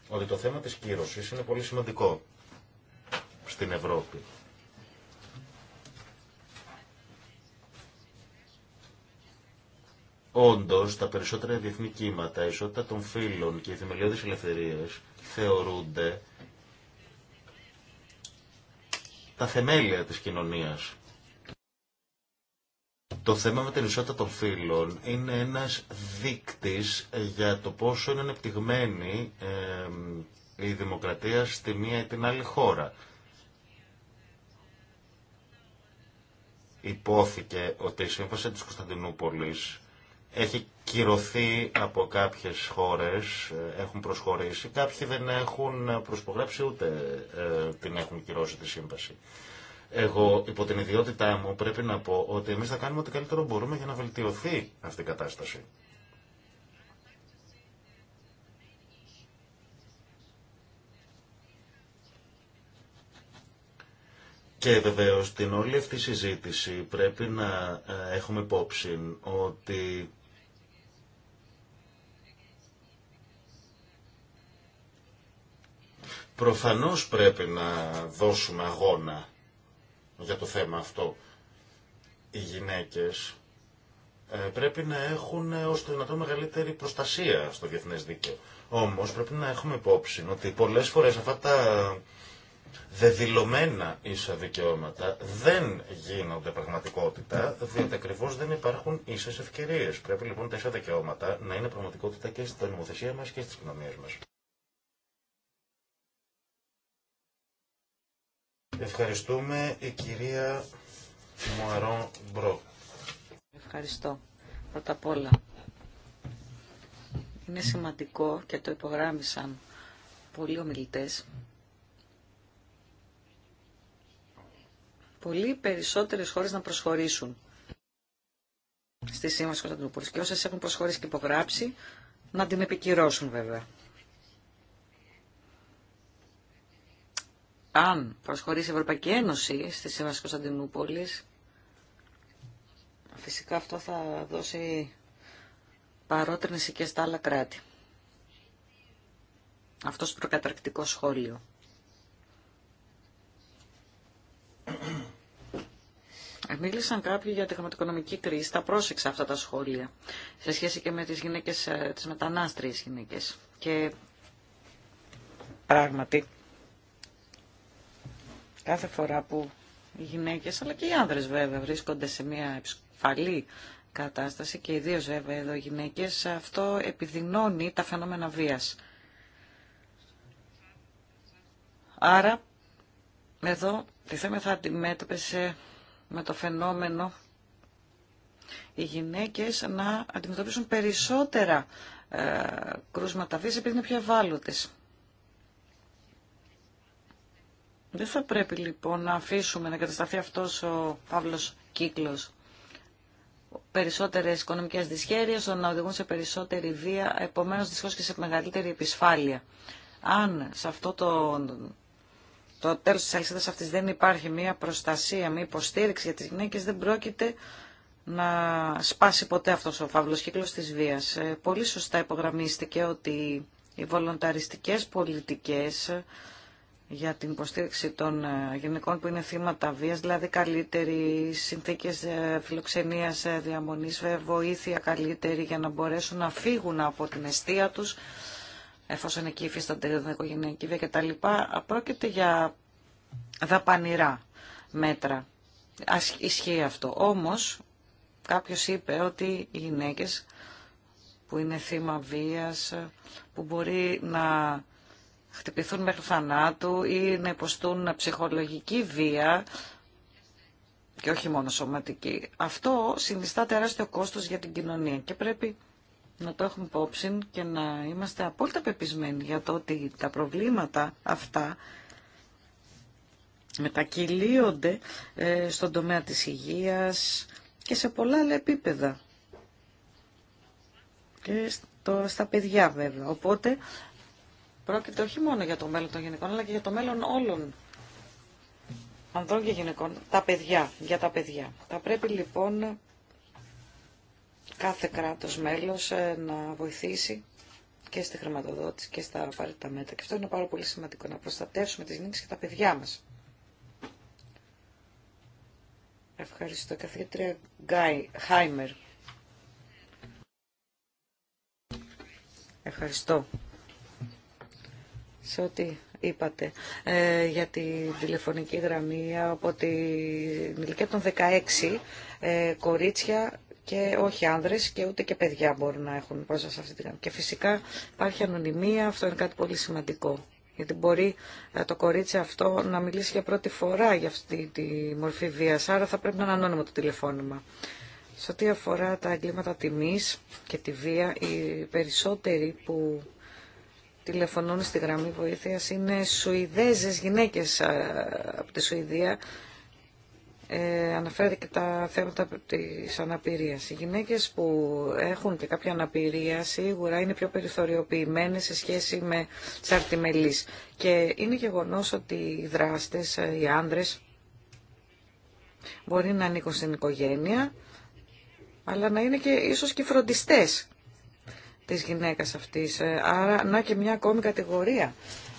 ότι το θέμα της κύρωσης είναι πολύ σημαντικό στην Ευρώπη. Όντω, τα περισσότερα διεθνή κύματα, η ισότητα των φύλων και οι θεμελιώδει ελευθερίε θεωρούνται τα θεμέλια της κοινωνίας. Το θέμα με την ισότητα των φύλων είναι ένας δείκτης για το πόσο είναι ανεπτυγμένη η δημοκρατία στη μία ή την άλλη χώρα. Υπόθηκε ότι η την αλλη χωρα υποθηκε οτι η συμφωση της Κωνσταντινούπολης έχει κυρωθεί από κάποιες χώρες, ε, έχουν προσχωρήσει. Κάποιοι δεν έχουν προσπογράψει ούτε ε, την έχουν κυρώσει τη σύμβαση. Εγώ υπό την ιδιότητά μου πρέπει να πω ότι εμείς θα κάνουμε ό,τι καλύτερο μπορούμε για να βελτιωθεί αυτή η κατάσταση. Και βεβαίω την όλη αυτή συζήτηση πρέπει να ε, έχουμε υπόψη ότι Προφανώς πρέπει να δώσουμε αγώνα για το θέμα αυτό. Οι γυναίκες ε, πρέπει να έχουν ως το δυνατόν μεγαλύτερη προστασία στο διεθνές δίκαιο. Όμως πρέπει να έχουμε υπόψη ότι πολλές φορές αυτά τα δεδηλωμένα ίσα δικαιώματα δεν γίνονται πραγματικότητα, διότι ακριβώ δεν υπάρχουν ίσες ευκαιρίες. Πρέπει λοιπόν τα ίσα δικαιώματα να είναι πραγματικότητα και στην νομοθεσία μας και στις κοινωνίες μας. Ευχαριστούμε η κυρία Μουαρό Μπρό. Ευχαριστώ. Πρώτα απ' όλα, είναι σημαντικό και το υπογράμμισαν πολλοί ομιλητές. Πολύ περισσότερες χώρες να προσχωρήσουν στη Σύμβαση Κωνσταντινούπολης και όσες έχουν προσχωρήσει και υπογράψει να την επικυρώσουν βέβαια. αν προσχωρήσει η Ευρωπαϊκή Ένωση στη Σύμβαση Κωνσταντινούπολη. φυσικά αυτό θα δώσει παρότρινση και στα άλλα κράτη. Αυτό το προκαταρκτικό σχόλιο. Μίλησαν κάποιοι για τη χρηματοοικονομική κρίση, τα πρόσεξα αυτά τα σχόλια, σε σχέση και με τις γυναίκες, ε, τις μετανάστριες γυναίκες. Και πράγματι, Κάθε φορά που οι γυναίκες αλλά και οι άνδρες βέβαια βρίσκονται σε μια επισφαλή κατάσταση και ιδίως βέβαια εδώ οι γυναίκες, αυτό επιδεινώνει τα φαινόμενα βίας. Άρα εδώ τη θέμα θα αντιμέτωπε με το φαινόμενο οι γυναίκες να αντιμετωπίσουν περισσότερα ε, κρούσματα βίας επειδή είναι πιο ευάλωτες. Δεν θα πρέπει λοιπόν να αφήσουμε να κατασταθεί αυτός ο παύλος κύκλος. Περισσότερες οικονομικές δυσχέρειες να οδηγούν σε περισσότερη βία, επομένως δυστυχώς και σε μεγαλύτερη επισφάλεια. Αν σε αυτό το, το τέλος της αλυσίδας αυτής δεν υπάρχει μία προστασία, μία υποστήριξη για τις γυναίκες, δεν πρόκειται να σπάσει ποτέ αυτός ο φαύλος κύκλος της βίας. Ε, πολύ σωστά υπογραμμίστηκε ότι οι βολονταριστικές πολιτικές για την υποστήριξη των ε, γυναικών που είναι θύματα βίας, δηλαδή καλύτερη συνθήκες ε, φιλοξενίας ε, διαμονής, βοήθεια καλύτερη για να μπορέσουν να φύγουν από την αιστεία τους, εφόσον εκεί υφίστανται την οικογενειακή βία κτλ. Πρόκειται για δαπανηρά μέτρα. Ισχύει αυτό. Όμως, κάποιος είπε ότι οι γυναίκες που είναι θύμα βίας, που μπορεί να χτυπηθούν μέχρι θανάτου ή να υποστούν ψυχολογική βία και όχι μόνο σωματική. Αυτό συνιστά τεράστιο κόστος για την κοινωνία και πρέπει να το έχουμε υπόψη και να είμαστε απόλυτα πεπισμένοι για το ότι τα προβλήματα αυτά μετακυλίονται ε, στον τομέα της υγείας και σε πολλά άλλα επίπεδα. Και στα παιδιά βέβαια. Οπότε Πρόκειται όχι μόνο για το μέλλον των γυναικών, αλλά και για το μέλλον όλων ανδρών και γυναικών, τα παιδιά, για τα παιδιά. Θα πρέπει λοιπόν κάθε κράτος μέλος ε, να βοηθήσει και στη χρηματοδότηση και στα απαραίτητα μέτρα. Και αυτό είναι πάρα πολύ σημαντικό, να προστατεύσουμε τις γυναίκες και τα παιδιά μας. Ευχαριστώ. Καθηγήτρια Γκάι, Χάιμερ. Ευχαριστώ σε ό,τι είπατε ε, για τη τηλεφωνική γραμμή από τη ηλικία των 16 ε, κορίτσια και όχι άνδρες και ούτε και παιδιά μπορούν να έχουν πρόσβαση σε αυτή τη γραμμή. Και φυσικά υπάρχει ανωνυμία, αυτό είναι κάτι πολύ σημαντικό. Γιατί μπορεί ε, το κορίτσι αυτό να μιλήσει για πρώτη φορά για αυτή τη μορφή βίας, άρα θα πρέπει να είναι ανώνυμο το τηλεφώνημα. Σε ό,τι αφορά τα εγκλήματα τιμής και τη βία, οι περισσότεροι που τηλεφωνούν στη γραμμή βοήθειας είναι Σουηδέζες γυναίκες ε, από τη Σουηδία. Ε, αναφέρει και τα θέματα της αναπηρίας. Οι γυναίκες που έχουν και κάποια αναπηρία σίγουρα είναι πιο περιθωριοποιημένες σε σχέση με τις Και είναι γεγονός ότι οι δράστες, ε, οι άνδρες, μπορεί να ανήκουν στην οικογένεια, αλλά να είναι και ίσως και φροντιστές της γυναίκας αυτής. Ε, άρα να και μια ακόμη κατηγορία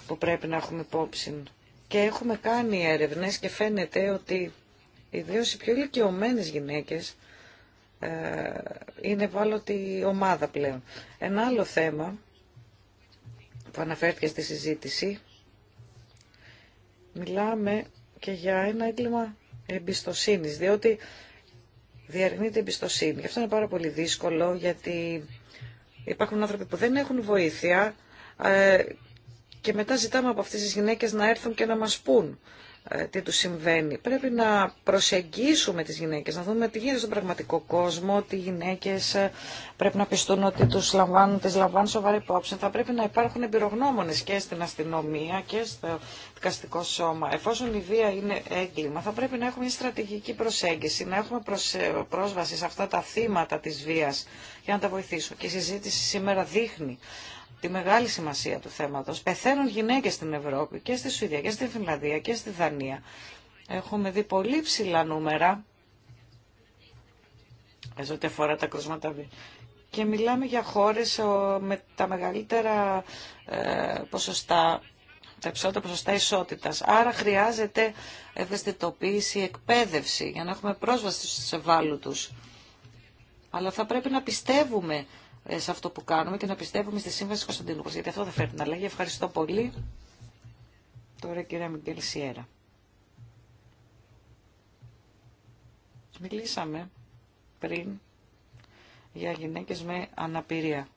που πρέπει να έχουμε υπόψη. Και έχουμε κάνει έρευνες και φαίνεται ότι ιδίω οι πιο ηλικιωμένε γυναίκες ε, είναι ευάλωτη ομάδα πλέον. Ένα άλλο θέμα που αναφέρθηκε στη συζήτηση, μιλάμε και για ένα έγκλημα εμπιστοσύνης, διότι η εμπιστοσύνη. Γι' αυτό είναι πάρα πολύ δύσκολο, γιατί Υπάρχουν άνθρωποι που δεν έχουν βοήθεια ε, και μετά ζητάμε από αυτές τις γυναίκες να έρθουν και να μας πούν ε, τι τους συμβαίνει. Πρέπει να προσεγγίσουμε τις γυναίκες, να δούμε τι γίνεται στον πραγματικό κόσμο, ότι οι γυναίκες ε, πρέπει να πιστούν ότι τους λαμβάνουν, τις λαμβάνουν σοβαρή υπόψη. Θα πρέπει να υπάρχουν εμπειρογνώμονες και στην αστυνομία και στο δικαστικό σώμα. Εφόσον η βία είναι έγκλημα, θα πρέπει να έχουμε μια στρατηγική προσέγγιση, να έχουμε πρόσβαση σε αυτά τα θύματα της βίας για να τα βοηθήσω. Και η συζήτηση σήμερα δείχνει τη μεγάλη σημασία του θέματο. Πεθαίνουν γυναίκες στην Ευρώπη και στη Σουηδία και στη Φινλανδία και στη Δανία. Έχουμε δει πολύ ψηλά νούμερα τα κρούσματα και μιλάμε για χώρες με τα μεγαλύτερα ε, ποσοστά τα υψηλότερα ποσοστά ισότητα. Άρα χρειάζεται ευαισθητοποίηση, εκπαίδευση για να έχουμε πρόσβαση στου ευάλωτου αλλά θα πρέπει να πιστεύουμε ε, σε αυτό που κάνουμε και να πιστεύουμε στη Σύμβαση Κωνσταντίνου Γιατί αυτό δεν φέρνει να αλλαγή. Ευχαριστώ πολύ. Τώρα η κυρία Μιγγέλ Σιέρα. Μιλήσαμε πριν για γυναίκες με αναπηρία.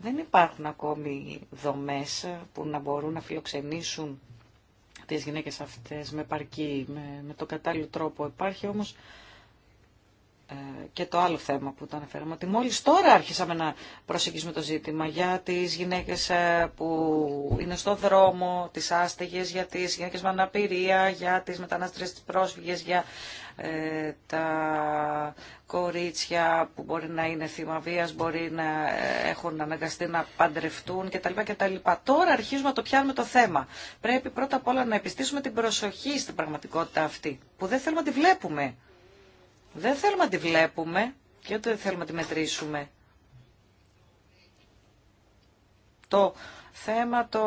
Δεν υπάρχουν ακόμη δομές που να μπορούν να φιλοξενήσουν τις γυναίκες αυτές με παρκή, με, με το κατάλληλο τρόπο. Υπάρχει όμως ε, και το άλλο θέμα που το αναφέραμε, ότι μόλις τώρα άρχισαμε να προσεγγίσουμε το ζήτημα για τις γυναίκες ε, που είναι στο δρόμο, τις άστεγες, για τις γυναίκες με αναπηρία, για τις μετανάστρες, τις πρόσφυγες, για ε, τα κορίτσια που μπορεί να είναι θύμα μπορεί να ε, έχουν αναγκαστεί να παντρευτούν κτλ. κτλ. Τώρα αρχίζουμε να το πιάνουμε το θέμα. Πρέπει πρώτα απ' όλα να επιστήσουμε την προσοχή στην πραγματικότητα αυτή, που δεν θέλουμε να τη βλέπουμε. Δεν θέλουμε να τη βλέπουμε και δεν θέλουμε να τη μετρήσουμε. Το θέμα το...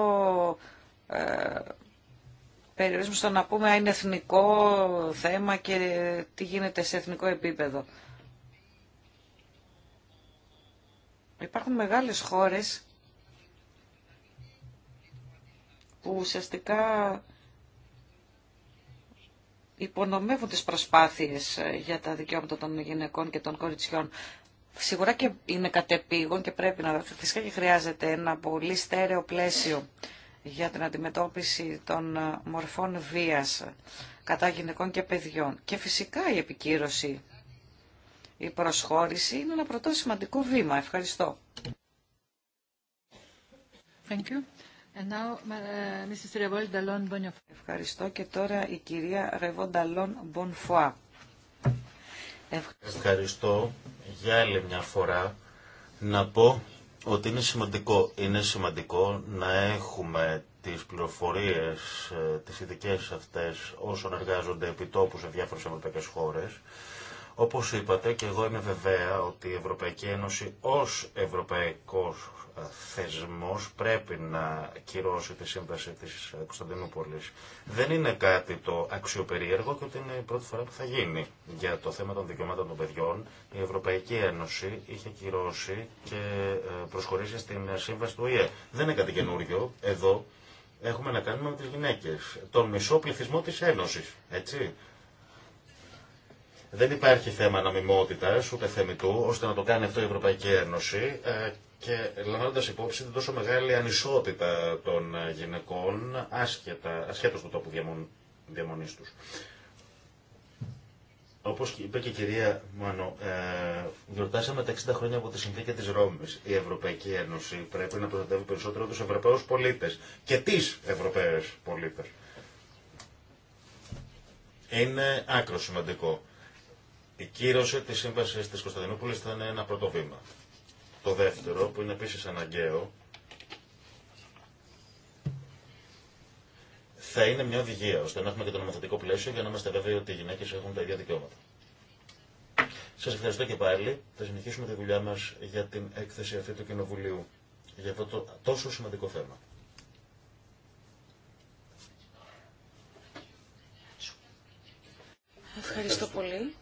Ε, περιορίζουμε στο να πούμε αν είναι εθνικό θέμα και τι γίνεται σε εθνικό επίπεδο. Υπάρχουν μεγάλες χώρες που ουσιαστικά υπονομεύουν τις προσπάθειες για τα δικαιώματα των γυναικών και των κοριτσιών. Σίγουρα και είναι κατεπήγον και πρέπει να... Φυσικά και χρειάζεται ένα πολύ στέρεο πλαίσιο για την αντιμετώπιση των ε, μορφών βίας κατά γυναικών και παιδιών. Και φυσικά η επικύρωση, η προσχώρηση είναι ένα πρωτό σημαντικό βήμα. Ευχαριστώ. Thank you. And now, uh, Mrs. Ευχαριστώ και τώρα η κυρία Ρεβόνταλόν Μπονφουά. Ευχαριστώ για άλλη μια φορά να πω ότι είναι σημαντικό. Είναι σημαντικό να έχουμε τις πληροφορίες, ε, τις ειδικέ αυτές όσων εργάζονται επιτόπου σε διάφορες ευρωπαϊκές χώρες όπως είπατε και εγώ είμαι βεβαία ότι η Ευρωπαϊκή Ένωση ως ευρωπαϊκός ε, θεσμός πρέπει να κυρώσει τη σύμβαση της Κωνσταντινούπολης. Δεν είναι κάτι το αξιοπερίεργο και ότι είναι η πρώτη φορά που θα γίνει. Για το θέμα των δικαιωμάτων των παιδιών, η Ευρωπαϊκή Ένωση είχε κυρώσει και ε, προσχωρήσει στην σύμβαση του ΙΕ. Δεν είναι κάτι καινούριο. Εδώ έχουμε να κάνουμε με τις γυναίκες. Τον μισό πληθυσμό της Ένωσης, έτσι. Δεν υπάρχει θέμα αναμιμότητα ούτε θεμητού, ώστε να το κάνει αυτό η Ευρωπαϊκή Ένωση ε, και λαμβάνοντα υπόψη την τόσο μεγάλη ανισότητα των ε, γυναικών ασχέτα, ασχέτως του τόπου διαμονή διαμονής τους. Όπω είπε και η κυρία Μάνο, ε, γιορτάσαμε τα 60 χρόνια από τη συνθήκη τη Ρώμη. Η Ευρωπαϊκή Ένωση πρέπει να προστατεύει περισσότερο του Ευρωπαίου πολίτε και τι Ευρωπαίε πολίτε. Είναι άκρο σημαντικό. Η κύρωση τη σύμβαση τη Κωνσταντινούπολη είναι ένα πρώτο βήμα. Το δεύτερο, που είναι επίση αναγκαίο, θα είναι μια οδηγία, ώστε να έχουμε και το νομοθετικό πλαίσιο για να είμαστε βέβαιοι ότι οι γυναίκε έχουν τα ίδια δικαιώματα. Σα ευχαριστώ και πάλι. Θα συνεχίσουμε τη δουλειά μα για την έκθεση αυτή του Κοινοβουλίου για αυτό το τόσο σημαντικό θέμα. Ευχαριστώ πολύ.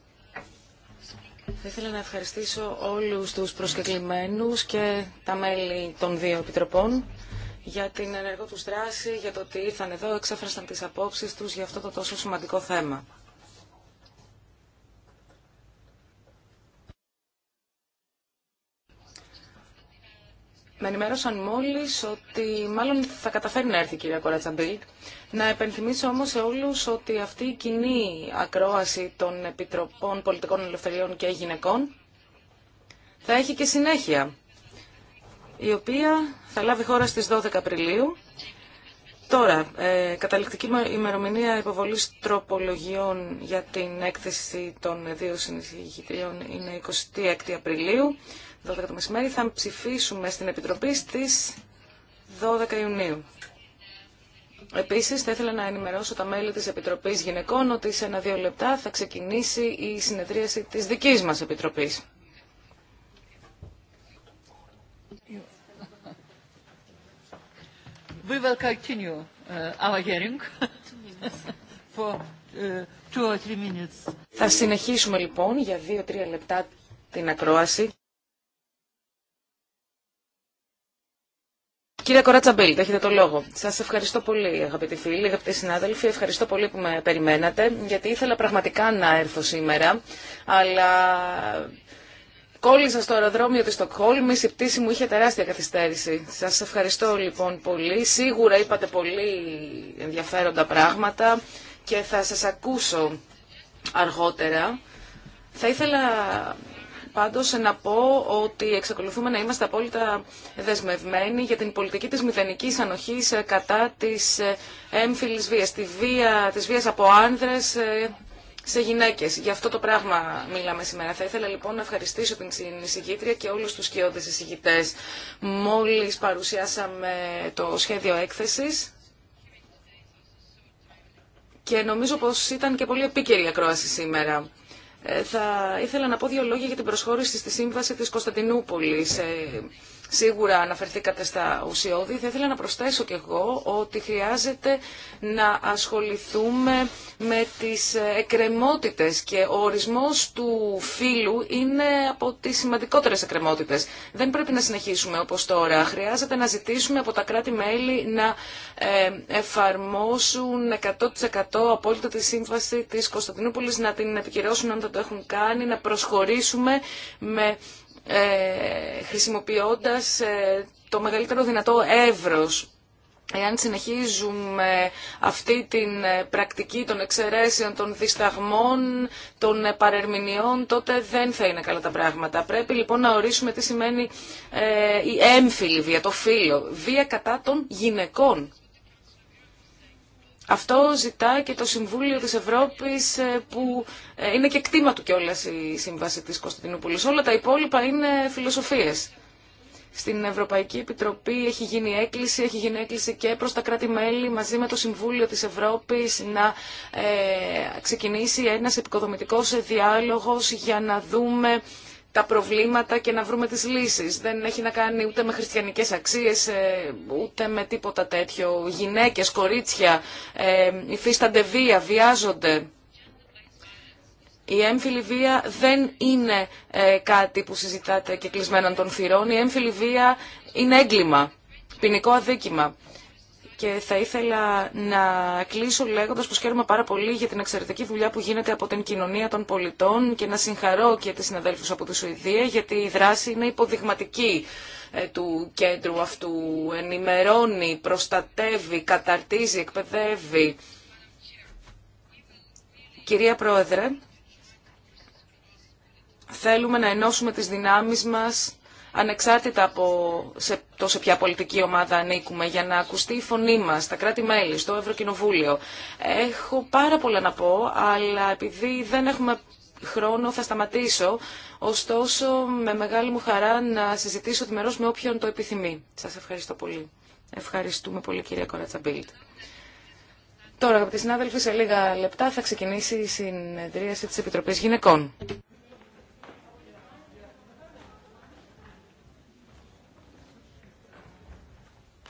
Θα ήθελα να ευχαριστήσω όλους τους προσκεκλημένους και τα μέλη των δύο επιτροπών για την ενεργό τους δράση, για το ότι ήρθαν εδώ, εξέφρασαν τις απόψεις τους για αυτό το τόσο σημαντικό θέμα. με ενημέρωσαν μόλις ότι μάλλον θα καταφέρει να έρθει η κυρία Κορατσαμπίλ. Να επενθυμίσω όμως σε όλου ότι αυτή η κοινή ακρόαση των Επιτροπών Πολιτικών Ελευθεριών και Γυναικών θα έχει και συνέχεια, η οποία θα λάβει χώρα στις 12 Απριλίου. Τώρα, ε, καταληκτική ημερομηνία υποβολής τροπολογιών για την έκθεση των δύο συνεισηγητριών είναι 26 Απριλίου. 12 το μεσημέρι, θα ψηφίσουμε στην Επιτροπή στις 12 Ιουνίου. Επίσης, θα ήθελα να ενημερώσω τα μέλη της Επιτροπής Γυναικών ότι σε ένα-δύο λεπτά θα ξεκινήσει η συνεδρίαση της δικής μας Επιτροπής. We will continue uh, our hearing for uh, two or three minutes. Θα συνεχίσουμε λοιπόν για δύο-τρία λεπτά την ακρόαση. Κύριε Κοράτσα Μπίλτ, έχετε το λόγο. Σα ευχαριστώ πολύ, αγαπητοί φίλοι, αγαπητοί συνάδελφοι. Ευχαριστώ πολύ που με περιμένατε, γιατί ήθελα πραγματικά να έρθω σήμερα, αλλά κόλλησα στο αεροδρόμιο τη Στοκχόλμη. Η πτήση μου είχε τεράστια καθυστέρηση. Σα ευχαριστώ λοιπόν πολύ. Σίγουρα είπατε πολύ ενδιαφέροντα πράγματα και θα σα ακούσω αργότερα. Θα ήθελα Πάντως να πω ότι εξακολουθούμε να είμαστε απόλυτα δεσμευμένοι για την πολιτική της μηδενικής ανοχής ε, κατά της ε, έμφυλης βία, τη βία, της βίας από άνδρες ε, σε γυναίκες. Γι' αυτό το πράγμα μιλάμε σήμερα. Θα ήθελα λοιπόν να ευχαριστήσω την εισηγήτρια και όλους τους κοιόντες εισηγητές. Μόλις παρουσιάσαμε το σχέδιο έκθεσης και νομίζω πως ήταν και πολύ επίκαιρη η ακρόαση σήμερα. Ε, θα ήθελα να πω δύο λόγια για την προσχώρηση στη Σύμβαση της Κωνσταντινούπολης. Ε, Σίγουρα αναφερθήκατε στα ουσιώδη. Θα ήθελα να προσθέσω κι εγώ ότι χρειάζεται να ασχοληθούμε με τις εκκρεμότητες και ο ορισμός του φύλου είναι από τις σημαντικότερες εκκρεμότητες. Δεν πρέπει να συνεχίσουμε όπως τώρα. Χρειάζεται να ζητήσουμε από τα κράτη-μέλη να ε, εφαρμόσουν 100% απόλυτα τη σύμβαση της Κωνσταντινούπολης, να την επικυρώσουν αν δεν το έχουν κάνει, να προσχωρήσουμε με ε, χρησιμοποιώντας ε, το μεγαλύτερο δυνατό εύρος. Εάν συνεχίζουμε αυτή την ε, πρακτική των εξαιρέσεων, των δισταγμών, των παρερμηνιών, τότε δεν θα είναι καλά τα πράγματα. Πρέπει λοιπόν να ορίσουμε τι σημαίνει η έμφυλη βία, το φύλλο, βία κατά των γυναικών. Αυτό ζητά και το Συμβούλιο της Ευρώπης ε, που ε, είναι και κτήμα του κιόλας η Σύμβαση της Κωνσταντινούπολης. Όλα τα υπόλοιπα είναι φιλοσοφίες. Στην Ευρωπαϊκή Επιτροπή έχει γίνει έκκληση, έχει γίνει έκκληση και προς τα κράτη-μέλη μαζί με το Συμβούλιο της Ευρώπης να ε, ξεκινήσει ένας επικοδομητικός διάλογος για να δούμε τα προβλήματα και να βρούμε τις λύσεις. Δεν έχει να κάνει ούτε με χριστιανικές αξίες, ε, ούτε με τίποτα τέτοιο. Γυναίκες, κορίτσια, ε, υφίστανται βία, βιάζονται. Η έμφυλη βία δεν είναι ε, κάτι που συζητάτε και κλεισμένον των θυρών. Η έμφυλη βία είναι έγκλημα, ποινικό αδίκημα και θα ήθελα να κλείσω λέγοντας πως χαίρομαι πάρα πολύ για την εξαιρετική δουλειά που γίνεται από την κοινωνία των πολιτών και να συγχαρώ και τις συναδέλφους από τη Σουηδία γιατί η δράση είναι υποδειγματική ε, του κέντρου αυτού. Ενημερώνει, προστατεύει, καταρτίζει, εκπαιδεύει. Κυρία Πρόεδρε, θέλουμε να ενώσουμε τις δυνάμεις μας ανεξάρτητα από σε, το σε ποια πολιτική ομάδα ανήκουμε, για να ακουστεί η φωνή μας στα κράτη-μέλη, στο Ευρωκοινοβούλιο. Έχω πάρα πολλά να πω, αλλά επειδή δεν έχουμε χρόνο θα σταματήσω, ωστόσο με μεγάλη μου χαρά να συζητήσω μερό με όποιον το επιθυμεί. Σας ευχαριστώ πολύ. Ευχαριστούμε πολύ κυρία Κορατσαμπίλτ. Τώρα, αγαπητοί συνάδελφοι, σε λίγα λεπτά θα ξεκινήσει η συνεδρίαση της Επιτροπής Γυναικών.